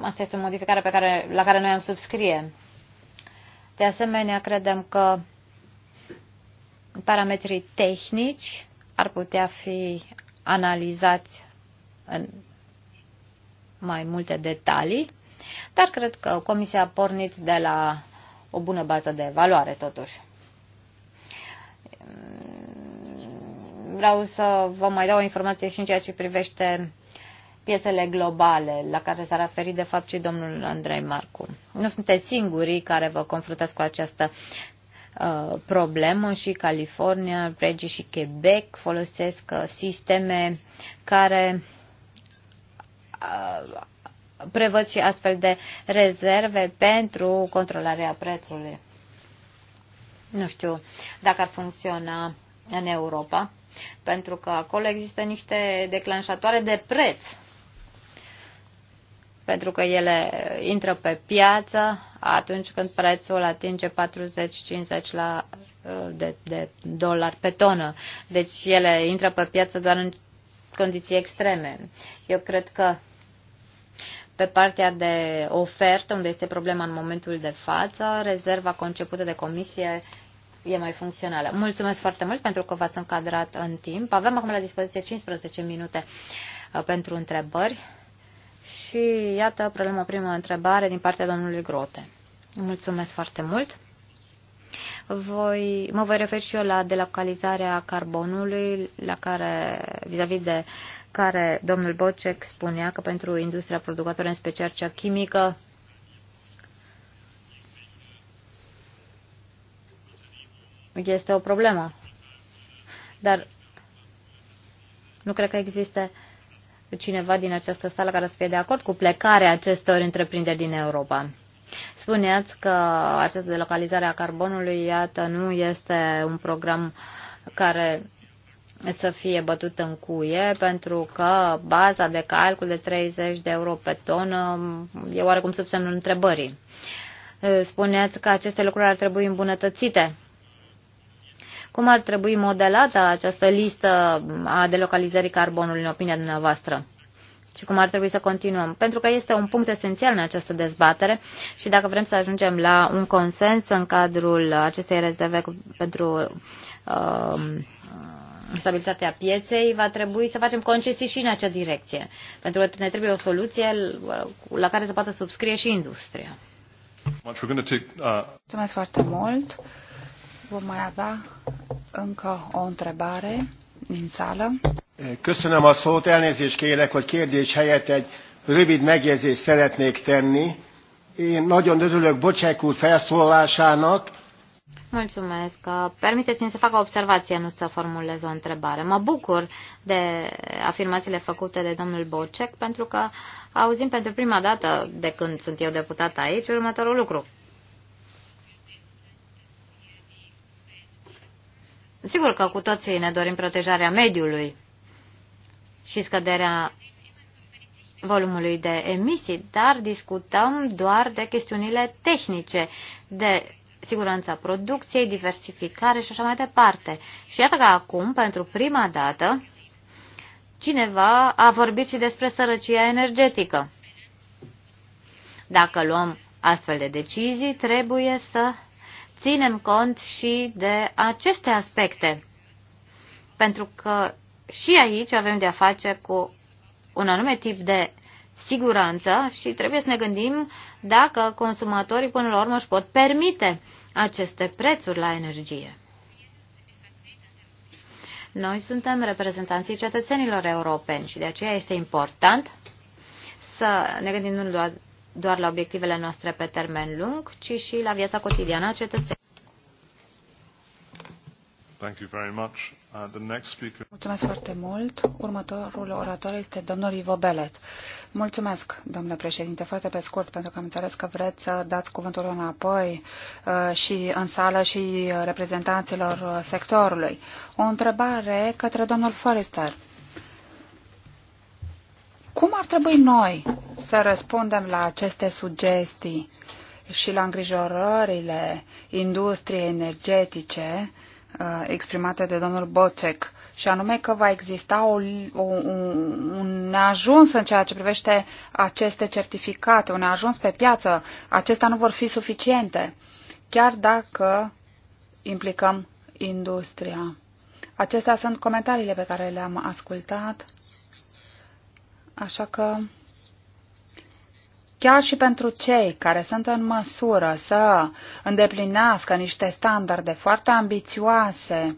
C: Asta este o modificare pe care, la care noi am subscrie. De asemenea, credem că parametrii tehnici ar putea fi analizați în mai multe detalii, dar cred că Comisia a pornit de la o bună bază de evaluare, totuși. Vreau să vă mai dau o informație și în ceea ce privește piețele globale, la care s-a referit de fapt și domnul Andrei Marcu. Nu sunteți singurii care vă confruntați cu această uh, problemă și California, Regi și Quebec folosesc uh, sisteme care uh, prevăd și astfel de rezerve pentru controlarea prețului. Nu știu dacă ar funcționa în Europa, pentru că acolo există niște declanșatoare de preț pentru că ele intră pe piață atunci când prețul atinge 40-50 la, uh, de, de dolari pe tonă. Deci ele intră pe piață doar în condiții extreme. Eu cred că pe partea de ofertă, unde este problema în momentul de față, rezerva concepută de comisie e mai funcțională. Mulțumesc foarte mult pentru că v-ați încadrat în timp. Avem acum la dispoziție 15 minute uh, pentru întrebări. Și iată, problema prima primă întrebare din partea domnului Grote. Mulțumesc foarte mult! Voi, mă voi referi și eu la delocalizarea carbonului, la care, vis-a-vis -vis de care domnul Bocek spunea că pentru industria producătoare, în special cea chimică, este o problemă. Dar nu cred că există uh, cineva din această sală care să fie de acord cu plecarea acestor întreprinderi din Europa. Spuneați că această delocalizare a carbonului, iată, nu este un program care să fie bătut în cuie, pentru că baza de calcul de 30 de euro pe tonă e oarecum sub semnul întrebării. Spuneați că aceste lucruri ar trebui îmbunătățite cum ar trebui modelată această listă a delocalizării carbonului în opinia dumneavoastră? și cum ar trebui să continuăm. Pentru că este un punct esențial în această dezbatere și dacă vrem să ajungem la un consens în cadrul acestei rezerve pentru uh, stabilitatea pieței, va trebui să facem concesii și în acea direcție. Pentru că ne trebuie o soluție la care să poată subscrie și industria.
A: Uh,
D: Mulțumesc foarte mult. Vom mai avea încă o întrebare din sală.
A: Eh, köszönöm a szót, elnézést kérek, hogy kérdés helyett egy rövid megjegyzést szeretnék tenni. Én nagyon örülök Bocsák úr felszólásának.
C: Mulțumesc. Permiteți-mi să fac o observație, nu să formulez o întrebare. Mă bucur de afirmațiile făcute de domnul Bocek, pentru că auzim pentru prima dată de când sunt eu deputat aici următorul lucru. Sigur că cu toții ne dorim protejarea mediului și scăderea volumului de emisii, dar discutăm doar de chestiunile tehnice, de siguranța producției, diversificare și așa mai departe. Și iată că acum, pentru prima dată, cineva a vorbit și despre sărăcia energetică. Dacă luăm astfel de decizii, trebuie să ținem cont și de aceste aspecte. Pentru că și aici avem de-a face cu un anume tip de siguranță și trebuie să ne gândim dacă consumatorii până la urmă își pot permite aceste prețuri la energie. Noi suntem reprezentanții cetățenilor europeni și de aceea este important să ne gândim nu doar doar la obiectivele noastre pe termen lung,
D: ci și la viața cotidiană a cetățenilor.
A: Thank you very much. Uh, the next speaker... Mulțumesc foarte
D: mult. Următorul orator este domnul Ivo Belet. Mulțumesc, domnule președinte, foarte pe scurt, pentru că am înțeles că vreți să dați cuvântul înapoi uh, și în sală și reprezentanților uh, sectorului. O întrebare către domnul Forrester. Cum ar trebui noi să răspundem la aceste sugestii și la îngrijorările industriei energetice uh, exprimate de domnul Bocek, și anume că va exista o, o, un neajuns în ceea ce privește aceste certificate, un neajuns pe piață. Acestea nu vor fi suficiente, chiar dacă implicăm industria. Acestea sunt comentariile pe care le-am ascultat, așa că chiar și pentru cei care sunt în măsură să îndeplinească niște standarde foarte ambițioase,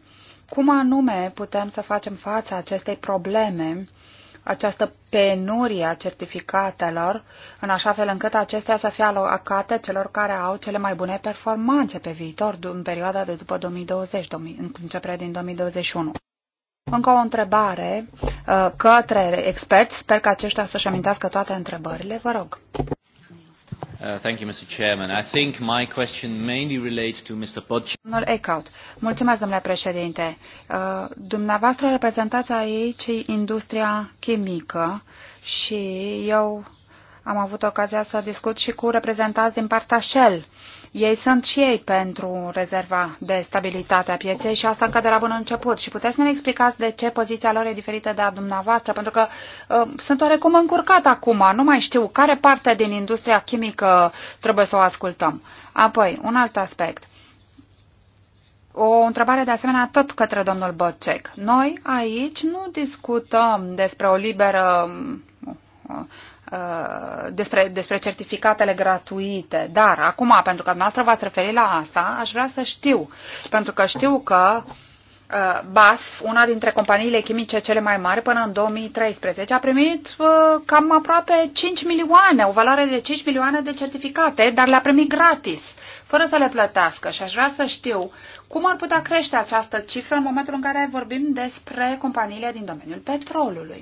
D: cum anume putem să facem față acestei probleme, această penurie a certificatelor, în așa fel încât acestea să fie alocate celor care au cele mai bune performanțe pe viitor, în perioada de după 2020, începerea din 2021. Încă o întrebare uh, către experți. Sper că aceștia să-și amintească toate întrebările. Vă rog.
C: Uh, thank you, Mr. Chairman. I think
A: my question mainly relates to Mr.
D: mulțumesc, domnule președinte. Uh, dumneavoastră reprezentați aici industria chimică și eu am avut ocazia să discut și cu reprezentanți din partea Shell. Uh, ei sunt și ei pentru rezerva de stabilitate a pieței și asta încă de la bun început. Și puteți să ne explicați de ce poziția lor e diferită de a dumneavoastră, pentru că uh, sunt oarecum încurcat acum, nu mai știu care parte din industria chimică trebuie să o ascultăm. Apoi, un alt aspect. O întrebare de asemenea tot către domnul Bocek. Noi aici nu discutăm despre o liberă Uh, despre, despre certificatele gratuite. Dar acum, pentru că dumneavoastră v-ați referit la asta, aș vrea să știu. Pentru că știu că uh, BASF, una dintre companiile chimice cele mai mari până în 2013, a primit uh, cam aproape 5 milioane, o valoare de 5 milioane de certificate, dar le-a primit gratis fără să le plătească și aș vrea să știu cum ar putea crește această cifră în momentul în care vorbim despre companiile din domeniul petrolului.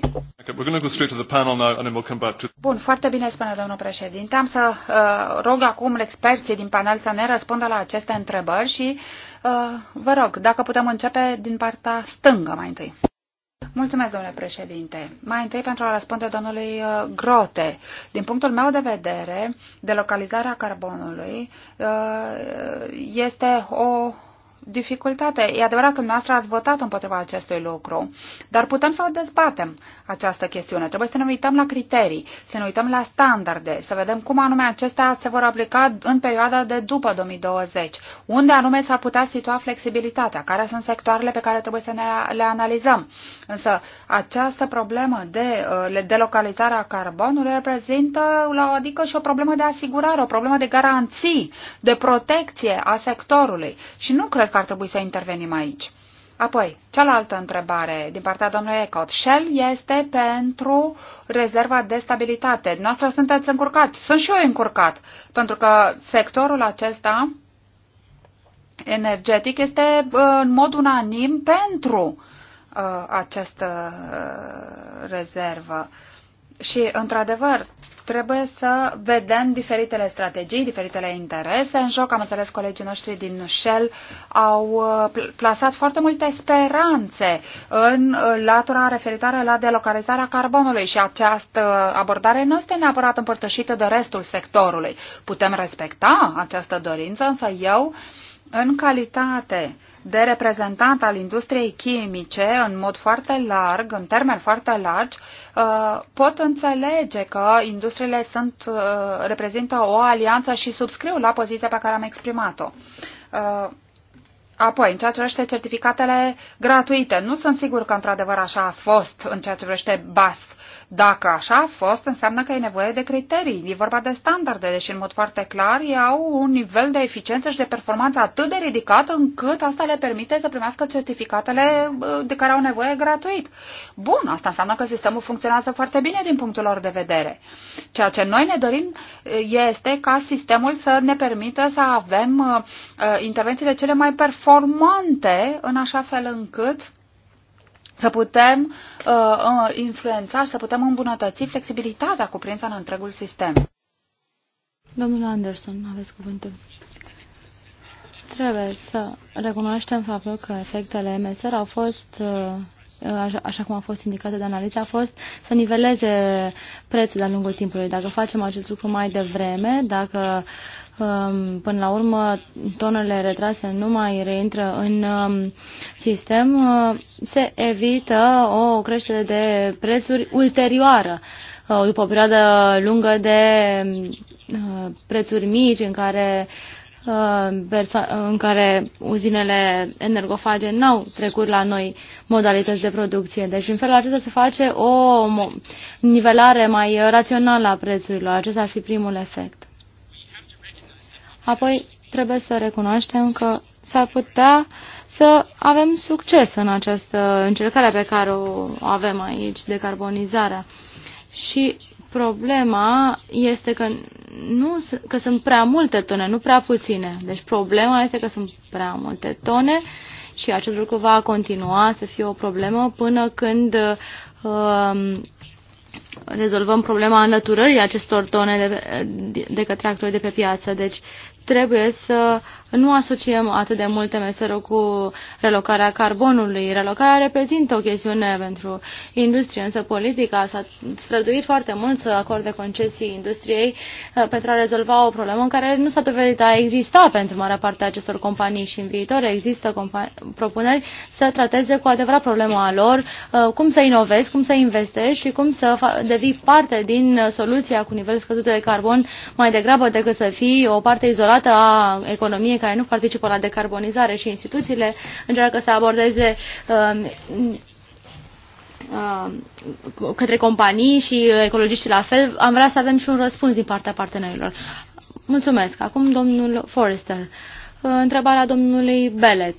D: Bun, foarte bine spune domnul președinte. Am să uh, rog acum experții din panel să ne răspundă la aceste întrebări și uh, vă rog, dacă putem începe din partea stângă mai întâi. Mulțumesc, domnule președinte. Mai întâi pentru a răspunde domnului uh, Grote. Din punctul meu de vedere, delocalizarea carbonului uh, este o dificultate. E adevărat că noastră ați votat împotriva acestui lucru, dar putem să o dezbatem această chestiune. Trebuie să ne uităm la criterii, să ne uităm la standarde, să vedem cum anume acestea se vor aplica în perioada de după 2020, unde anume s-ar putea situa flexibilitatea, care sunt sectoarele pe care trebuie să ne, le analizăm. Însă această problemă de delocalizare a carbonului reprezintă la adică și o problemă de asigurare, o problemă de garanții, de protecție a sectorului. Și nu cred că ar trebui să intervenim aici. Apoi, cealaltă întrebare din partea domnului Ecot. Shell este pentru rezerva de stabilitate. Noastră sunteți încurcat. Sunt și eu încurcat, pentru că sectorul acesta energetic este uh, în mod unanim pentru uh, această uh, rezervă. Și, într-adevăr, trebuie să vedem diferitele strategii, diferitele interese în joc. Am înțeles colegii noștri din Shell au uh, plasat foarte multe speranțe în uh, latura referitoare la delocalizarea carbonului și această abordare nu este neapărat împărtășită de restul sectorului. Putem respecta această dorință, însă eu uh, în calitate de reprezentant al industriei chimice, în mod foarte larg, în termen foarte largi, uh, pot înțelege că industriile sunt, uh, reprezintă o alianță și subscriu la poziția pe care am exprimat-o. Uh, apoi, în ceea ce vrește certificatele gratuite, nu sunt sigur că într-adevăr așa a fost în ceea ce vrește BASF. Dacă așa a fost, înseamnă că e nevoie de criterii, e vorba de standarde, deși în mod foarte clar ei au un nivel de eficiență și de performanță atât de ridicat încât asta le permite să primească certificatele de care au nevoie gratuit. Bun, asta înseamnă că sistemul funcționează foarte bine din punctul lor de vedere. Ceea ce noi ne dorim este ca sistemul să ne permită să avem uh, uh, intervențiile cele mai performante în așa fel încât să putem uh, uh, influența și să putem îmbunătăți flexibilitatea cuprinsă în întregul sistem.
B: Domnule Anderson, aveți cuvântul. Trebuie să recunoaștem faptul că efectele MSR au fost uh, Așa, cum a fost indicată de analiză, a fost să niveleze prețul de-a lungul timpului. Dacă facem acest lucru mai devreme, dacă Um, până la urmă tonele retrase nu mai reintră în um, sistem, uh, se evită o creștere de prețuri ulterioară uh, după o perioadă lungă de uh, prețuri mici în care în care uzinele energofage n-au trecut la noi modalități de producție. Deci în felul acesta se face o nivelare mai rațională a prețurilor. Acesta ar fi primul efect. Apoi trebuie să recunoaștem că s-ar putea să avem succes în această încercare pe care o avem aici, decarbonizarea. Și problema este că, nu, că sunt prea multe tone, nu prea puține. Deci problema este că sunt prea multe tone și acest lucru va continua să fie o problemă până când uh, rezolvăm problema înlăturării acestor tone de, de către actorii de pe piață. Deci trebuie să nu asociem atât de multe meseră cu relocarea carbonului. Relocarea reprezintă o chestiune pentru industrie, însă politica s-a străduit foarte mult să acorde concesii industriei uh, pentru a rezolva o problemă care nu s-a dovedit a exista pentru marea parte a acestor companii și în viitor există propuneri să trateze cu adevărat problema lor, uh, cum să inovezi, cum să investești și cum să devii parte din soluția cu nivel scăzut de carbon mai degrabă decât să fii o parte izolată a economiei care nu participă la decarbonizare și instituțiile încearcă să abordeze um, um, către companii și ecologiștii la fel, am vrea să avem și un răspuns din partea partenerilor. Mulțumesc. Acum domnul Forrester. Întrebarea domnului Bellet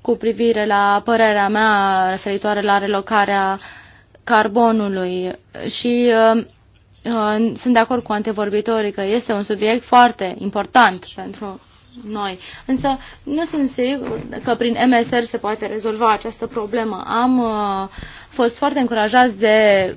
B: cu privire la părerea mea referitoare la relocarea carbonului și uh, uh, sunt de acord cu antevorbitorii că este un subiect foarte important pentru noi. Însă nu sunt sigur că prin MSR se poate rezolva această problemă. Am uh, fost foarte încurajați de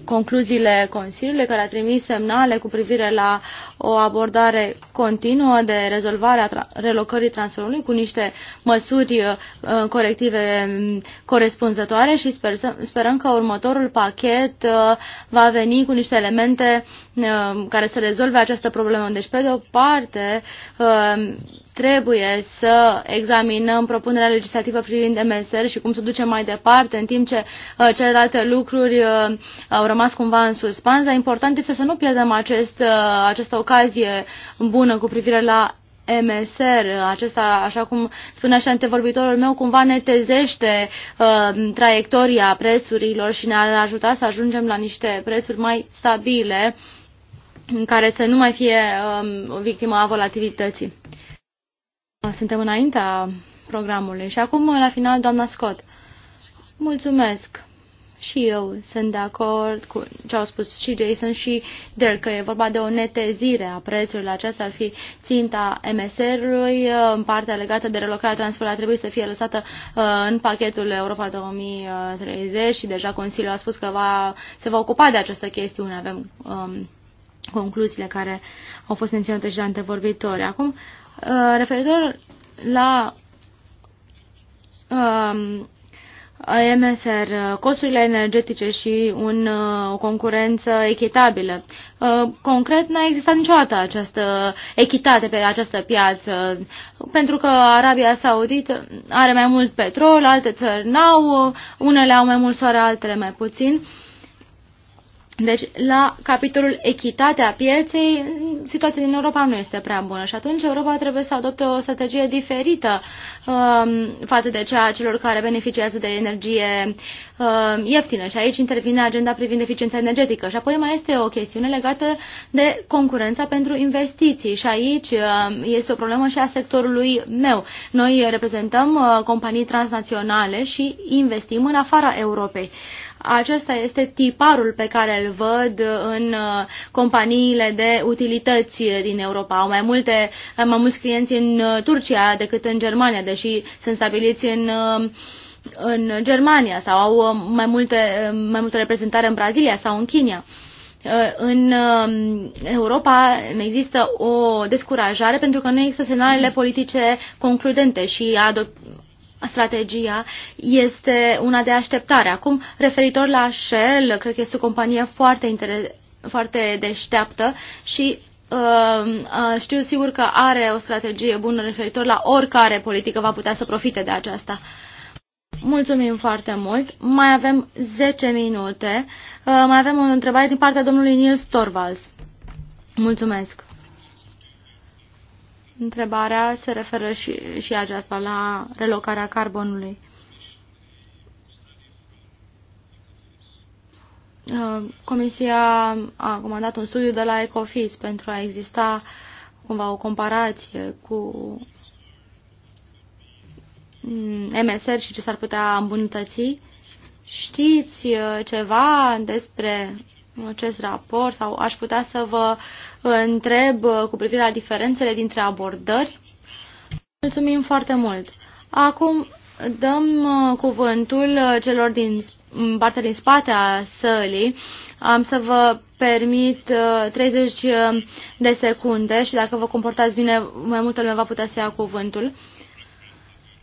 B: concluziile Consiliului, care a trimis semnale cu privire la o abordare continuă de rezolvare a tra relocării transferului cu niște măsuri uh, uh corective um, corespunzătoare și sper, sperăm că următorul pachet uh, va veni cu niște elemente uh, care să rezolve această problemă. Deci, pe de o parte, uh, trebuie să examinăm propunerea legislativă privind MSR și cum să ducem mai departe, în timp ce uh, celelalte alte lucruri uh, au rămas cumva în suspans, dar important este să nu pierdem acest, uh, această ocazie bună cu privire la MSR, acesta, așa cum spunea și antevorbitorul meu, cumva netezește uh, traiectoria prețurilor și ne-ar ajuta să ajungem la niște prețuri mai stabile în care să nu mai fie uh, o victimă a volatilității. Suntem înaintea programului și acum, la final, doamna Scott. Mulțumesc. Și eu sunt de acord cu ce au spus și Jason și Del, că e vorba de o netezire a prețurilor. Aceasta ar fi ținta MSR-ului. Uh, partea legată de relocarea transferului ar trebui să fie lăsată uh, în pachetul Europa 2030 și deja Consiliul a spus că va, se va ocupa de această chestiune. Avem um, concluziile care au fost menționate și de antevorbitori. Acum, uh, referitor la um, MSR, costurile energetice și un, uh, o concurență echitabilă. Uh, concret, n-a existat niciodată această echitate pe această piață, pentru că Arabia Saudită are mai mult petrol, alte țări n-au, unele au mai mult soare, altele mai puțin deci, la capitolul echitatea pieței, situația din Europa nu este prea bună și atunci Europa trebuie să adopte o strategie diferită um, față de cea a celor care beneficiază de energie um, ieftină. Și aici intervine agenda privind eficiența energetică. Și apoi mai este o chestiune legată de concurența pentru investiții. Și aici um, este o problemă și a sectorului meu. Noi reprezentăm uh, companii transnaționale și investim în afara Europei. Uh, acesta este tiparul pe care îl văd în uh, companiile de utilități din Europa. Au mai, multe, mai mulți clienți în uh, Turcia decât în Germania, deși sunt stabiliți în uh, în Germania sau au mai, multe, mai multă reprezentare în Brazilia sau în China în Europa există o descurajare pentru că nu există semnalele politice concludente și strategia este una de așteptare. Acum, referitor la Shell, cred că este o companie foarte, inter... foarte deșteaptă și uh, uh, știu sigur că are o strategie bună referitor la oricare politică va putea să profite de aceasta. Mulțumim foarte mult. Mai avem 10 minute. Uh, mai avem o întrebare din partea domnului Nils Torvalds. Mulțumesc. Întrebarea se referă și, și aceasta la relocarea carbonului. Uh, Comisia a comandat un studiu de la Ecofis pentru a exista cumva o comparație cu MSR mm, și ce s-ar putea îmbunătăți. Știți uh, ceva despre acest raport sau aș putea să vă uh, întreb uh, cu privire la diferențele dintre abordări. Mulțumim foarte mult. Acum dăm uh, cuvântul celor din partea din spate a sălii. Am să vă permit 30 de secunde și dacă vă comportați bine, mai multă lume va putea să ia cuvântul.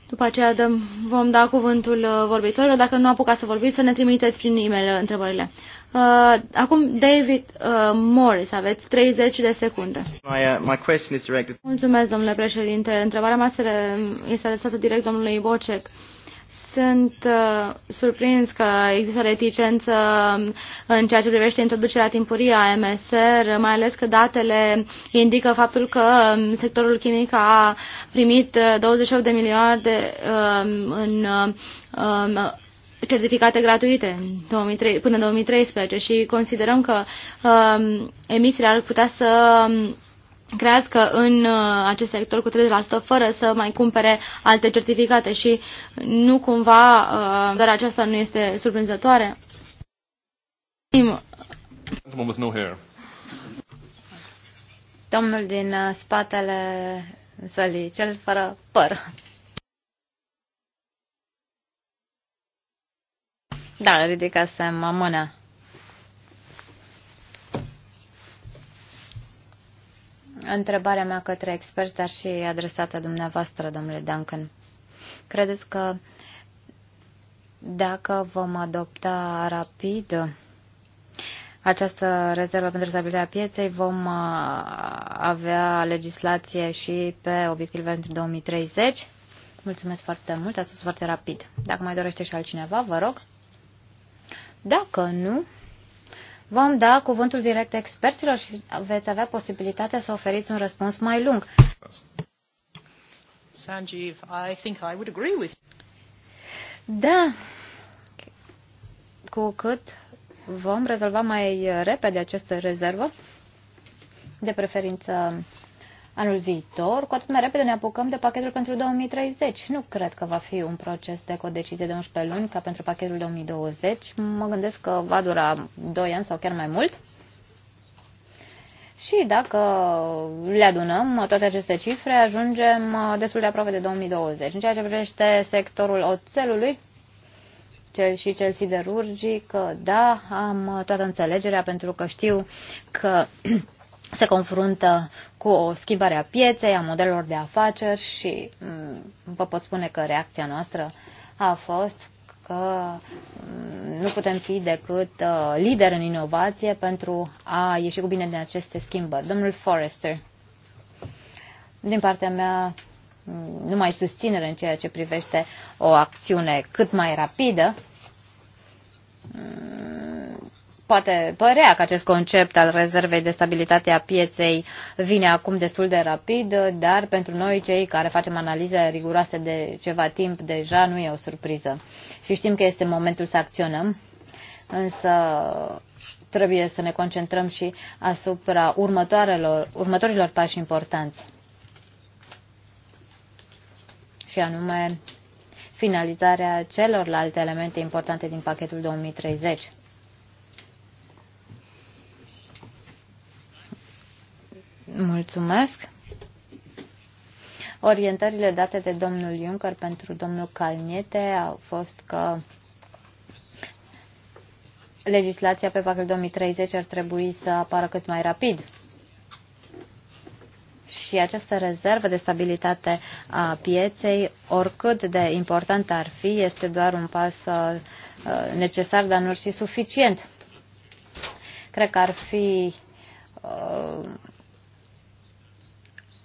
B: După aceea dăm, vom da cuvântul vorbitorilor. Dacă nu apucați să vorbiți, să ne trimiteți prin e-mail întrebările. Uh, acum David uh, Morris, aveți 30 de secunde.
A: My, uh, my question is directed...
B: Mulțumesc, domnule președinte. Întrebarea mea este adresată direct domnului Bocek. Sunt uh, surprins că există reticență în ceea ce privește introducerea timpurie a MSR, mai ales că datele indică faptul că um, sectorul chimic a primit 28 uh, de miliarde uh, în uh, certificate gratuite 2003 până în 2013 și considerăm că um, emisiile ar putea să um, crească în uh, acest sector cu 30% fără să mai cumpere alte certificate și nu cumva, uh, dar aceasta nu este surprinzătoare.
C: Domnul din uh, spatele sălii, cel fără păr. Da, ridicasem mâna. Întrebarea mea către experți, dar și adresată dumneavoastră, domnule Duncan. Credeți că dacă vom adopta rapid această rezervă pentru stabilitatea pieței, vom uh, avea legislație și pe obiectivele pentru 2030? Mulțumesc foarte mult, ați fost foarte rapid. Dacă mai dorește și altcineva, vă rog. Dacă nu, vom da cuvântul direct experților și veți avea posibilitatea să oferiți un răspuns mai lung.
A: Sanjeev, I think I would agree with
C: Da, cu cât vom rezolva mai repede această rezervă, de preferință anul viitor, cu atât mai repede ne apucăm de pachetul pentru 2030. Nu cred că va fi un proces de codecizie de 11 luni ca pentru pachetul 2020. Mă gândesc că va dura 2 ani sau chiar mai mult. Și dacă le adunăm toate aceste cifre, ajungem destul de aproape de 2020. În ceea ce privește sectorul oțelului, cel și cel siderurgic, da, am toată înțelegerea pentru că știu că (clears throat) se confruntă cu o schimbare a pieței, a modelelor de afaceri și mm, vă pot spune că reacția noastră a fost că mm, nu putem fi decât uh, lider în inovație pentru a ieși cu bine din aceste schimbări. Domnul Forrester, din partea mea, mm, numai susținere în ceea ce privește o acțiune cât mai rapidă poate părea că acest concept al rezervei de stabilitate a pieței vine acum destul de rapid, dar pentru noi, cei care facem analize riguroase de ceva timp, deja nu e o surpriză. Și știm că este momentul să acționăm, însă trebuie să ne concentrăm și asupra următoarelor, următorilor pași importanți. Și anume finalizarea celorlalte elemente importante din pachetul 2030. Mulțumesc. Orientările date de domnul Juncker pentru domnul Calniete au fost că legislația pe pactul 2030 ar trebui să apară cât mai rapid. Și această rezervă de stabilitate a pieței, oricât de important ar fi, este doar un pas uh, uh, necesar, dar nu și suficient. Cred că ar fi uh,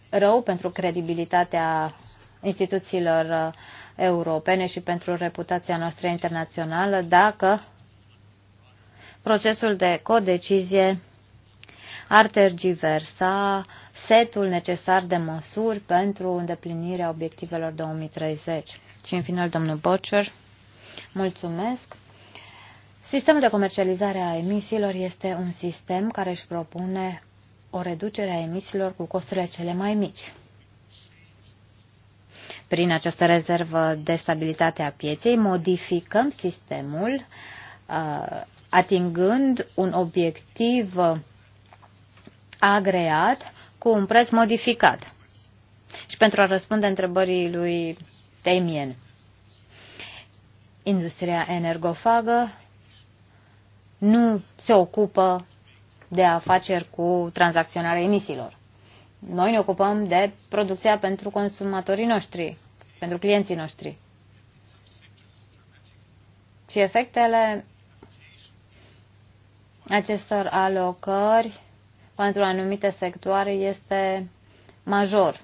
C: rău pentru credibilitatea instituțiilor uh, europene și pentru reputația noastră internațională dacă procesul de codecizie ar tergiversa setul necesar de măsuri pentru îndeplinirea obiectivelor 2030. Și în final, domnul Bocer, mulțumesc. Sistemul de comercializare a emisiilor este un sistem care își propune o reducere a emisiilor cu costurile cele mai mici. Prin această rezervă de stabilitate a pieței modificăm sistemul uh, atingând un obiectiv agreat cu un preț modificat. Și pentru a răspunde întrebării lui Damien, industria energofagă nu se ocupă de afaceri cu tranzacționarea emisiilor. Noi ne ocupăm de producția pentru consumatorii noștri, pentru clienții noștri. Și efectele acestor alocări pentru anumite sectoare este major.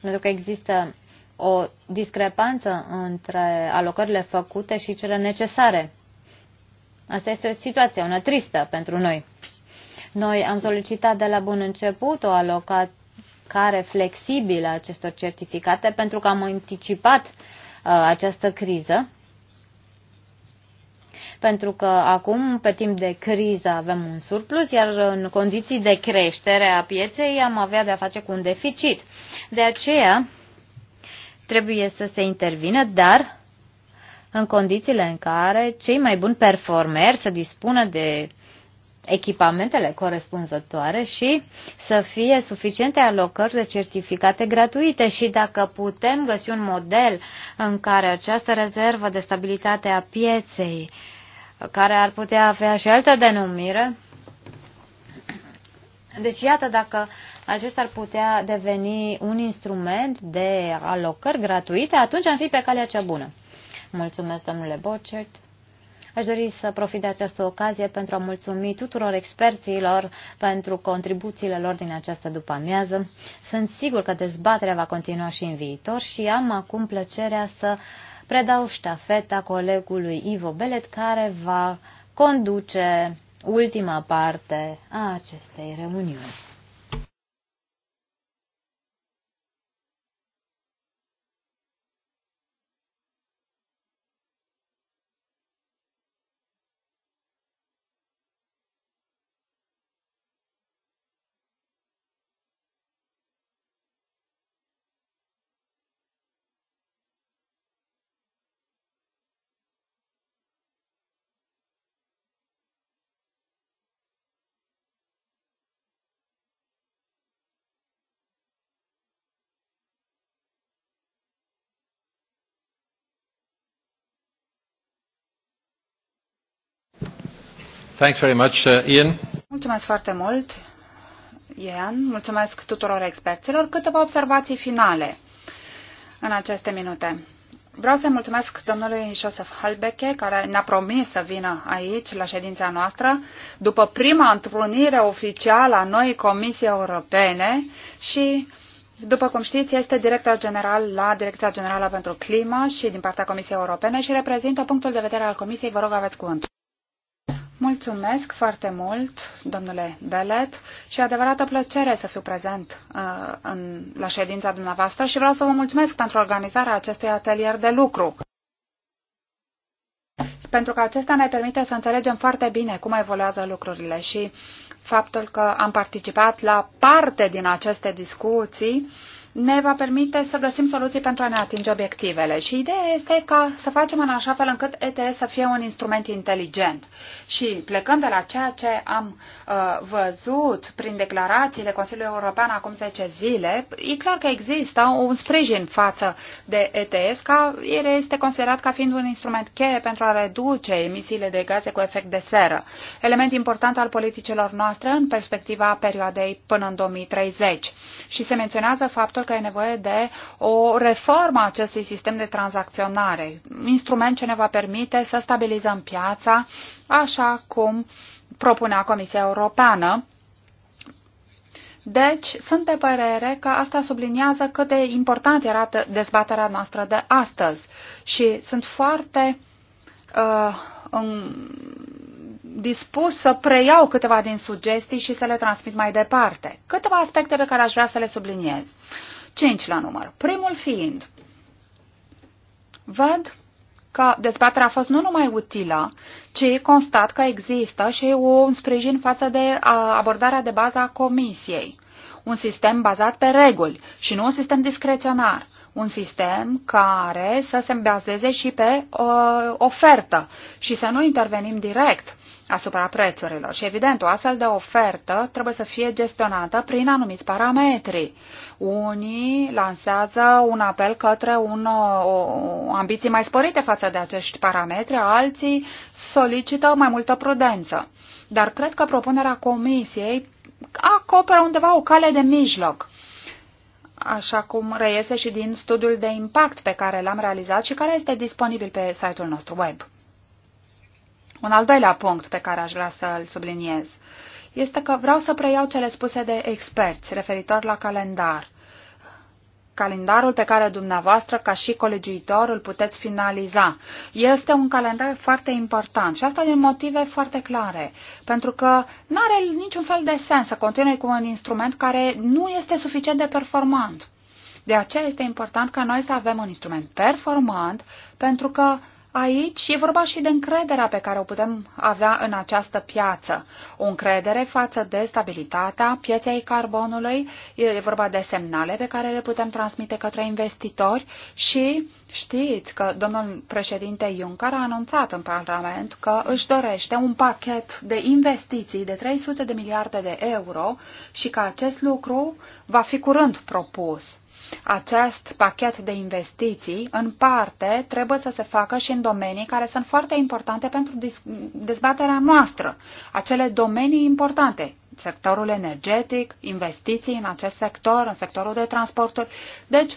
C: Pentru că există o discrepanță între alocările făcute și cele necesare. Asta este o situație, una tristă pentru noi. Noi am solicitat de la bun început o alocare flexibilă a acestor certificate pentru că am anticipat uh, această criză. Pentru că acum, pe timp de criză, avem un surplus, iar în condiții de creștere a pieței am avea de-a face cu un deficit. De aceea trebuie să se intervină, dar în condițiile în care cei mai buni performeri să dispună de echipamentele corespunzătoare și să fie suficiente alocări de certificate gratuite și dacă putem găsi un model în care această rezervă de stabilitate a pieței, care ar putea avea și altă denumire, deci iată dacă acesta ar putea deveni un instrument de alocări gratuite, atunci am fi pe calea cea bună. Mulțumesc, domnule Bocert. Aș dori să profit de această ocazie pentru a mulțumi tuturor experților pentru contribuțiile lor din această după-amiază. Sunt sigur că dezbaterea va continua și în viitor și am acum plăcerea să predau ștafeta colegului Ivo Belet, care va conduce ultima parte a acestei reuniuni.
A: Thanks very much, uh, Ian.
D: Mulțumesc foarte mult, Ian. Mulțumesc tuturor experților. Câteva observații finale în aceste minute. Vreau să mulțumesc domnului Joseph Halbeke, care ne-a promis să vină aici, la ședința noastră, după prima întrunire oficială a noii Comisii Europene și, după cum știți, este director general la Direcția Generală pentru Climă și din partea Comisiei Europene și reprezintă punctul de vedere al Comisiei. Vă rog, aveți cuvântul. Mulțumesc foarte mult, domnule Belet, și adevărată plăcere să fiu prezent uh, în, la ședința dumneavoastră și vreau să vă mulțumesc pentru organizarea acestui atelier de lucru. Pentru că acesta ne permite să înțelegem foarte bine cum evoluează lucrurile și faptul că am participat la parte din aceste discuții uh, ne va permite să găsim soluții pentru a ne atinge obiectivele. Și ideea este ca să facem în așa fel încât ETS să fie un instrument inteligent. Și plecând de la ceea ce am uh, văzut prin declarațiile Consiliului European acum 10 zile, e clar că există un sprijin față de ETS, ca el este considerat ca fiind un instrument cheie pentru a reduce emisiile de gaze cu efect de seră, element important al politicilor noastre în perspectiva perioadei până în 2030. Și se menționează faptul că e nevoie de o reformă a acestui sistem de tranzacționare, instrument ce ne va permite să stabilizăm piața așa cum propunea Comisia Europeană. Deci, sunt de părere că asta subliniază cât de important era dezbaterea noastră de astăzi și sunt foarte uh, în, dispus să preiau câteva din sugestii și să le transmit mai departe. Câteva aspecte pe care aș vrea să le subliniez. Uh, 5 la număr. Primul fiind, văd că dezbaterea a fost nu numai utilă, ci constat că există și un sprijin față de abordarea de bază a comisiei. Un sistem bazat pe reguli și nu un sistem discreționar. Un sistem care să se bazeze și pe uh, ofertă și să nu intervenim direct asupra prețurilor. Și evident, o astfel de ofertă trebuie să fie gestionată prin anumiți parametri. Unii lansează un apel către un, o, o, ambiții mai sporite față de acești parametri, alții solicită mai multă prudență. Dar cred că propunerea comisiei acoperă undeva o cale de mijloc așa cum reiese și din studiul de impact pe care l-am realizat și care este disponibil pe site-ul nostru web. Un al doilea punct pe care aș vrea să-l subliniez este că vreau să preiau cele spuse de experți referitor la calendar. Calendarul pe care dumneavoastră, ca și colegiuitor, îl puteți finaliza. Este un calendar foarte important și asta din motive foarte clare, pentru că nu are niciun fel de sens să continui cu un instrument care nu este suficient de performant. De aceea este important ca noi să avem un instrument performant, pentru că Aici e vorba și de încrederea pe care o putem avea în această piață. O încredere față de stabilitatea pieței carbonului, e vorba de semnale pe care le putem transmite către investitori și știți că domnul președinte Juncker a anunțat în Parlament că își dorește un pachet de investiții de 300 de miliarde de euro și că acest lucru va fi curând propus. Acest pachet de investiții, în parte, trebuie să se facă și în domenii care sunt foarte importante pentru dezbaterea noastră, acele domenii importante, sectorul energetic, investiții în acest sector, în sectorul de transporturi. Deci,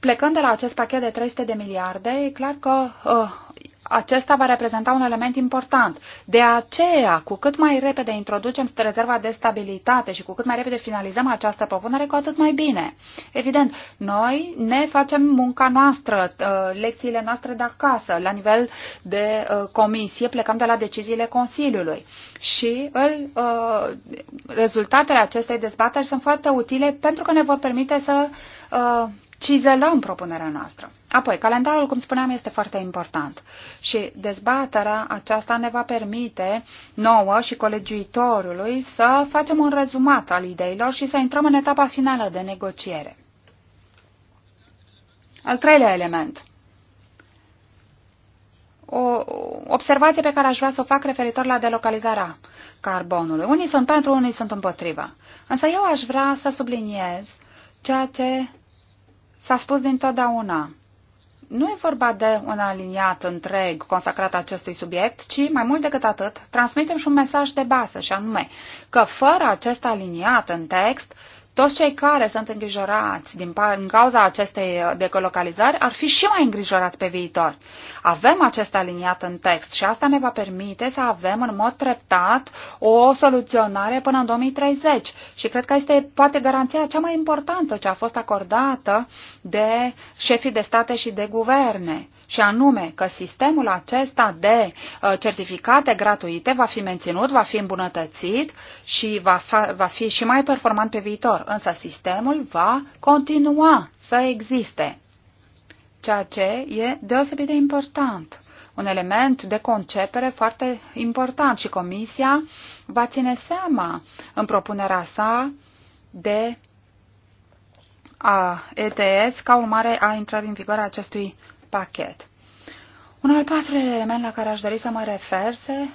D: plecând de la acest pachet de 300 de miliarde, e clar că uh, acesta va reprezenta un element important. De aceea, cu cât mai repede introducem rezerva de stabilitate și cu cât mai repede finalizăm această propunere, cu atât mai bine. Evident, noi ne facem munca noastră, ă, lecțiile noastre de acasă, la nivel de ă, comisie, plecăm de la deciziile Consiliului. Și îl, ă, rezultatele acestei dezbateri sunt foarte utile pentru că ne vor permite să cizelăm propunerea noastră. Apoi, calendarul, cum spuneam, este foarte important și dezbaterea aceasta ne va permite nouă și colegiuitorului să facem un rezumat al ideilor și să intrăm în etapa finală de negociere. Al treilea element. O observație pe care aș vrea să o fac referitor la delocalizarea carbonului. Unii sunt pentru, unii sunt împotriva. Însă eu aș vrea să subliniez ceea ce S-a spus dintotdeauna, nu e vorba de un aliniat întreg consacrat acestui subiect, ci mai mult decât atât, transmitem și un mesaj de bază, și anume că fără acest aliniat în text, toți cei care sunt îngrijorați din, din cauza acestei uh, decolocalizări ar fi și mai îngrijorați pe viitor. Avem acest aliniat în text și asta ne va permite să avem în mod treptat o soluționare până în 2030 și cred că este poate garanția cea mai importantă ce a fost acordată de șefii de state și de guverne și anume că sistemul acesta de uh, certificate gratuite va fi menținut, va fi îmbunătățit și va, va fi și mai performant pe viitor, însă sistemul va continua să existe, ceea ce e deosebit de important un element de concepere foarte important și Comisia va ține seama în propunerea sa de a uh, ETS ca urmare a intrării în vigoare acestui pachet. Un al patrulea element la care aș dori să mă refer se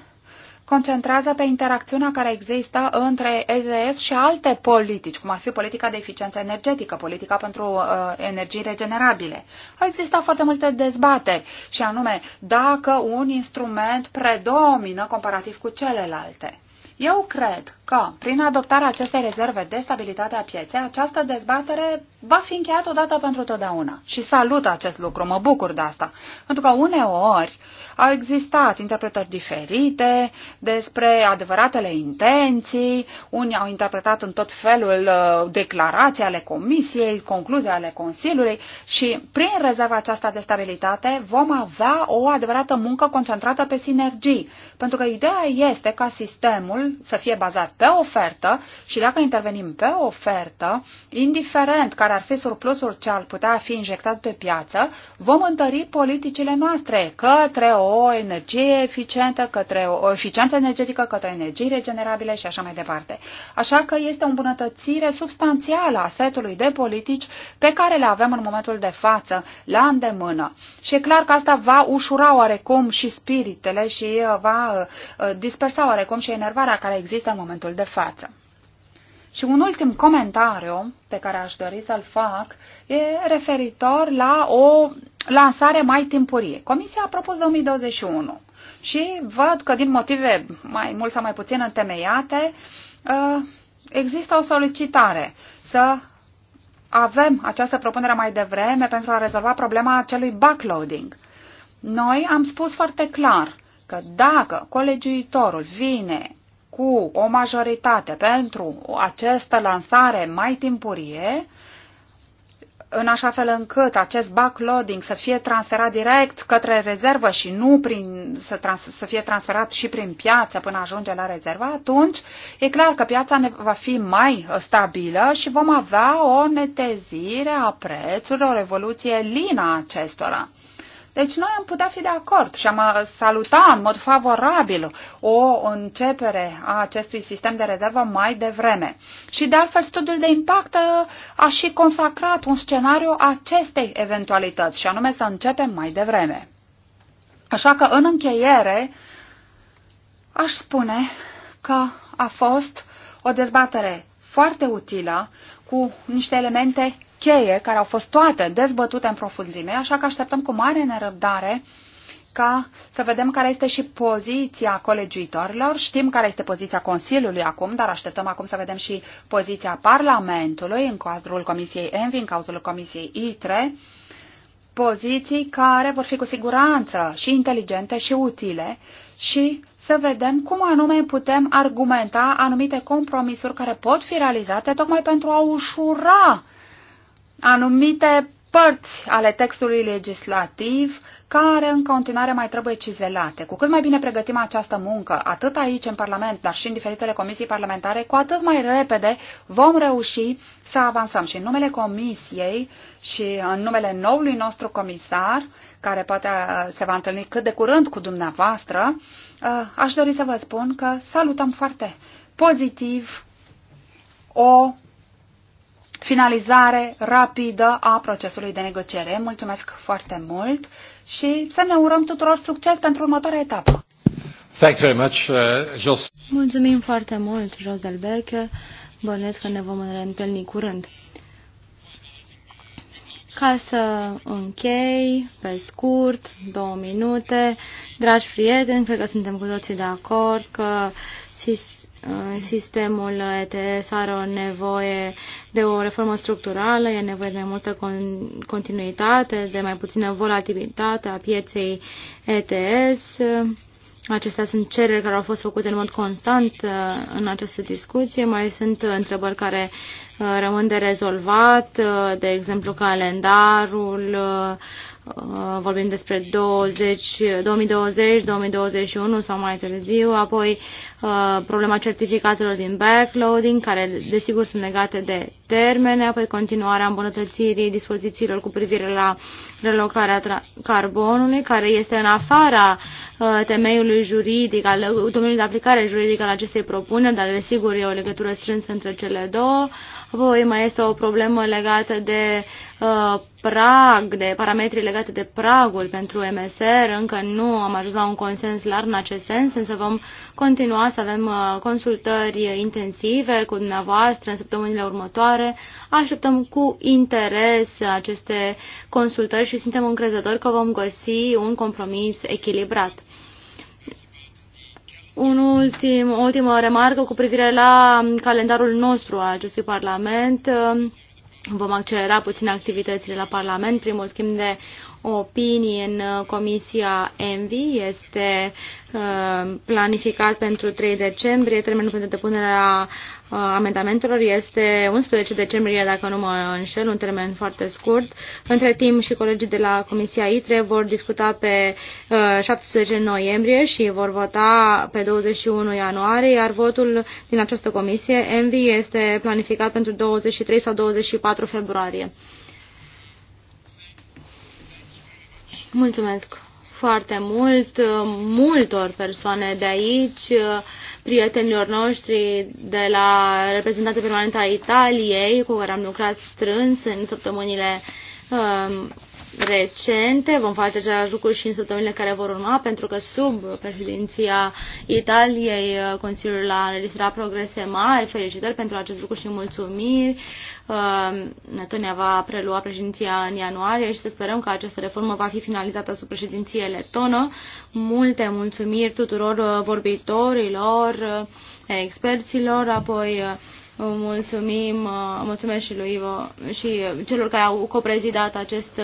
D: concentrează pe interacțiunea care există între EZS și alte politici, cum ar fi politica de eficiență energetică, politica pentru uh, energii regenerabile. Au existat foarte multe dezbateri și anume dacă un instrument predomină comparativ cu celelalte. Eu cred că, prin adoptarea acestei rezerve de stabilitate a pieței, această dezbatere va fi încheiat odată pentru totdeauna. Și salut acest lucru, mă bucur de asta. Pentru că uneori au existat interpretări diferite despre adevăratele intenții, unii au interpretat în tot felul uh, declarații ale Comisiei, concluzii ale Consiliului și prin rezerva aceasta de stabilitate vom avea o adevărată muncă concentrată pe sinergii. Pentru că ideea este ca sistemul să fie bazat pe ofertă și dacă intervenim pe ofertă, indiferent care care ar fi surplusul ce ar putea fi injectat pe piață, vom întări politicile noastre către o energie eficientă, către o eficiență energetică, către energii regenerabile și așa mai departe. Așa că este o îmbunătățire substanțială a setului de politici pe care le avem în momentul de față, la îndemână. Și e clar că asta va ușura oarecum și spiritele și uh, va uh, uh, dispersa oarecum și enervarea care există în momentul de față. Și un ultim comentariu pe care aș dori să-l fac e referitor la o lansare mai timpurie. Comisia a propus 2021 și văd că din motive mai mult sau mai puțin întemeiate uh, există o solicitare să avem această propunere mai devreme pentru a rezolva problema acelui backloading. Noi am spus foarte clar că dacă colegiuitorul vine cu o majoritate pentru această lansare mai timpurie, în așa fel încât acest backloading să fie transferat direct către rezervă și nu prin, să, trans, să fie transferat și prin piață până ajunge la rezervă, atunci e clar că piața ne va fi mai stabilă și vom avea o netezire a prețurilor, o revoluție lină a acestora. Deci noi am putea fi de acord și am uh, saluta în mod favorabil o începere a acestui sistem de rezervă mai devreme. Și de altfel studiul de impact uh, a și consacrat un scenariu acestei eventualități și anume să începem mai devreme. Așa că în încheiere aș spune că a fost o dezbatere foarte utilă cu niște elemente cheie care au fost toate dezbătute în profunzime, așa că așteptăm cu mare nerăbdare ca să vedem care este și poziția colegiuitorilor. Știm care este poziția Consiliului acum, dar așteptăm acum să vedem și poziția Parlamentului în cadrul Comisiei Envi, în cazul Comisiei ITRE, poziții care vor fi cu siguranță și inteligente și utile și să vedem cum anume putem argumenta anumite compromisuri care pot fi realizate tocmai pentru a ușura uh, anumite părți ale textului legislativ care în continuare mai trebuie cizelate. Cu cât mai bine pregătim această muncă, atât aici în Parlament, dar și în diferitele comisii parlamentare, cu atât mai repede vom reuși să avansăm. Și în numele comisiei și în numele noului nostru comisar, care poate uh, se va întâlni cât de curând cu dumneavoastră, uh, aș dori să vă spun că salutăm foarte pozitiv o finalizare rapidă a procesului de negociere. Mulțumesc foarte mult și să ne urăm tuturor succes pentru următoarea etapă.
A: Thanks very much, uh, Jos.
B: Mulțumim foarte mult, Jos Delbec. Bănesc că ne vom reîntâlni curând. Ca să închei, pe scurt, două minute, dragi prieteni, cred că suntem cu toții de acord că Uh, sistemul ETS are o nevoie de o reformă structurală, e nevoie de mai multă continuitate, de mai puțină volatilitate a pieței ETS. Acestea sunt cereri care au fost făcute în mod constant uh, în această discuție. Mai sunt întrebări care uh, rămân de rezolvat, de exemplu calendarul, Uh, vorbim despre 2020, 2021 sau mai târziu, apoi uh, problema certificatelor din backloading, care desigur sunt legate de termene, apoi continuarea îmbunătățirii dispozițiilor cu privire la relocarea carbonului, care este în afara uh, temeiului juridic, al domeniului de aplicare juridică al acestei propuneri, dar desigur e o legătură strânsă între cele două, Apoi mai este o problemă legată de uh, prag, de parametri legate de pragul pentru MSR. Încă nu am ajuns la un consens larg în acest sens, însă vom continua să avem uh, consultări intensive cu dumneavoastră în săptămânile următoare. Așteptăm cu interes aceste consultări și suntem încrezători că vom găsi un compromis echilibrat. Un ultim, o ultimă remarcă cu privire la calendarul nostru al acestui Parlament. Vom accelera puțin activitățile la Parlament. Primul schimb de opinii în Comisia ENVI este uh, planificat pentru 3 decembrie. Termenul pentru depunerea amendamentelor este 11 decembrie, dacă nu mă înșel, un termen foarte scurt. Între timp și colegii de la Comisia ITRE vor discuta pe 17 uh, noiembrie și vor vota pe 21 ianuarie, iar votul din această comisie, ENVI, este planificat pentru 23 sau 24 februarie. Mulțumesc foarte mult uh, multor persoane de aici, uh, prietenilor noștri de la reprezentante permanentă a Italiei, cu care am lucrat strâns în săptămânile um, recente, vom face același lucru și în săptămânile care vor urma, pentru că sub președinția Italiei uh, Consiliul a înregistrat progrese mari. Felicitări pentru acest lucru și mulțumiri. Letonia uh, va prelua președinția în ianuarie și să sperăm că această reformă va fi finalizată sub președinție letonă. Multe mulțumiri tuturor uh, vorbitorilor, experților, apoi Mulțumim, uh, mulțumesc și lui Ivo și celor care au coprezidat acest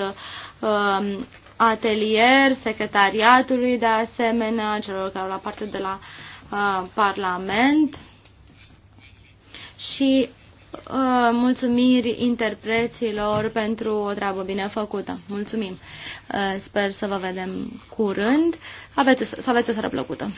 B: um, atelier, secretariatului de asemenea, celor care au la parte de la uh, Parlament și uh, mulțumiri interpreților pentru o treabă bine făcută. Mulțumim! Sper să vă vedem curând. Aveți, să aveți o seară plăcută!